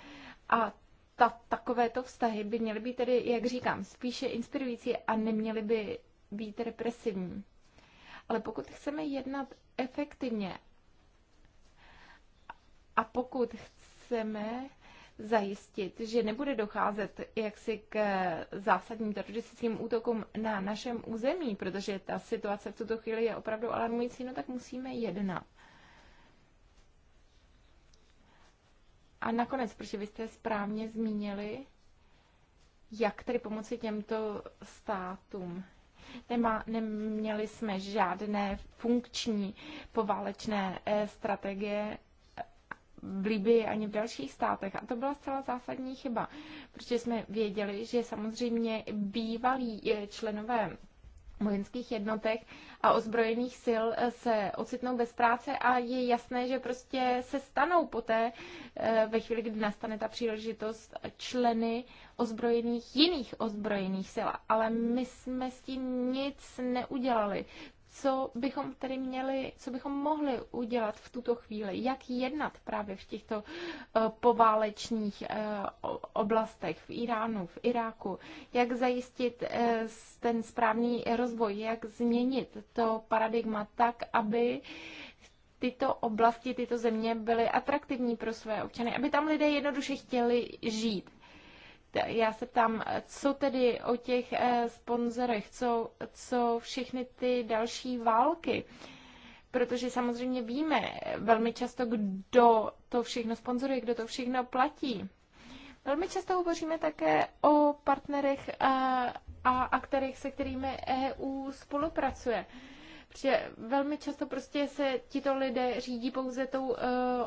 A ta, takovéto vztahy by měly být tedy, jak říkám, spíše inspirující a neměly by být represivní. Ale pokud chceme jednat efektivně a pokud chceme zajistit, že nebude docházet jaksi k zásadním teroristickým útokům na našem území, protože ta situace v tuto chvíli je opravdu alarmující, no tak musíme jednat. A nakonec, protože vy jste správně zmínili, jak tedy pomoci těmto státům. Nemá, neměli jsme žádné funkční poválečné eh, strategie v Libii ani v dalších státech. A to byla zcela zásadní chyba, protože jsme věděli, že samozřejmě bývalí eh, členové vojenských jednotek a ozbrojených sil eh, se ocitnou bez práce a je jasné, že prostě se stanou poté, eh, ve chvíli, kdy nastane ta příležitost, členy ozbrojených, jiných ozbrojených sil. Ale my jsme s tím nic neudělali co bychom tedy měli, co bychom mohli udělat v tuto chvíli, jak jednat právě v těchto eh, poválečných eh, oblastech v Iránu, v Iráku, jak zajistit eh, ten správný rozvoj, jak změnit to paradigma tak, aby tyto oblasti, tyto země byly atraktivní pro své občany, aby tam lidé jednoduše chtěli žít já se ptám, co tedy o těch eh, sponzorech, co, co všechny ty další války, protože samozřejmě víme velmi často, kdo to všechno sponzoruje, kdo to všechno platí. Velmi často hovoříme také o partnerech eh, a, a aktérech, se kterými EU spolupracuje že velmi často prostě se tito lidé řídí pouze tou uh,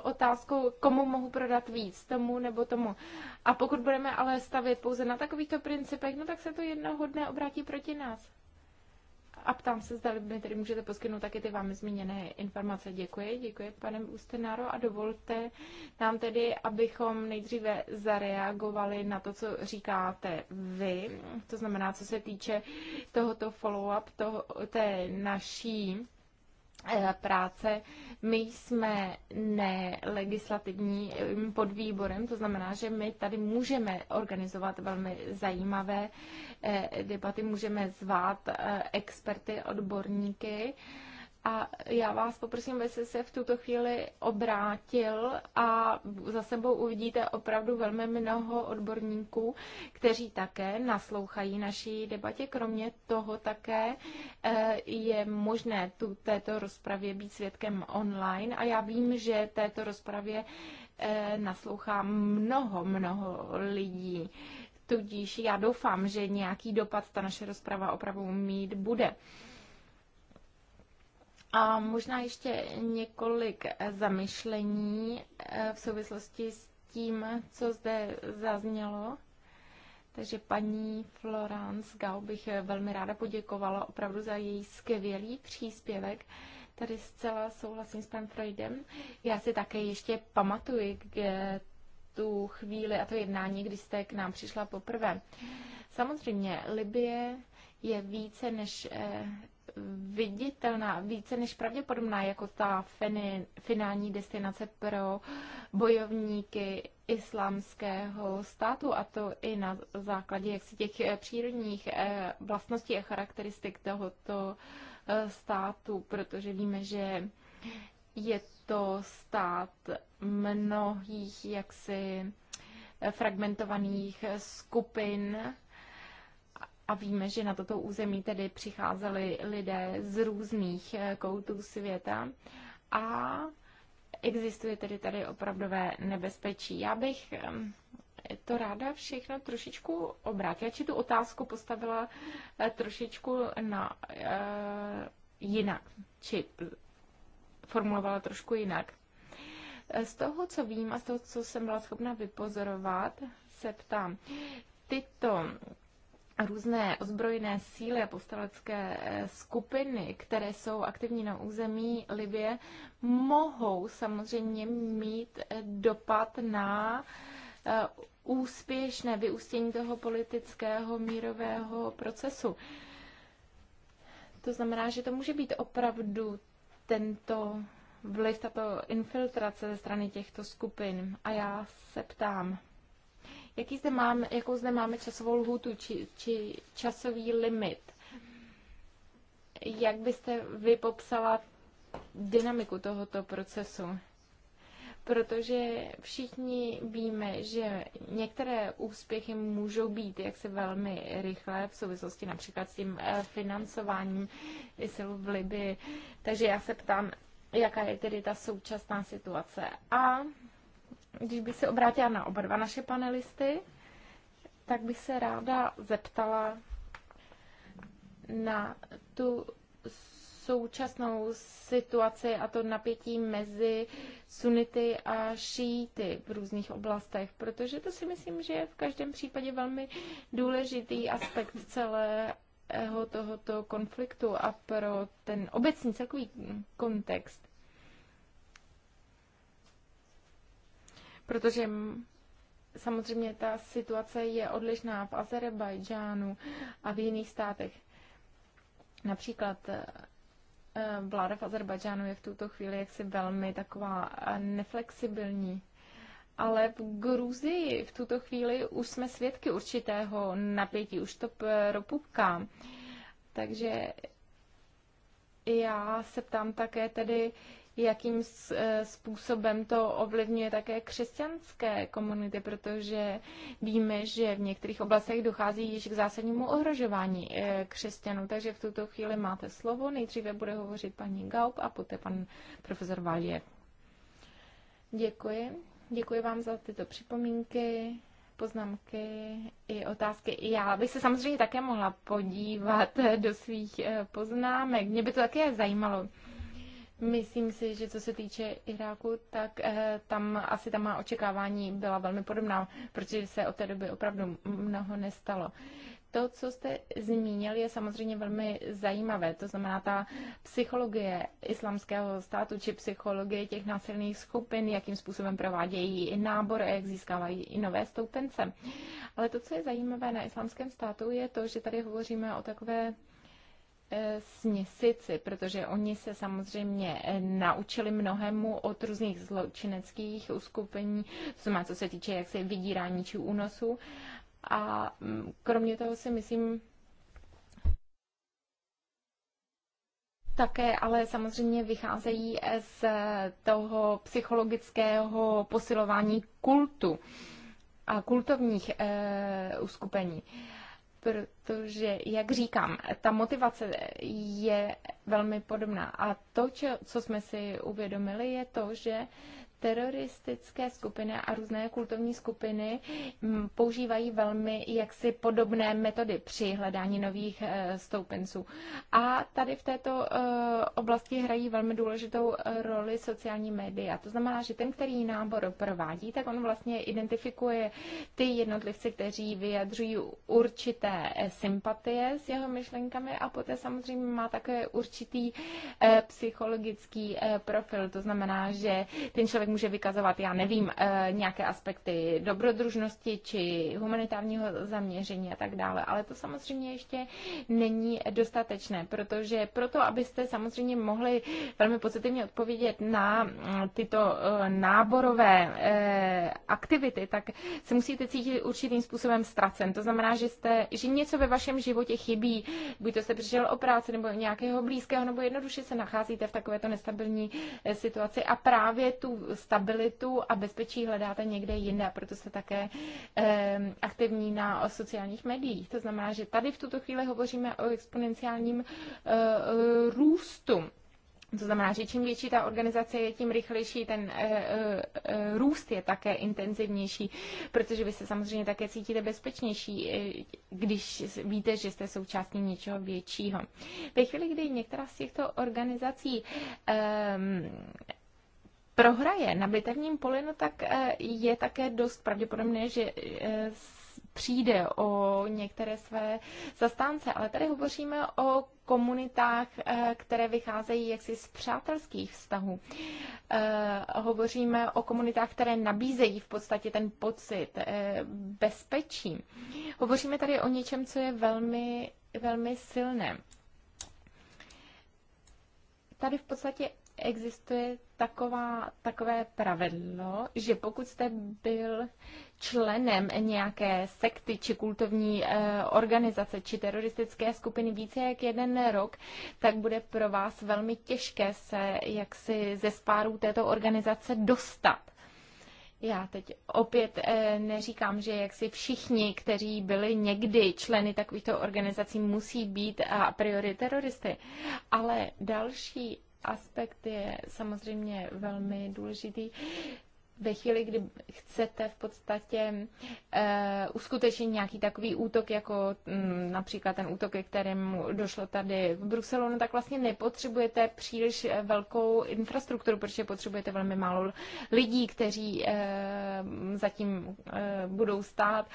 otázkou, komu mohu prodat víc, tomu nebo tomu. A pokud budeme ale stavět pouze na takovýchto principech, no tak se to jednoho dne obrátí proti nás a ptám se, zda mi tedy můžete poskytnout taky ty vámi zmíněné informace. Děkuji, děkuji, pane Ústenáro, a dovolte nám tedy, abychom nejdříve zareagovali na to, co říkáte vy, to znamená, co se týče tohoto follow-up, toho, té naší Eh, práce. My jsme nelegislativním podvýborem, to znamená, že my tady můžeme organizovat velmi zajímavé eh, debaty, můžeme zvát eh, experty, odborníky a já vás poprosím, abyste se v tuto chvíli obrátil a za sebou uvidíte opravdu velmi mnoho odborníků, kteří také naslouchají naší debatě. Kromě toho také eh, je možné tu, této rozpravě být svědkem online a já vím, že této rozpravě eh, naslouchá mnoho, mnoho lidí. Tudíž já doufám, že nějaký dopad ta naše rozprava opravdu mít bude. A možná ještě několik zamyšlení eh, v souvislosti s tím, co zde zaznělo. Takže paní Florence Gau bych eh, velmi ráda poděkovala opravdu za její skvělý příspěvek. Tady zcela souhlasím s panem Freudem. Já si také ještě pamatuji k eh, tu chvíli a to jednání, kdy jste k nám přišla poprvé. Samozřejmě Libie je více než viditelná, více než pravděpodobná jako ta fini, finální destinace pro bojovníky islámského státu a to i na základě jaksi těch eh, přírodních eh, vlastností a charakteristik tohoto eh, státu, protože víme, že je to stát mnohých jaksi fragmentovaných skupin a víme, že na toto území tedy přicházeli lidé z různých eh, koutů světa a existuje tedy tady opravdové nebezpečí. Já bych ehm, to ráda všechno trošičku obrátila, či tu otázku postavila eh, trošičku na uh, jinak, či formulovala trošku jinak. Z toho, co vím a z toho, co jsem byla schopna vypozorovat, se ptám, tyto různé ozbrojené síly a povstalecké eh, skupiny, které jsou aktivní na území Libie, mohou samozřejmě mít eh, dopad na eh, úspěšné vyústění toho politického mírového procesu. To znamená, že to může být opravdu tento vliv, tato infiltrace ze strany těchto skupin. A já se ptám, Jaký zde máme, jakou zde máme časovou lhůtu či, či časový limit? Jak byste vy popsala dynamiku tohoto procesu? protože všichni víme, že některé úspěchy můžou být jaksi velmi rychlé v souvislosti například s tím eh, financováním ISILu v Libii. Takže já se ptám, jaká je tedy ta současná situace. A když bych se obrátila na oba dva naše panelisty, tak bych se ráda zeptala na tu současnou situaci a to napětí mezi sunity a šíty v různých oblastech, protože to si myslím, že je v každém případě velmi důležitý aspekt celého tohoto konfliktu a pro ten obecný celkový kontext. protože samozřejmě ta situace je odlišná v Azerbajdžánu a v jiných státech. Například eh, vláda v Azerbajdžánu je v tuto chvíli jaksi velmi taková eh, neflexibilní. Ale v Gruzii v tuto chvíli už jsme svědky určitého napětí, už to propuká. Takže já se ptám také tedy, jakým eh, způsobem to ovlivňuje také křesťanské komunity, protože víme, že v některých oblastech dochází již k zásadnímu ohrožování eh, křesťanů. Takže v tuto chvíli máte slovo. Nejdříve bude hovořit paní Gaub a poté pan profesor Valje. Děkuji. Děkuji vám za tyto připomínky poznámky i otázky. Já bych se samozřejmě také mohla podívat do svých eh, poznámek. Mě by to také zajímalo. Myslím si, že co se týče Iráku, tak eh, tam asi tam má očekávání byla velmi podobná, protože se od té doby opravdu mnoho nestalo. To, co jste zmínil, je samozřejmě velmi zajímavé. To znamená ta psychologie islamského státu či psychologie těch násilných skupin, jakým způsobem provádějí i nábor, jak získávají i nové stoupence. Ale to, co je zajímavé na islamském státu, je to, že tady hovoříme o takové směsici, protože oni se samozřejmě eh, naučili mnohému od různých zločineckých uskupení, co má co se týče jak se vydírání či únosu. A mm, kromě toho si myslím, také, ale samozřejmě vycházejí eh, z toho psychologického posilování kultu a kultovních eh, uskupení. Uh, protože, jak říkám, ta motivace je velmi podobná. A to, čo, co jsme si uvědomili, je to, že teroristické skupiny a různé kultovní skupiny používají velmi jaksi podobné metody při hledání nových e, stoupenců. A tady v této e, oblasti hrají velmi důležitou e, roli sociální média. To znamená, že ten, který nábor provádí, tak on vlastně identifikuje ty jednotlivce, kteří vyjadřují určité sympatie s jeho myšlenkami a poté samozřejmě má také určitý psychologický profil. To znamená, že ten člověk může vykazovat, já nevím, eh, nějaké aspekty dobrodružnosti či humanitárního zaměření a tak dále. Ale to samozřejmě ještě není dostatečné, protože proto, abyste samozřejmě mohli velmi pozitivně odpovědět na mm, tyto eh, náborové eh, aktivity, tak se musíte cítit určitým způsobem ztracen. To znamená, že, jste, že něco ve vašem životě chybí, buď to jste přišel o práci nebo nějakého blízkého, nebo jednoduše se nacházíte v takovéto nestabilní situaci a právě tu stabilitu a bezpečí hledáte někde jinde, proto jste také aktivní na sociálních médiích. To znamená, že tady v tuto chvíli hovoříme o exponenciálním eh, růstu. To znamená, že čím větší ta organizace je, tím rychlejší ten e, e, růst je také intenzivnější, protože vy se samozřejmě také cítíte bezpečnější, když víte, že jste součástí něčeho většího. Ve chvíli, kdy některá z těchto organizací e, prohraje na bitevním poli, no tak eh, je také dost pravděpodobné, že eh, přijde o některé své zastánce, ale tady hovoříme o komunitách, eh, které vycházejí jaksi z přátelských vztahů. Hovoříme o komunitách, které nabízejí v podstatě ten pocit bezpečí. Hovoříme tady o něčem, co je velmi, velmi silné. Tady v podstatě existuje taková, takové pravidlo, že pokud jste byl členem nějaké sekty či kultovní eh, organizace či teroristické skupiny více jak jeden rok, tak bude pro vás velmi těžké se jaksi ze spárů této organizace dostat. Já teď opět eh, neříkám, že jak si všichni, kteří byli někdy členy takovýchto organizací, musí být a priori teroristy, ale další aspekt je samozřejmě velmi důležitý ve chvíli, kdy chcete v podstatě e, uskutečnit nějaký takový útok, jako m, mm, například ten útok, ke kterému došlo tady v Bruselu, no tak vlastně nepotřebujete příliš eh, velkou infrastrukturu, protože potřebujete velmi málo lidí, kteří e, zatím e, budou stát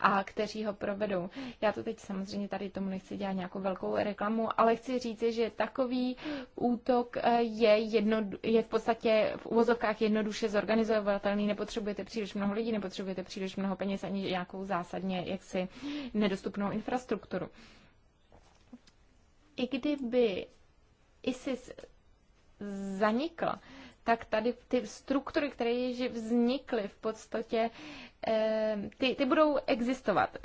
a kteří ho provedou. Já to teď samozřejmě tady tomu nechci dělat nějakou velkou reklamu, ale chci říct, že takový útok je, jedno, je v podstatě v uvozovkách jednoduše zorganizovat realizovatelný, nepotřebujete příliš mnoho lidí, nepotřebujete příliš mnoho peněz ani nějakou zásadně jaksi nedostupnou infrastrukturu. I kdyby ISIS zanikl, tak tady ty struktury, které již vznikly v podstatě, eh, ty, ty budou existovat.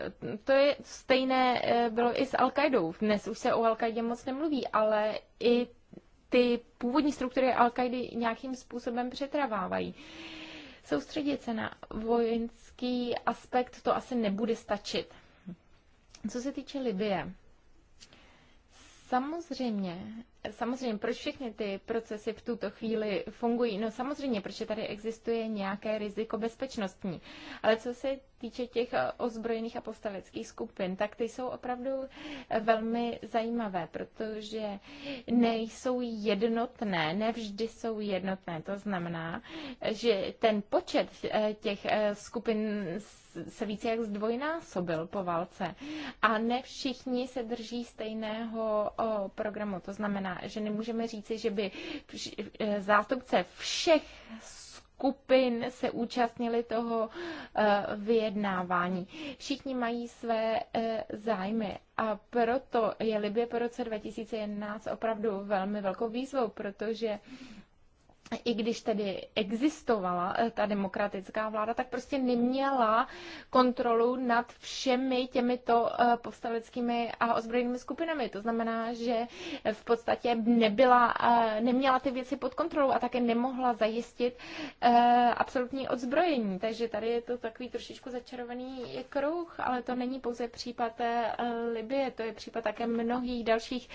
To je stejné, eh, bylo i s al qaidou Dnes už se o al qaidě moc nemluví, ale i ty původní struktury al nějakým způsobem přetrvávají. Soustředit se na vojenský aspekt to asi nebude stačit. Co se týče Libie, samozřejmě samozřejmě, proč všechny ty procesy v tuto chvíli fungují? No samozřejmě, protože tady existuje nějaké riziko bezpečnostní. Ale co se týče těch eh, ozbrojených a povstaleckých skupin, tak ty jsou opravdu eh, velmi zajímavé, protože nejsou jednotné, nevždy jsou jednotné. To znamená, že ten počet eh, těch skupin se více jak zdvojnásobil po válce. A ne všichni se drží stejného programu. To znamená, že nemůžeme říci, že by eh, zástupce všech skupin se účastnili toho eh, vyjednávání. Všichni mají své eh, zájmy a proto je Libě po roce 2011 opravdu velmi velkou výzvou, protože i když tedy existovala eh, ta demokratická vláda, tak prostě neměla kontrolu nad všemi těmito eh, povstaleckými a ozbrojenými skupinami. To znamená, že v podstatě nebyla, eh, neměla ty věci pod kontrolou a také nemohla zajistit absolutní odzbrojení. Takže tady je to takový trošičku začarovaný kruh, ale to není pouze případ Libie, to je případ také mnohých dalších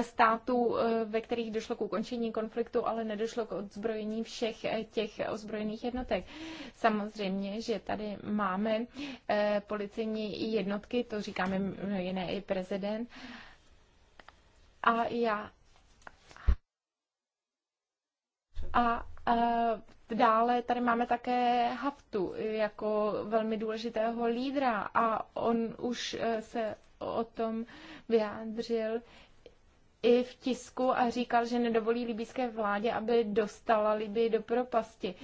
států, ve kterých došlo k ukončení konfliktu, ale nedošlo k odzbrojení všech eh, těch ozbrojených jednotek. Samozřejmě, že tady máme eh, policejní jednotky, to říkáme no, jiné i prezident. A já a, a eh, dále tady máme také Haftu jako velmi důležitého lídra a on už se o tom vyjádřil, i v tisku a říkal, že nedovolí libýské vládě, aby dostala Libii do propasti,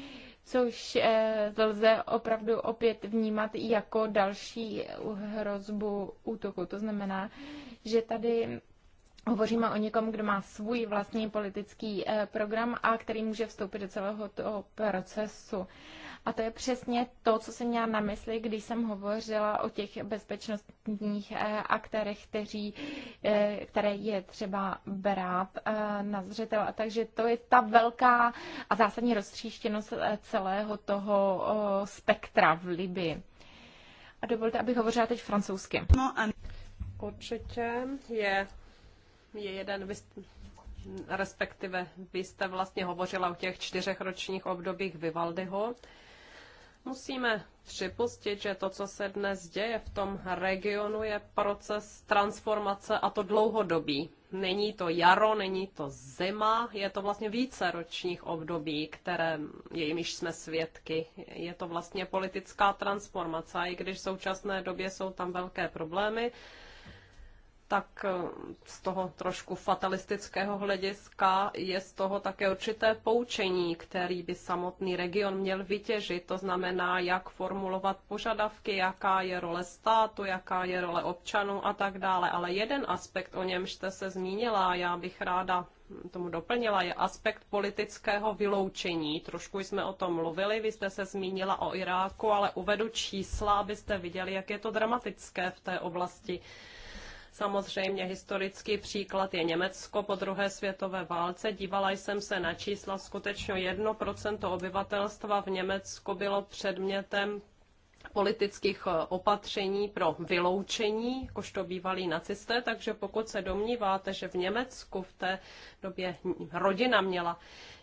což eh, lze opravdu opět vnímat jako další hrozbu útoku. To znamená, že tady Hovoříme o někom, kdo má svůj vlastní politický eh, program a který může vstoupit do celého toho procesu. A to je přesně to, co jsem měla na mysli, když jsem hovořila o těch bezpečnostních eh, aktérech, kteří, eh, které je třeba brát eh, na zřetel. A takže to je ta velká a zásadní roztříštěnost celého toho spektra v Libii. A dovolte, abych hovořila teď francouzsky. No a... Určitě je, je jeden, respektive vy jste vlastně hovořila o těch čtyřech ročních obdobích Vivaldiho Musíme připustit, že to, co se dnes děje v tom regionu, je proces transformace a to dlouhodobý. Není to jaro, není to zima, je to vlastně více ročních období, které jimiž jsme svědky. Je to vlastně politická transformace, i když v současné době jsou tam velké problémy, tak eh, z toho trošku fatalistického hlediska je z toho také určité poučení, který by samotný region měl vytěžit. To znamená, jak formulovat požadavky, jaká je role státu, jaká je role občanů a tak dále. Ale jeden aspekt, o němž jste se zmínila, já bych ráda tomu doplnila, je aspekt politického vyloučení. Trošku jsme o tom mluvili, vy jste se zmínila o Iráku, ale uvedu čísla, abyste viděli, jak je to dramatické v té oblasti. Samozřejmě historický příklad je Německo po druhé světové válce. Dívala jsem se na čísla, skutečně 1% obyvatelstva v Německu bylo předmětem politických eh, opatření pro vyloučení, to bývalí nacisté, takže pokud se domníváte, že v Německu v té době rodina měla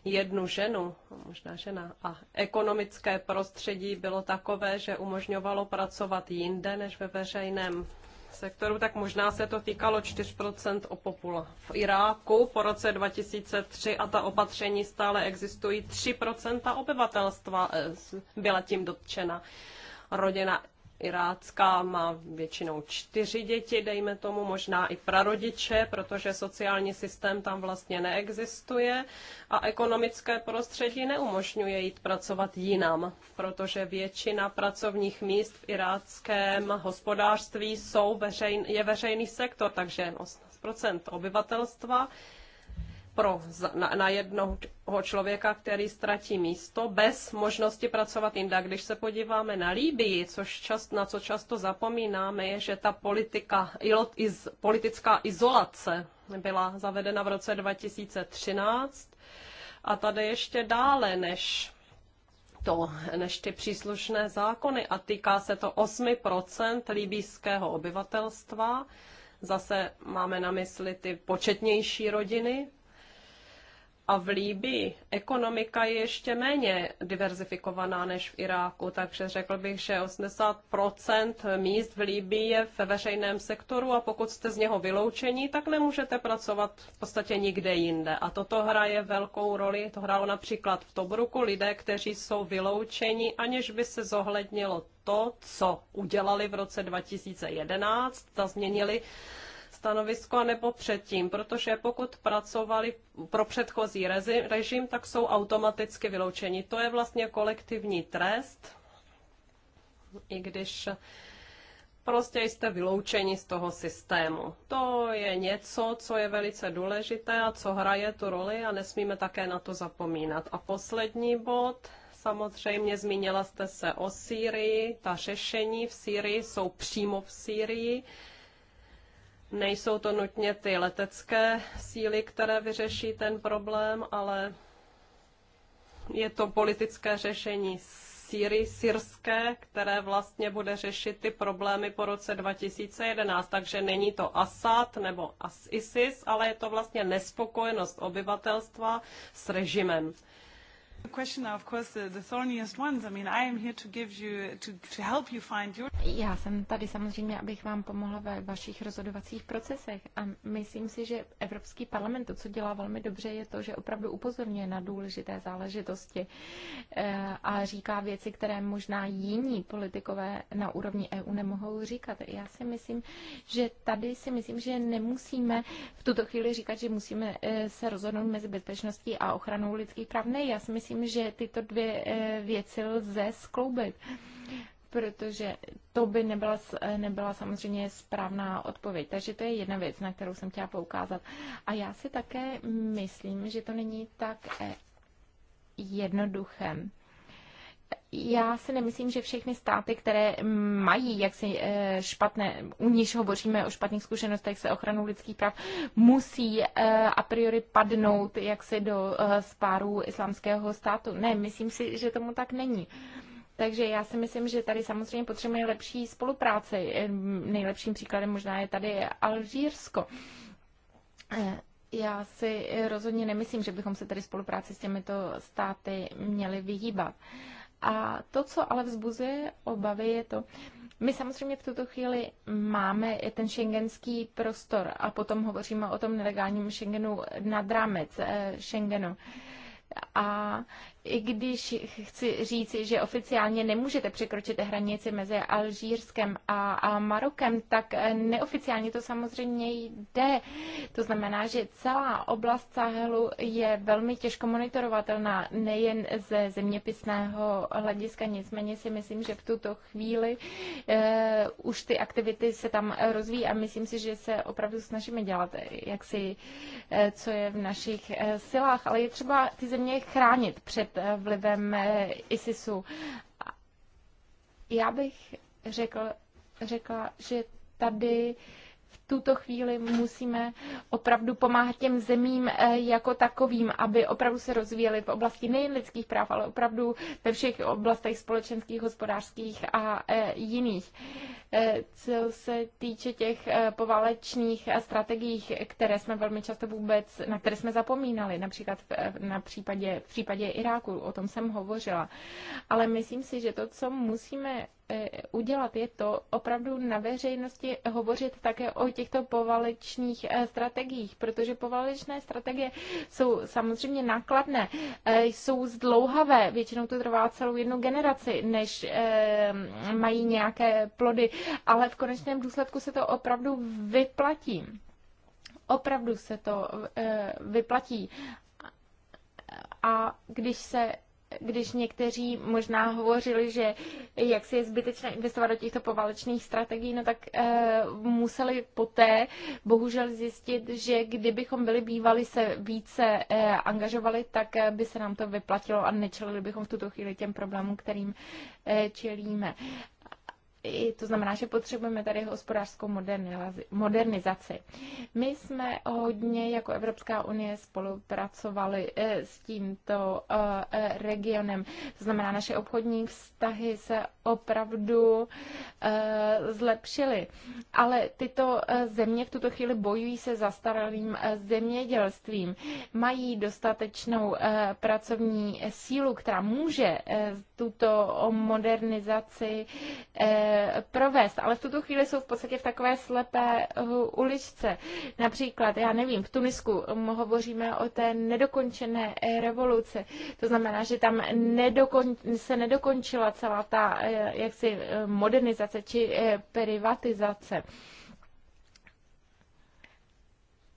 jednu ženu, možná žena, a ekonomické prostředí bylo takové, že umožňovalo pracovat jinde než ve veřejném sektoru, tak možná se to týkalo 4% opopula. V Iráku po roce 2003 a ta opatření stále existují, 3% obyvatelstva eh, byla tím dotčena rodina irácká má většinou čtyři děti, dejme tomu, možná i prarodiče, protože sociální systém tam vlastně neexistuje a ekonomické prostředí neumožňuje jít pracovat jinam, protože většina pracovních míst v iráckém hospodářství jsou veřejn, je veřejný sektor, takže 18% obyvatelstva pro, na, na jednoho člověka, který ztratí místo, bez možnosti pracovat jinde. Když se podíváme na Líbii, což čas, na co často zapomínáme, je, že ta politika, iz, politická izolace byla zavedena v roce 2013 a tady ještě dále než to, než ty příslušné zákony a týká se to 8% líbíského obyvatelstva. Zase máme na mysli ty početnější rodiny. A v Líbii ekonomika je ještě méně diverzifikovaná než v Iráku, takže řekl bych, že 80% míst v Líbii je ve veřejném sektoru a pokud jste z něho vyloučení, tak nemůžete pracovat v podstatě nikde jinde. A toto hraje velkou roli, to hrálo například v Tobruku lidé, kteří jsou vyloučeni, aniž by se zohlednilo to, co udělali v roce 2011, změnili stanovisko nebo předtím, protože pokud pracovali pro předchozí režim, tak jsou automaticky vyloučeni. To je vlastně kolektivní trest, i když prostě jste vyloučeni z toho systému. To je něco, co je velice důležité a co hraje tu roli a nesmíme také na to zapomínat. A poslední bod, samozřejmě zmínila jste se o Sýrii, ta řešení v Sýrii jsou přímo v Sýrii Nejsou to nutně ty letecké síly, které vyřeší ten problém, ale je to politické řešení Sýry, syrské, které vlastně bude řešit ty problémy po roce 2011. Takže není to Assad nebo ISIS, ale je to vlastně nespokojenost obyvatelstva s režimem. Já jsem tady samozřejmě, abych vám pomohla ve vašich rozhodovacích procesech a myslím si, že Evropský parlament to, co dělá velmi dobře, je to, že opravdu upozorňuje na důležité záležitosti eh, a říká věci, které možná jiní politikové na úrovni EU nemohou říkat. Já si myslím, že tady si myslím, že nemusíme v tuto chvíli říkat, že musíme eh, se rozhodnout mezi bezpečností a ochranou lidských práv. Ne, já si myslím, myslím, že tyto dvě eh, věci lze skloubit protože to by nebyla, eh, nebyla samozřejmě správná odpověď. Takže to je jedna věc, na kterou jsem chtěla poukázat. A já si také myslím, že to není tak eh, jednoduché já si nemyslím, že všechny státy, které mají jaksi eh, špatné, u níž hovoříme o špatných zkušenostech se ochranou lidských práv, musí eh, a priori padnout jaksi do eh, spáru islámského státu. Ne, myslím si, že tomu tak není. Takže já si myslím, že tady samozřejmě potřebujeme lepší spolupráci. Nejlepším příkladem možná je tady Alžírsko. Já si rozhodně nemyslím, že bychom se tady spolupráci s těmito státy měli vyhýbat. A to, co ale vzbuzuje obavy, je to, my samozřejmě v tuto chvíli máme ten šengenský prostor a potom hovoříme o tom nelegálním Schengenu nad rámec eh, Schengenu. A i když chci říci, že oficiálně nemůžete překročit hranici mezi Alžírskem a, a Marokem, tak eh, neoficiálně to samozřejmě jde. To znamená, že celá oblast Sahelu je velmi těžko monitorovatelná, nejen ze zeměpisného hlediska, nicméně si myslím, že v tuto chvíli eh, už ty aktivity se tam rozvíjí a myslím si, že se opravdu snažíme dělat, eh, jak si, eh, co je v našich eh, silách, ale je třeba ty země chránit před Eh, vlivem eh, ISISu. Já bych řekl, řekla, že tady tuto chvíli musíme opravdu pomáhat těm zemím eh, jako takovým, aby opravdu se rozvíjely v oblasti nejen lidských práv, ale opravdu ve všech oblastech společenských, hospodářských a eh, jiných. Eh, co se týče těch poválečných strategiích, které jsme velmi často vůbec, na které jsme zapomínali, například v, na případě, v případě Iráku, o tom jsem hovořila. Ale myslím si, že to, co musíme E, udělat, je to opravdu na veřejnosti hovořit také o těchto povalečných e, strategiích, protože povalečné strategie jsou samozřejmě nákladné, e, jsou zdlouhavé, většinou to trvá celou jednu generaci, než mají nějaké plody, ale v konečném důsledku se to opravdu vyplatí. Opravdu se to vyplatí. A když se když někteří možná hovořili, že jak si je zbytečné investovat do těchto poválečných strategií, no tak e, museli poté bohužel zjistit, že kdybychom byli bývali se více e, angažovali, tak eh, by se nám to vyplatilo a nečelili bychom v tuto chvíli těm problémům, kterým e, čelíme to znamená, že potřebujeme tady hospodářskou modernizaci. My jsme hodně jako Evropská unie spolupracovali eh, s tímto eh, eh, regionem. To znamená, naše obchodní vztahy se opravdu eh, zlepšily. Ale tyto eh, země v tuto chvíli bojují se zastaralým eh, zemědělstvím. Mají dostatečnou pracovní sílu, která může tuto modernizaci provést, ale v tuto chvíli jsou v podstatě v takové slepé uličce. Například, já nevím, v Tunisku hovoříme o té nedokončené revoluci. To znamená, že tam nedokon, se nedokončila celá ta jaksi eh, modernizace či eh, privatizace.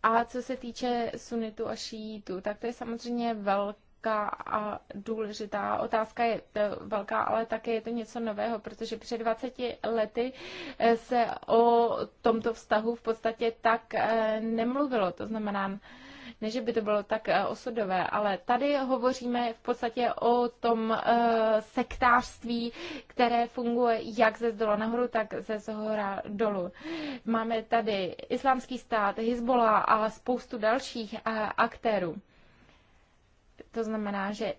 A co se týče sunitu a šítu, tak to je samozřejmě velká a důležitá otázka. Je to velká, ale také je to něco nového, protože před 20 lety eh, se o tomto vztahu v podstatě tak nemluvilo. To znamená, ne, že by to bylo tak eh, osudové, ale tady hovoříme v podstatě o tom eh, sektářství, které funguje jak ze zdola nahoru, tak ze zhora dolů. Máme tady islámský stát, Hezbollah a spoustu dalších eh, aktérů. To znamená, že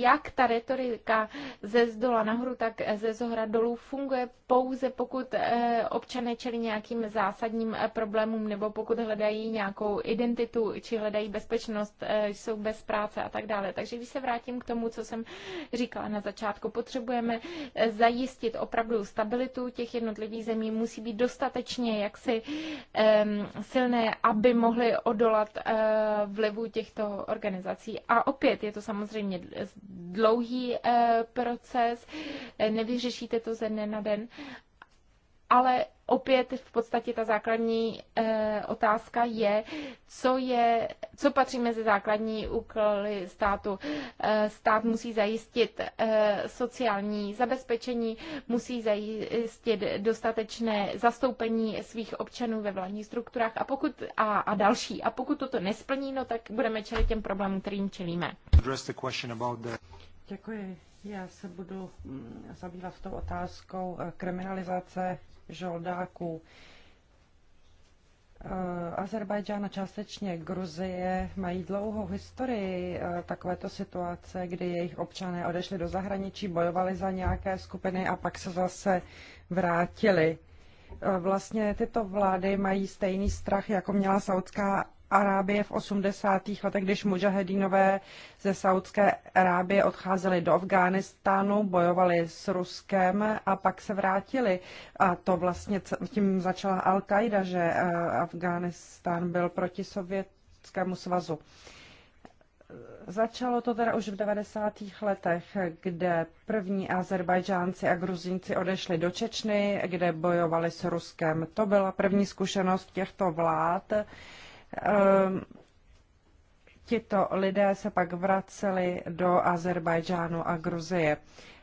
jak ta retorika ze zdola nahoru, tak ze zohra dolů funguje pouze pokud eh, občané čelí nějakým zásadním eh, problémům nebo pokud hledají nějakou identitu, či hledají bezpečnost, eh, jsou bez práce a tak dále. Takže když se vrátím k tomu, co jsem říkala na začátku, potřebujeme zajistit opravdu stabilitu těch jednotlivých zemí, musí být dostatečně jaksi um, silné, aby mohly odolat uh, vlivu těchto organizací. A opět je to samozřejmě dlouhý eh, proces, nevyřešíte to ze dne na den, ale opět v podstatě ta základní e, otázka je, co je, co patří mezi základní úkoly státu. E, stát musí zajistit e, sociální zabezpečení, musí zajistit dostatečné zastoupení svých občanů ve vládních strukturách a pokud a, a další. A pokud toto nesplní, no tak budeme čelit těm problémům, kterým čelíme. Děkuji. Já se budu mm, zabývat tou otázkou kriminalizace žoldáků. Eh, Azerbajdžán a částečně Gruzie mají dlouhou historii eh, takovéto situace, kdy jejich občané odešli do zahraničí, bojovali za nějaké skupiny a pak se zase vrátili. Eh, vlastně tyto vlády mají stejný strach, jako měla Saudská Arábie v 80. letech, když mužahedinové ze Saudské Arábie odcházeli do Afghánistánu, bojovali s Ruskem a pak se vrátili. A to vlastně tím začala Al-Qaida, že eh, Afghánistán byl proti Sovětskému svazu. Začalo to teda už v 90. letech, kde první Azerbajdžánci a Gruzínci odešli do Čečny, kde bojovali s Ruskem. To byla první zkušenost těchto vlád Ehm, tito lidé se pak vraceli do Azerbajdžánu a Gruzie.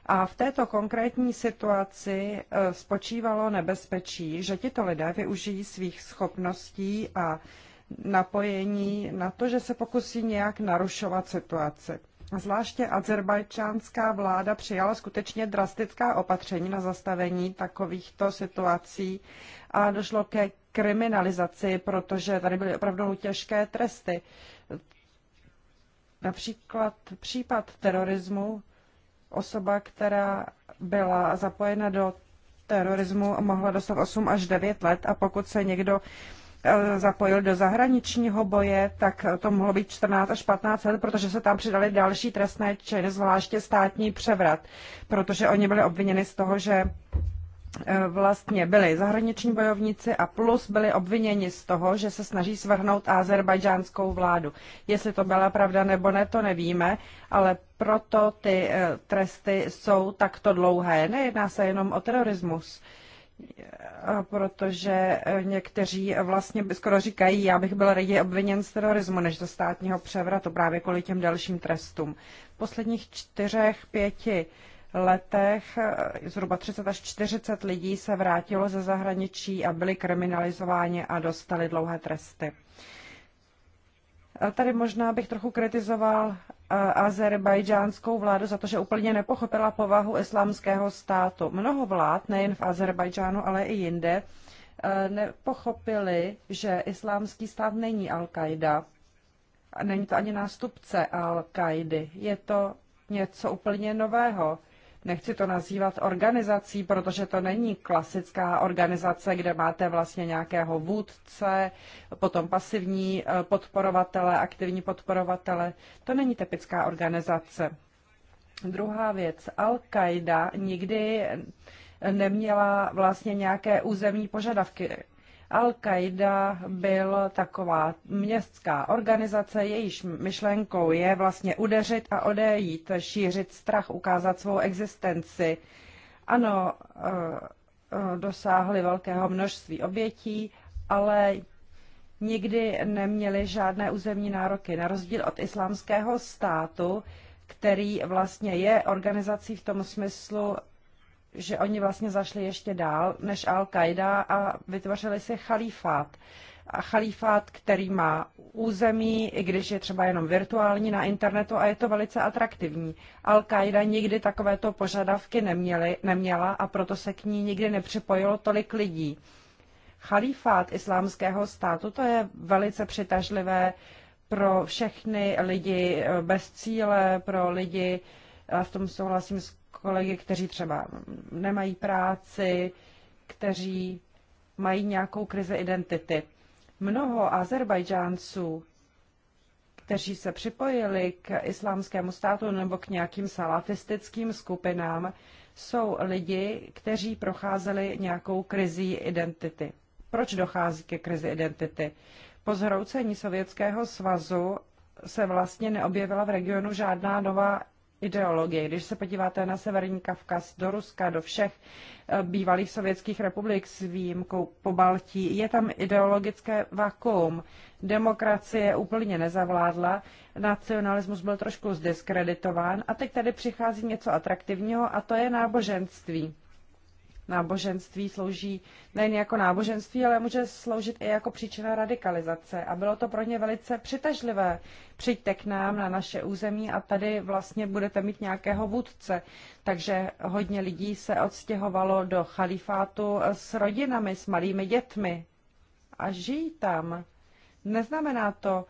A v této konkrétní situaci eh, spočívalo nebezpečí, že tito lidé využijí svých schopností a napojení na to, že se pokusí nějak narušovat situaci. Zvláště azerbajčánská vláda přijala skutečně drastická opatření na zastavení takovýchto situací a došlo ke kriminalizaci, protože tady byly opravdu těžké tresty. Například případ terorismu, osoba, která byla zapojena do terorismu, mohla dostat 8 až 9 let a pokud se někdo Eh, zapojil do zahraničního boje, tak to mohlo být 14 až 15 let, protože se tam přidali další trestné činy, zvláště státní převrat, protože oni byli obviněni z toho, že eh, vlastně byli zahraniční bojovníci a plus byli obviněni z toho, že se snaží svrhnout azerbajdžánskou vládu. Jestli to byla pravda nebo ne, to nevíme, ale proto ty eh, tresty jsou takto dlouhé. Nejedná se jenom o terorismus protože někteří vlastně skoro říkají, já bych byl raději obviněn z terorismu než ze státního převratu právě kvůli těm dalším trestům. V posledních čtyřech, pěti letech eh, zhruba 30 až 40 lidí se vrátilo ze zahraničí a byli kriminalizováni a dostali dlouhé tresty. Tady možná bych trochu kritizoval azerbajdžánskou vládu za to, že úplně nepochopila povahu islámského státu. Mnoho vlád, nejen v Azerbajdžánu, ale i jinde, eh, nepochopili, že islámský stát není Al-Qaida. Není to ani nástupce al qaidi Je to něco úplně nového. Nechci to nazývat organizací, protože to není klasická organizace, kde máte vlastně nějakého vůdce, potom pasivní eh, podporovatele, aktivní podporovatele. To není typická organizace. Druhá věc, Al-Qaida nikdy neměla vlastně nějaké územní požadavky. Al-Qaida byl taková městská organizace, jejíž myšlenkou je vlastně udeřit a odejít, šířit strach, ukázat svou existenci. Ano, eh, dosáhli velkého množství obětí, ale nikdy neměli žádné územní nároky, na rozdíl od islámského státu, který vlastně je organizací v tom smyslu, že oni vlastně zašli ještě dál než Al-Qaida a vytvořili si chalífát. A chalífát, který má území, i když je třeba jenom virtuální na internetu a je to velice atraktivní. Al-Qaida nikdy takovéto požadavky neměli, neměla a proto se k ní nikdy nepřipojilo tolik lidí. Chalífát islámského státu, to je velice přitažlivé pro všechny lidi eh, bez cíle, pro lidi, a v tom souhlasím s kolegy, kteří třeba nemají práci, kteří mají nějakou krizi identity. Mnoho Azerbajdžánců, kteří se připojili k islámskému státu nebo k nějakým salafistickým skupinám, jsou lidi, kteří procházeli nějakou krizí identity. Proč dochází ke krizi identity? Po zhroucení Sovětského svazu se vlastně neobjevila v regionu žádná nová ideologie. Když se podíváte na Severní Kavkaz, do Ruska, do všech eh, bývalých sovětských republik s výjimkou po Baltí, je tam ideologické vakuum. Demokracie úplně nezavládla, nacionalismus byl trošku zdiskreditován a teď tady přichází něco atraktivního a to je náboženství náboženství slouží nejen jako náboženství, ale může sloužit i jako příčina radikalizace. A bylo to pro ně velice přitažlivé. Přijďte k nám na naše území a tady vlastně budete mít nějakého vůdce. Takže hodně lidí se odstěhovalo do chalifátu s rodinami, s malými dětmi a žijí tam. Neznamená to,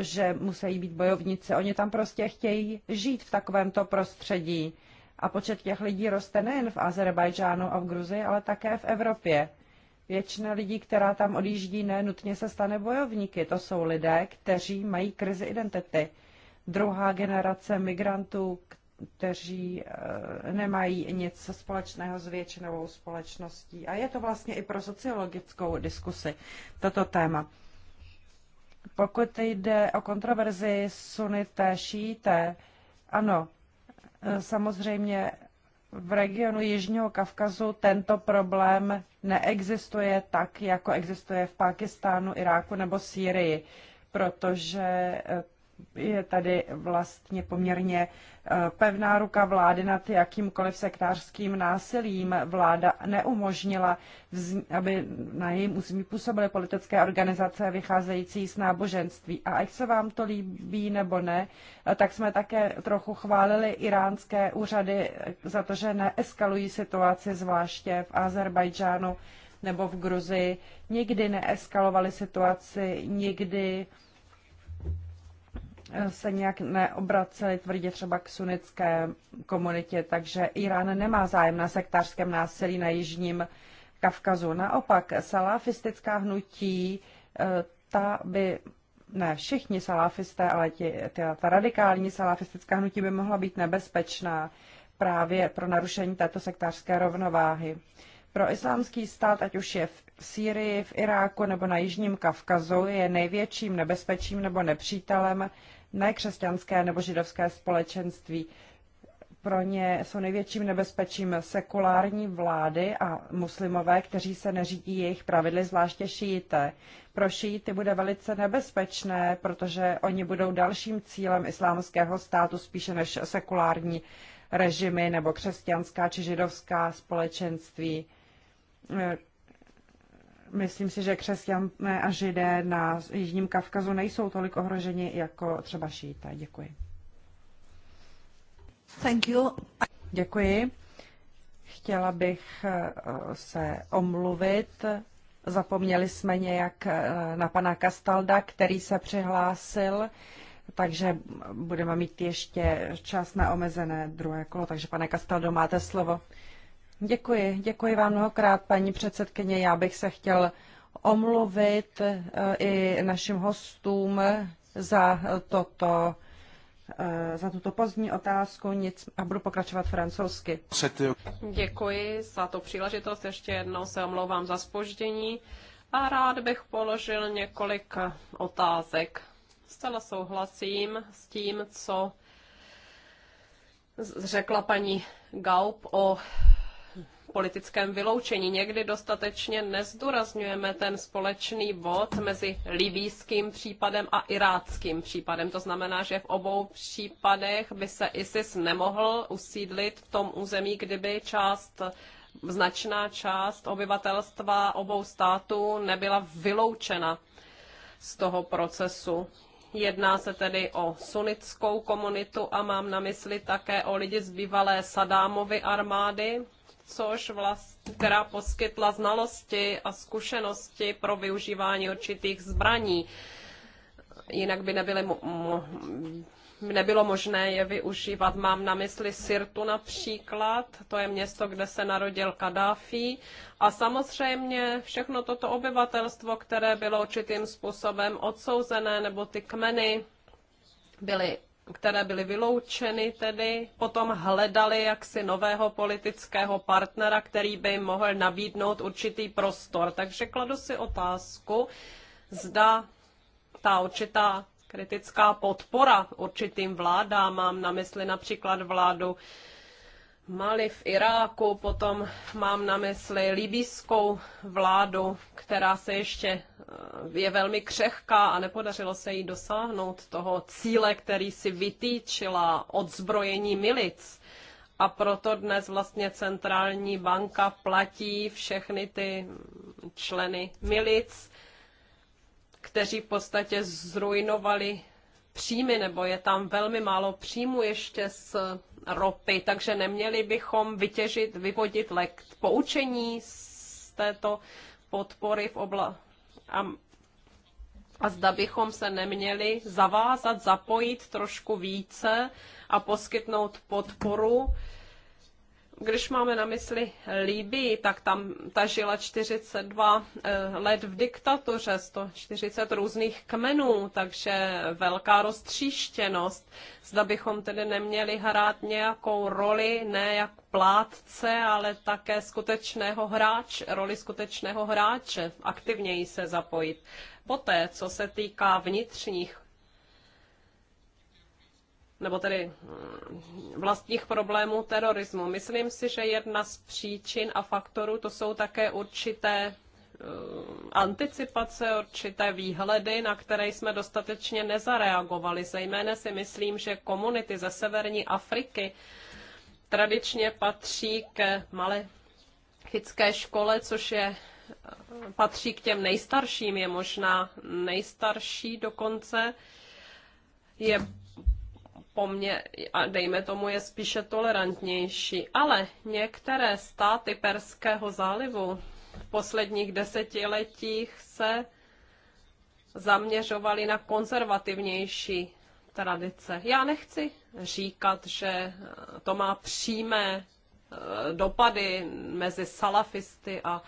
že musí být bojovníci. Oni tam prostě chtějí žít v takovémto prostředí. A počet těch lidí roste nejen v Azerbajdžánu a v Gruzii, ale také v Evropě. Většina lidí, která tam odjíždí, nenutně se stane bojovníky. To jsou lidé, kteří mají krizi identity. Druhá generace migrantů, kteří eh, nemají nic společného s většinovou společností. A je to vlastně i pro sociologickou diskusi toto téma. Pokud jde o kontroverzi sunité, šíité, ano, Samozřejmě v regionu Jižního Kavkazu tento problém neexistuje tak, jako existuje v Pákistánu, Iráku nebo Sýrii, protože je tady vlastně poměrně eh, pevná ruka vlády nad jakýmkoliv sektářským násilím. Vláda neumožnila, aby na jejím území působily politické organizace vycházející z náboženství. A ať se vám to líbí nebo ne, eh, tak jsme také trochu chválili iránské úřady eh, za to, že neeskalují situaci, zvláště v Azerbajdžánu nebo v Gruzii. Nikdy neeskalovali situaci, nikdy Eh, se nějak neobraceli tvrdě třeba k sunnické komunitě, takže Irán nemá zájem na sektářském násilí na jižním Kavkazu. Naopak, salafistická hnutí, eh, ta by, ne všichni salafisté, ale ti, ta, ta radikální salafistická hnutí by mohla být nebezpečná právě pro narušení této sektářské rovnováhy. Pro islámský stát, ať už je v Sýrii, v Iráku nebo na Jižním Kavkazu, je největším nebezpečím nebo nepřítelem nekřesťanské nebo židovské společenství. Pro ně jsou největším nebezpečím sekulární vlády a muslimové, kteří se neřídí jejich pravidly, zvláště šíité. Pro šíity bude velice nebezpečné, protože oni budou dalším cílem islámského státu spíše než sekulární režimy nebo křesťanská či židovská společenství Myslím si, že křesťané a židé na Jižním Kavkazu nejsou tolik ohroženi jako třeba šíta. Děkuji. Thank you. Děkuji. Chtěla bych eh, se omluvit. Zapomněli jsme nějak eh, na pana Kastalda, který se přihlásil, takže budeme mít ještě čas na omezené druhé kolo. Takže pane Kastaldo, máte slovo. Děkuji, děkuji vám mnohokrát, paní předsedkyně. Já bych se chtěl omluvit eh, i našim hostům za toto eh, za tuto pozdní otázku nic, a budu pokračovat francouzsky. Děkuji za tu příležitost, ještě jednou se omlouvám za spoždění a rád bych položil několik otázek. Zcela souhlasím s tím, co řekla paní Gaub o politickém vyloučení. Někdy dostatečně nezdůrazňujeme ten společný bod mezi libýským případem a iráckým případem. To znamená, že v obou případech by se ISIS nemohl usídlit v tom území, kdyby část značná část obyvatelstva obou států nebyla vyloučena z toho procesu. Jedná se tedy o sunnickou komunitu a mám na mysli také o lidi z bývalé Sadámovy armády, což vlastně, která poskytla znalosti a zkušenosti pro využívání určitých zbraní. Jinak by nebyly nebylo možné je využívat. Mám na mysli Sirtu například, to je město, kde se narodil Kadáfi. A samozřejmě všechno toto obyvatelstvo, které bylo určitým způsobem odsouzené, nebo ty kmeny byly které byly vyloučeny tedy, potom hledali jaksi nového politického partnera, který by jim mohl nabídnout určitý prostor. Takže kladu si otázku, zda ta určitá kritická podpora určitým vládám, mám na mysli například vládu Mali v Iráku, potom mám na mysli libýskou vládu, která se ještě eh, je velmi křehká a nepodařilo se jí dosáhnout toho cíle, který si vytýčila odzbrojení milic. A proto dnes vlastně centrální banka platí všechny ty členy milic, kteří v podstatě zrujnovali příjmy, nebo je tam velmi málo příjmu ještě z ropy, takže neměli bychom vytěžit, vyvodit lekt poučení z této podpory v obla... A, a zda bychom se neměli zavázat, zapojit trošku více a poskytnout podporu když máme na mysli Líbii, tak tam ta žila 42 eh, let v diktatuře, 140 různých kmenů, takže velká roztříštěnost. Zda bychom tedy neměli hrát nějakou roli, ne jak plátce, ale také skutečného hráče, roli skutečného hráče, aktivněji se zapojit. Poté, co se týká vnitřních nebo tedy mm, vlastních problémů terorismu. Myslím si, že jedna z příčin a faktorů to jsou také určité mm, anticipace, určité výhledy, na které jsme dostatečně nezareagovali. Zejména si myslím, že komunity ze severní Afriky tradičně patří k chytské škole, což je mm, patří k těm nejstarším, je možná nejstarší dokonce. Je poměr, a dejme tomu, je spíše tolerantnější. Ale některé státy Perského zálivu v posledních desetiletích se zaměřovaly na konzervativnější tradice. Já nechci říkat, že to má přímé eh, dopady mezi salafisty a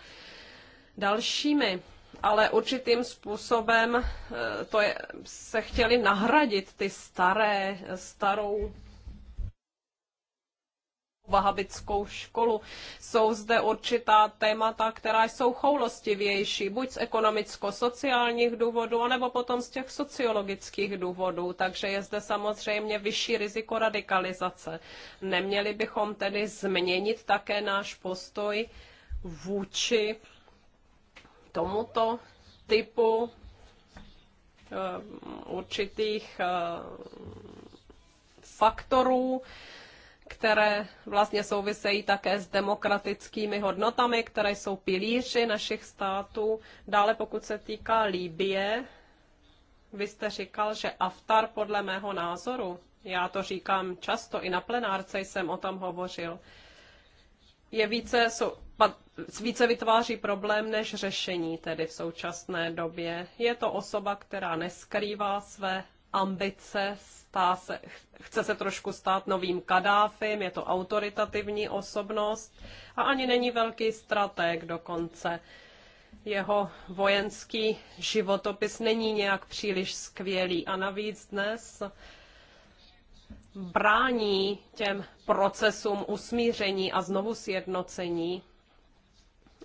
dalšími ale určitým způsobem eh, to je, se chtěli nahradit ty staré, starou vahabickou školu. Jsou zde určitá témata, která jsou choulostivější, buď z ekonomicko-sociálních důvodů, anebo potom z těch sociologických důvodů, takže je zde samozřejmě vyšší riziko radikalizace. Neměli bychom tedy změnit také náš postoj vůči tomuto typu eh, určitých eh, faktorů, které vlastně souvisejí také s demokratickými hodnotami, které jsou pilíři našich států. Dále pokud se týká Líbie, vy jste říkal, že Aftar podle mého názoru, já to říkám často, i na plenárce jsem o tom hovořil, je více, více vytváří problém než řešení tedy v současné době. Je to osoba, která neskrývá své ambice, stá se, chce se trošku stát novým kadáfem, je to autoritativní osobnost a ani není velký strateg dokonce. Jeho vojenský životopis není nějak příliš skvělý a navíc dnes brání těm procesům usmíření a znovu sjednocení,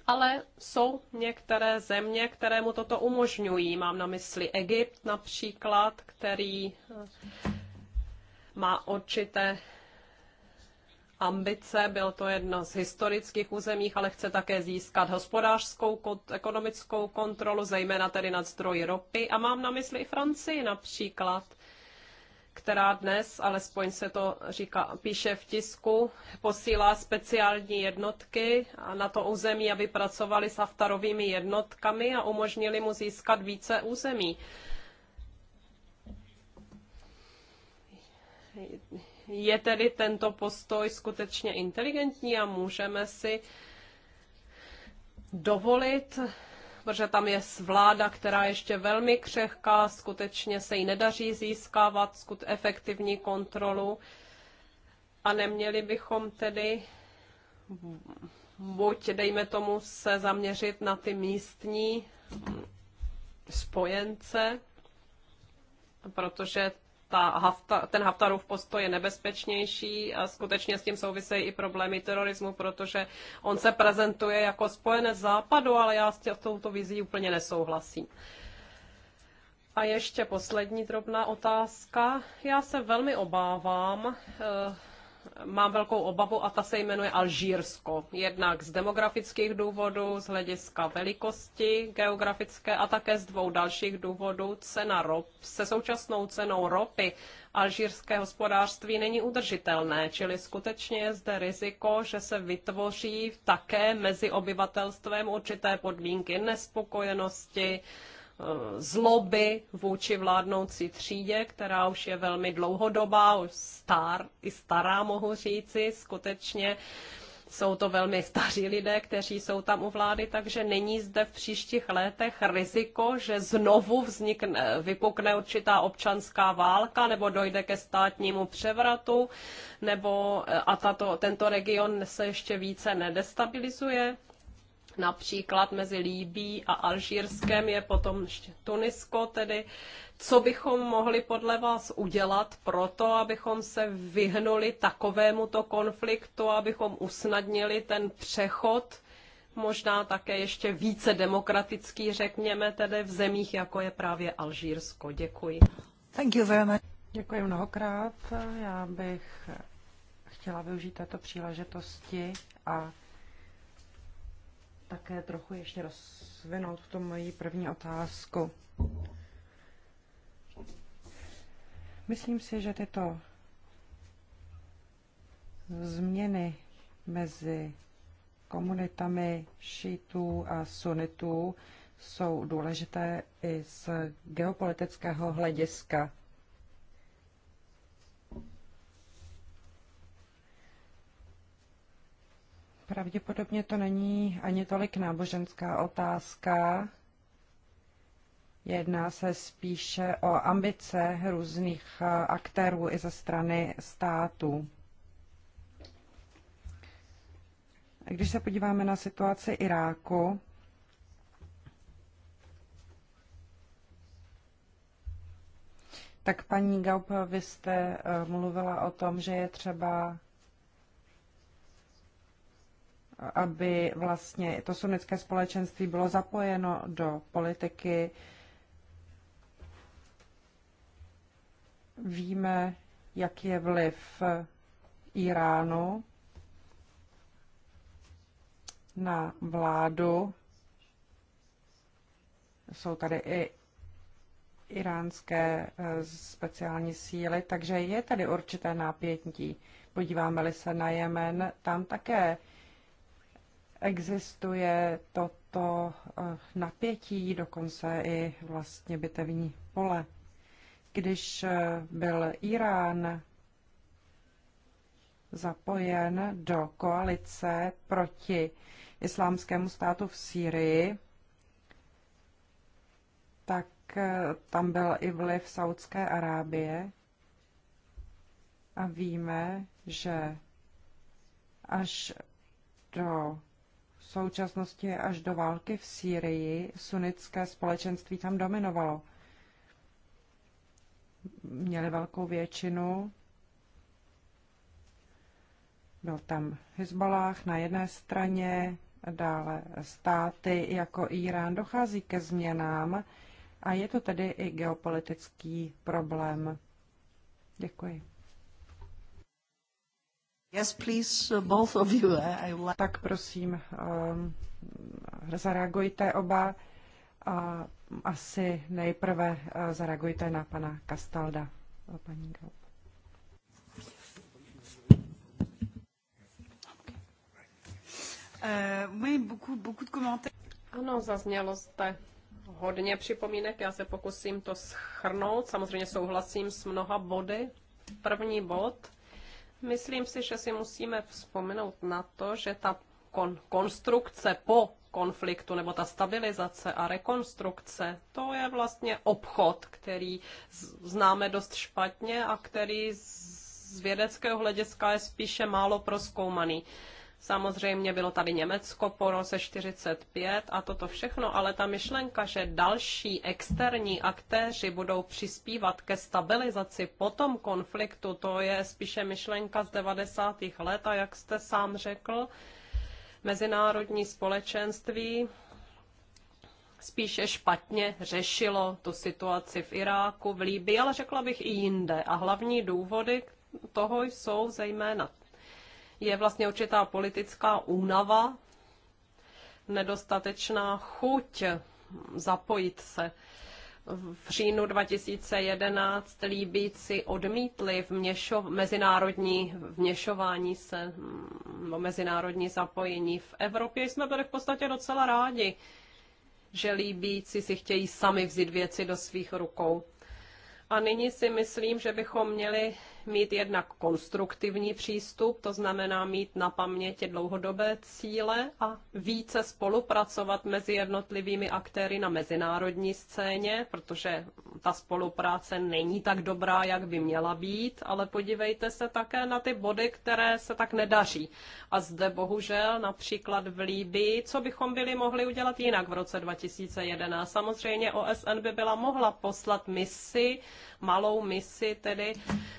ale jsou některé země, které mu toto umožňují. Mám na mysli Egypt například, který eh, má určité ambice, byl to jedno z historických území, ale chce také získat hospodářskou, ekonomickou kontrolu, zejména tedy nad zdroji ropy. A mám na mysli i Francii například, která dnes, alespoň se to říká, píše v tisku, posílá speciální jednotky na to území, aby pracovali s Haftarovými jednotkami a umožnili mu získat více území. Je tedy tento postoj skutečně inteligentní a můžeme si dovolit protože tam je vláda, která ještě velmi křehká, skutečně se jí nedaří získávat skut efektivní kontrolu a neměli bychom tedy buď, dejme tomu, se zaměřit na ty místní spojence, protože ta hafta, ten Haftarův postoj je nebezpečnější a skutečně s tím souvisejí i problémy terorismu, protože on se prezentuje jako spojenec západu, ale já s touto vizí úplně nesouhlasím. A ještě poslední drobná otázka. Já se velmi obávám, eh, mám velkou obavu a ta se jmenuje Alžírsko. Jednak z demografických důvodů, z hlediska velikosti geografické a také z dvou dalších důvodů. Cena rop se současnou cenou ropy alžírské hospodářství není udržitelné, čili skutečně je zde riziko, že se vytvoří také mezi obyvatelstvem určité podmínky nespokojenosti, zloby vůči vládnoucí třídě, která už je velmi dlouhodobá, už star, i stará mohu říci, skutečně jsou to velmi staří lidé, kteří jsou tam u vlády, takže není zde v příštích letech riziko, že znovu vznikne, vypukne určitá občanská válka nebo dojde ke státnímu převratu nebo eh, a tato, tento region se ještě více nedestabilizuje například mezi Líbí a Alžírskem je potom ještě Tunisko, tedy co bychom mohli podle vás udělat pro to, abychom se vyhnuli takovémuto konfliktu, abychom usnadnili ten přechod, možná také ještě více demokratický, řekněme, tedy v zemích, jako je právě Alžírsko. Děkuji. Thank you very much. Děkuji mnohokrát. Já bych chtěla využít této příležitosti a také trochu ještě rozvinout tu moji první otázku. Myslím si, že tyto změny mezi komunitami šítů a sunitů jsou důležité i z geopolitického hlediska. Pravděpodobně to není ani tolik náboženská otázka. Jedná se spíše o ambice různých eh, aktérů i ze strany států. Když se podíváme na situaci Iráku, tak paní Gaup, vy jste eh, mluvila o tom, že je třeba aby vlastně to sunnické společenství bylo zapojeno do politiky. Víme, jaký je vliv Iránu na vládu. Jsou tady i iránské eh, speciální síly, takže je tady určité nápětí. Podíváme-li se na Jemen, tam také existuje toto eh, napětí, dokonce i vlastně bitevní pole. Když eh, byl Irán zapojen do koalice proti islámskému státu v Sýrii, tak eh, tam byl i vliv Saudské Arábie. A víme, že až do současnosti až do války v Sýrii sunnické společenství tam dominovalo. Měli velkou většinu. Byl tam Hezbollah na jedné straně, dále státy jako Irán. Dochází ke změnám a je to tedy i geopolitický problém. Děkuji. Yes, please, uh, both of you. I, I... Tak prosím, um, zareagujte oba. A mm, asi nejprve uh, zareagujte na pana Kastalda, uh, paní eh, Ano, zaznělo zde hodně připomínek, já se pokusím to schrnout. Samozřejmě souhlasím s mnoha body. První bod Myslím si, že si musíme vzpomenout na to, že ta kon- konstrukce po konfliktu nebo ta stabilizace a rekonstrukce, to je vlastně obchod, který známe dost špatně a který z vědeckého hlediska je spíše málo proskoumaný. Samozřejmě bylo tady Německo po roce 45 a toto všechno, ale ta myšlenka, že další externí aktéři budou přispívat ke stabilizaci po tom konfliktu, to je spíše myšlenka z 90. let a jak jste sám řekl, mezinárodní společenství spíše špatně řešilo tu situaci v Iráku, v Líbii, ale řekla bych i jinde. A hlavní důvody toho jsou zejména je vlastně určitá politická únava, nedostatečná chuť zapojit se. V říjnu 2011 Líbíci odmítli měšo, mezinárodní vněšování se, mm, mezinárodní zapojení. V Evropě jsme byli v podstatě docela rádi, že Líbíci si chtějí sami vzít věci do svých rukou. A nyní si myslím, že bychom měli mít jednak konstruktivní přístup, to znamená mít na paměti dlouhodobé cíle a více spolupracovat mezi jednotlivými aktéry na mezinárodní scéně, protože ta spolupráce není tak dobrá, jak by měla být, ale podívejte se také na ty body, které se tak nedaří. A zde bohužel například v Líbii, co bychom byli mohli udělat jinak v roce 2011. Samozřejmě OSN by byla mohla poslat misi, malou misi, tedy,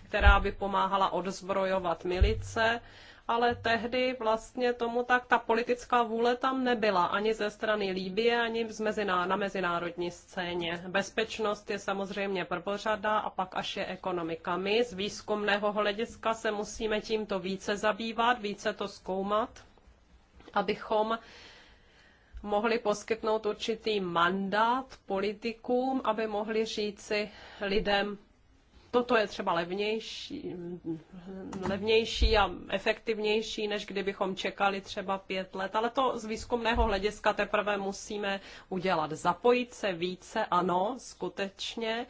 která by pomáhala odzbrojovat milice ale tehdy vlastně tomu tak ta politická vůle tam nebyla ani ze strany Líbie, ani z meziná, na mezinárodní scéně. Bezpečnost je samozřejmě prvořada a pak až je ekonomika. My z výzkumného hlediska se musíme tímto více zabývat, více to zkoumat, abychom mohli poskytnout určitý mandát politikům, aby mohli říci lidem, toto je třeba levnější, levnější a efektivnější, než kdybychom čekali třeba pět let. Ale to z výzkumného hlediska teprve musíme udělat. Zapojit se více, ano, skutečně,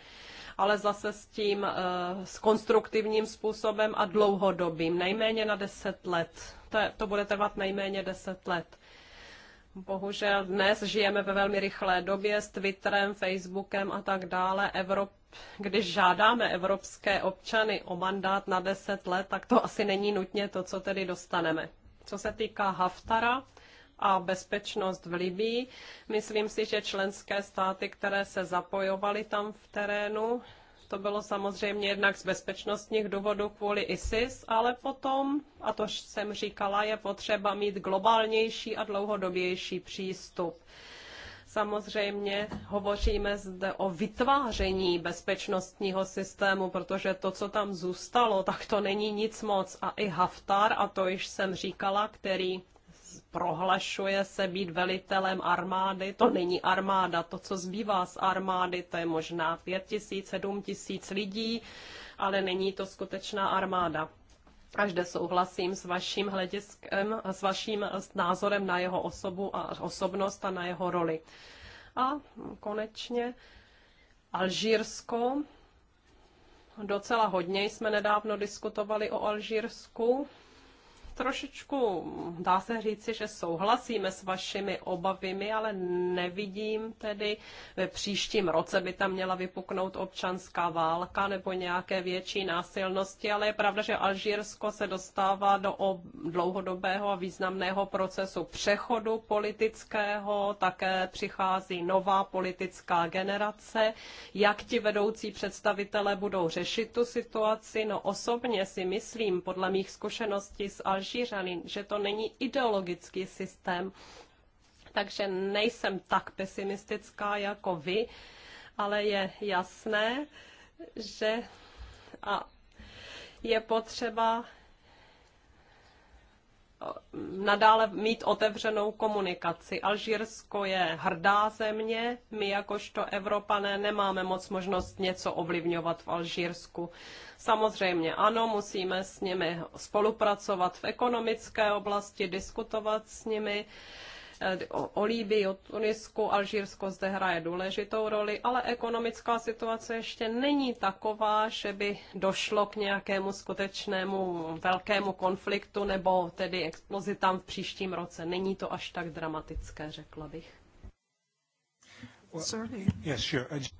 ale zase s tím eh, s konstruktivním způsobem a dlouhodobým, nejméně na deset let. To, je, to bude trvat nejméně deset let. Bohužel dnes žijeme ve velmi rychlé době s Twitterem, Facebookem a tak dále. Evrop, když žádáme evropské občany o mandát na 10 let, tak to asi není nutně to, co tedy dostaneme. Co se týká Haftara, a bezpečnost v Libii. Myslím si, že členské státy, které se zapojovaly tam v terénu, to bylo samozřejmě jednak z bezpečnostních důvodů kvůli ISIS, ale potom, a to jsem říkala, je potřeba mít globálnější a dlouhodobější přístup. Samozřejmě hovoříme zde o vytváření bezpečnostního systému, protože to, co tam zůstalo, tak to není nic moc. A i Haftar, a to již jsem říkala, který prohlašuje se být velitelem armády. To není armáda, to, co zbývá z armády, to je možná 5 tisíc, 7 tisíc lidí, ale není to skutečná armáda. Až zde souhlasím s vaším hlediskem, s vaším názorem na jeho osobu a osobnost a na jeho roli. A konečně Alžírsko. Docela hodně jsme nedávno diskutovali o Alžírsku trošičku, dá se říci, že souhlasíme s vašimi obavami, ale nevidím tedy, ve příštím roce by tam měla vypuknout občanská válka nebo nějaké větší násilnosti, ale je pravda, že Alžírsko se dostává do dlouhodobého a významného procesu přechodu politického, také přichází nová politická generace. Jak ti vedoucí představitelé budou řešit tu situaci? No osobně si myslím, podle mých zkušeností s Alžírskou, Alžířany, že to není ideologický systém. Takže nejsem tak pesimistická jako vy, ale je jasné, že a je potřeba nadále mít otevřenou komunikaci. Alžírsko je hrdá země, my jakožto Evropané nemáme moc možnost něco ovlivňovat v Alžírsku. Samozřejmě ano, musíme s nimi spolupracovat v ekonomické oblasti, diskutovat s nimi. Uh, o Líbii, o Tunisku, Alžírsko zde hraje důležitou roli, ale ekonomická situace ještě není taková, že by došlo k nějakému skutečnému velkému konfliktu nebo tedy explozi tam v příštím roce. Není to až tak dramatické, řekla bych.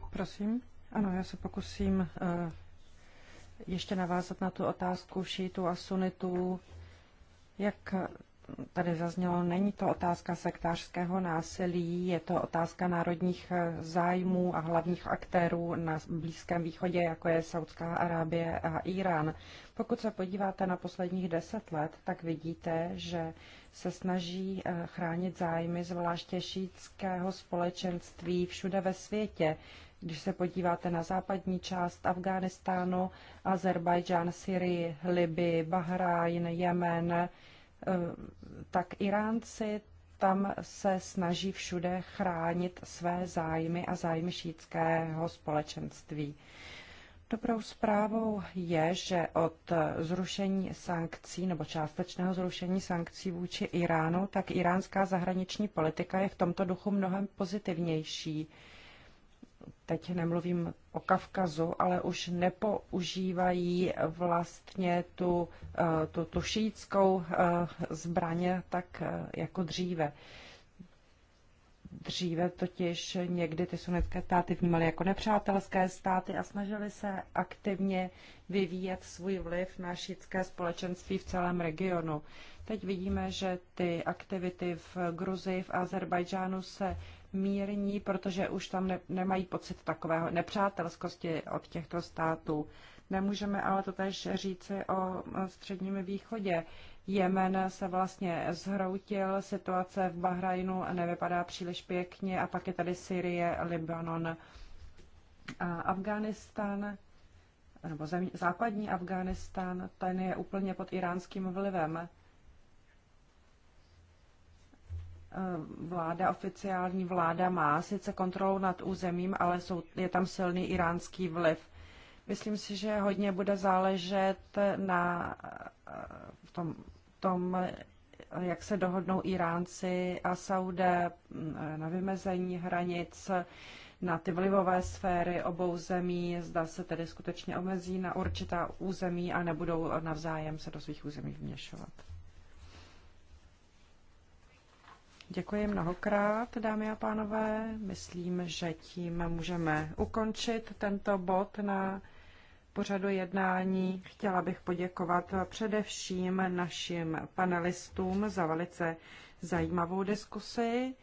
Prosím. Ano, já se pokusím eh, ještě navázat na tu otázku šítu a sunitu. Jak tady zaznělo, není to otázka sektářského násilí, je to otázka národních eh, zájmů a hlavních aktérů na Blízkém východě, jako je Saudská Arábie a Irán. Pokud se podíváte na posledních deset let, tak vidíte, že se snaží eh, chránit zájmy zvláště šítského společenství všude ve světě. Když se podíváte na západní část Afghánistánu, Azerbajdžán, Syrii, Liby, Bahrajn, Jemen, Eh, tak Iránci tam se snaží všude chránit své zájmy a zájmy šítského společenství. Dobrou zprávou je, že od zrušení sankcí nebo částečného zrušení sankcí vůči Iránu, tak iránská zahraniční politika je v tomto duchu mnohem pozitivnější teď nemluvím o Kavkazu, ale už nepoužívají vlastně tu, eh, tu, tu šítskou eh, zbraně tak eh, jako dříve. Dříve totiž někdy ty sunnitské státy vnímaly jako nepřátelské státy a snažili se aktivně vyvíjet svůj vliv na šítské společenství v celém regionu. Teď vidíme, že ty aktivity v Gruzii, v Azerbajdžánu se mírní, protože už tam ne, nemají pocit takového nepřátelskosti od těchto států. Nemůžeme ale to tež říci o středním východě. Jemen se vlastně zhroutil, situace v Bahrajnu nevypadá příliš pěkně a pak je tady Syrie, Libanon a Afghánistán nebo zem, západní Afghánistán, ten je úplně pod iránským vlivem. Eh, vláda, oficiální vláda má sice kontrolu nad územím, ale jsou, je tam silný iránský vliv. Myslím si, že hodně bude záležet na eh, tom, tom jak se dohodnou Iránci a Saudé eh, na vymezení hranic, na ty vlivové sféry obou zemí, zda se tedy skutečně omezí na určitá území a nebudou navzájem se do svých území vměšovat. Děkuji mnohokrát, dámy a pánové. Myslím, že tím můžeme ukončit tento bod na pořadu jednání. Chtěla bych poděkovat především našim panelistům za velice zajímavou diskusi.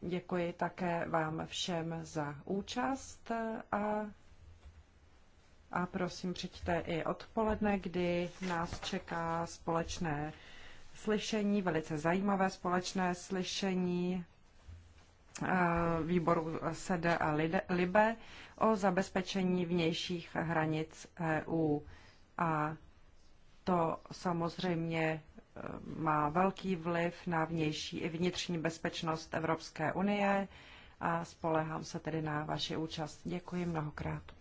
Děkuji také vám všem za účast a, a prosím přijďte i odpoledne, kdy nás čeká společné slyšení, velice zajímavé společné slyšení eh, výboru sed a LIBE o zabezpečení vnějších hranic EU. A to samozřejmě eh, má velký vliv na vnější i vnitřní bezpečnost Evropské unie a spolehám se tedy na vaši účast. Děkuji mnohokrát.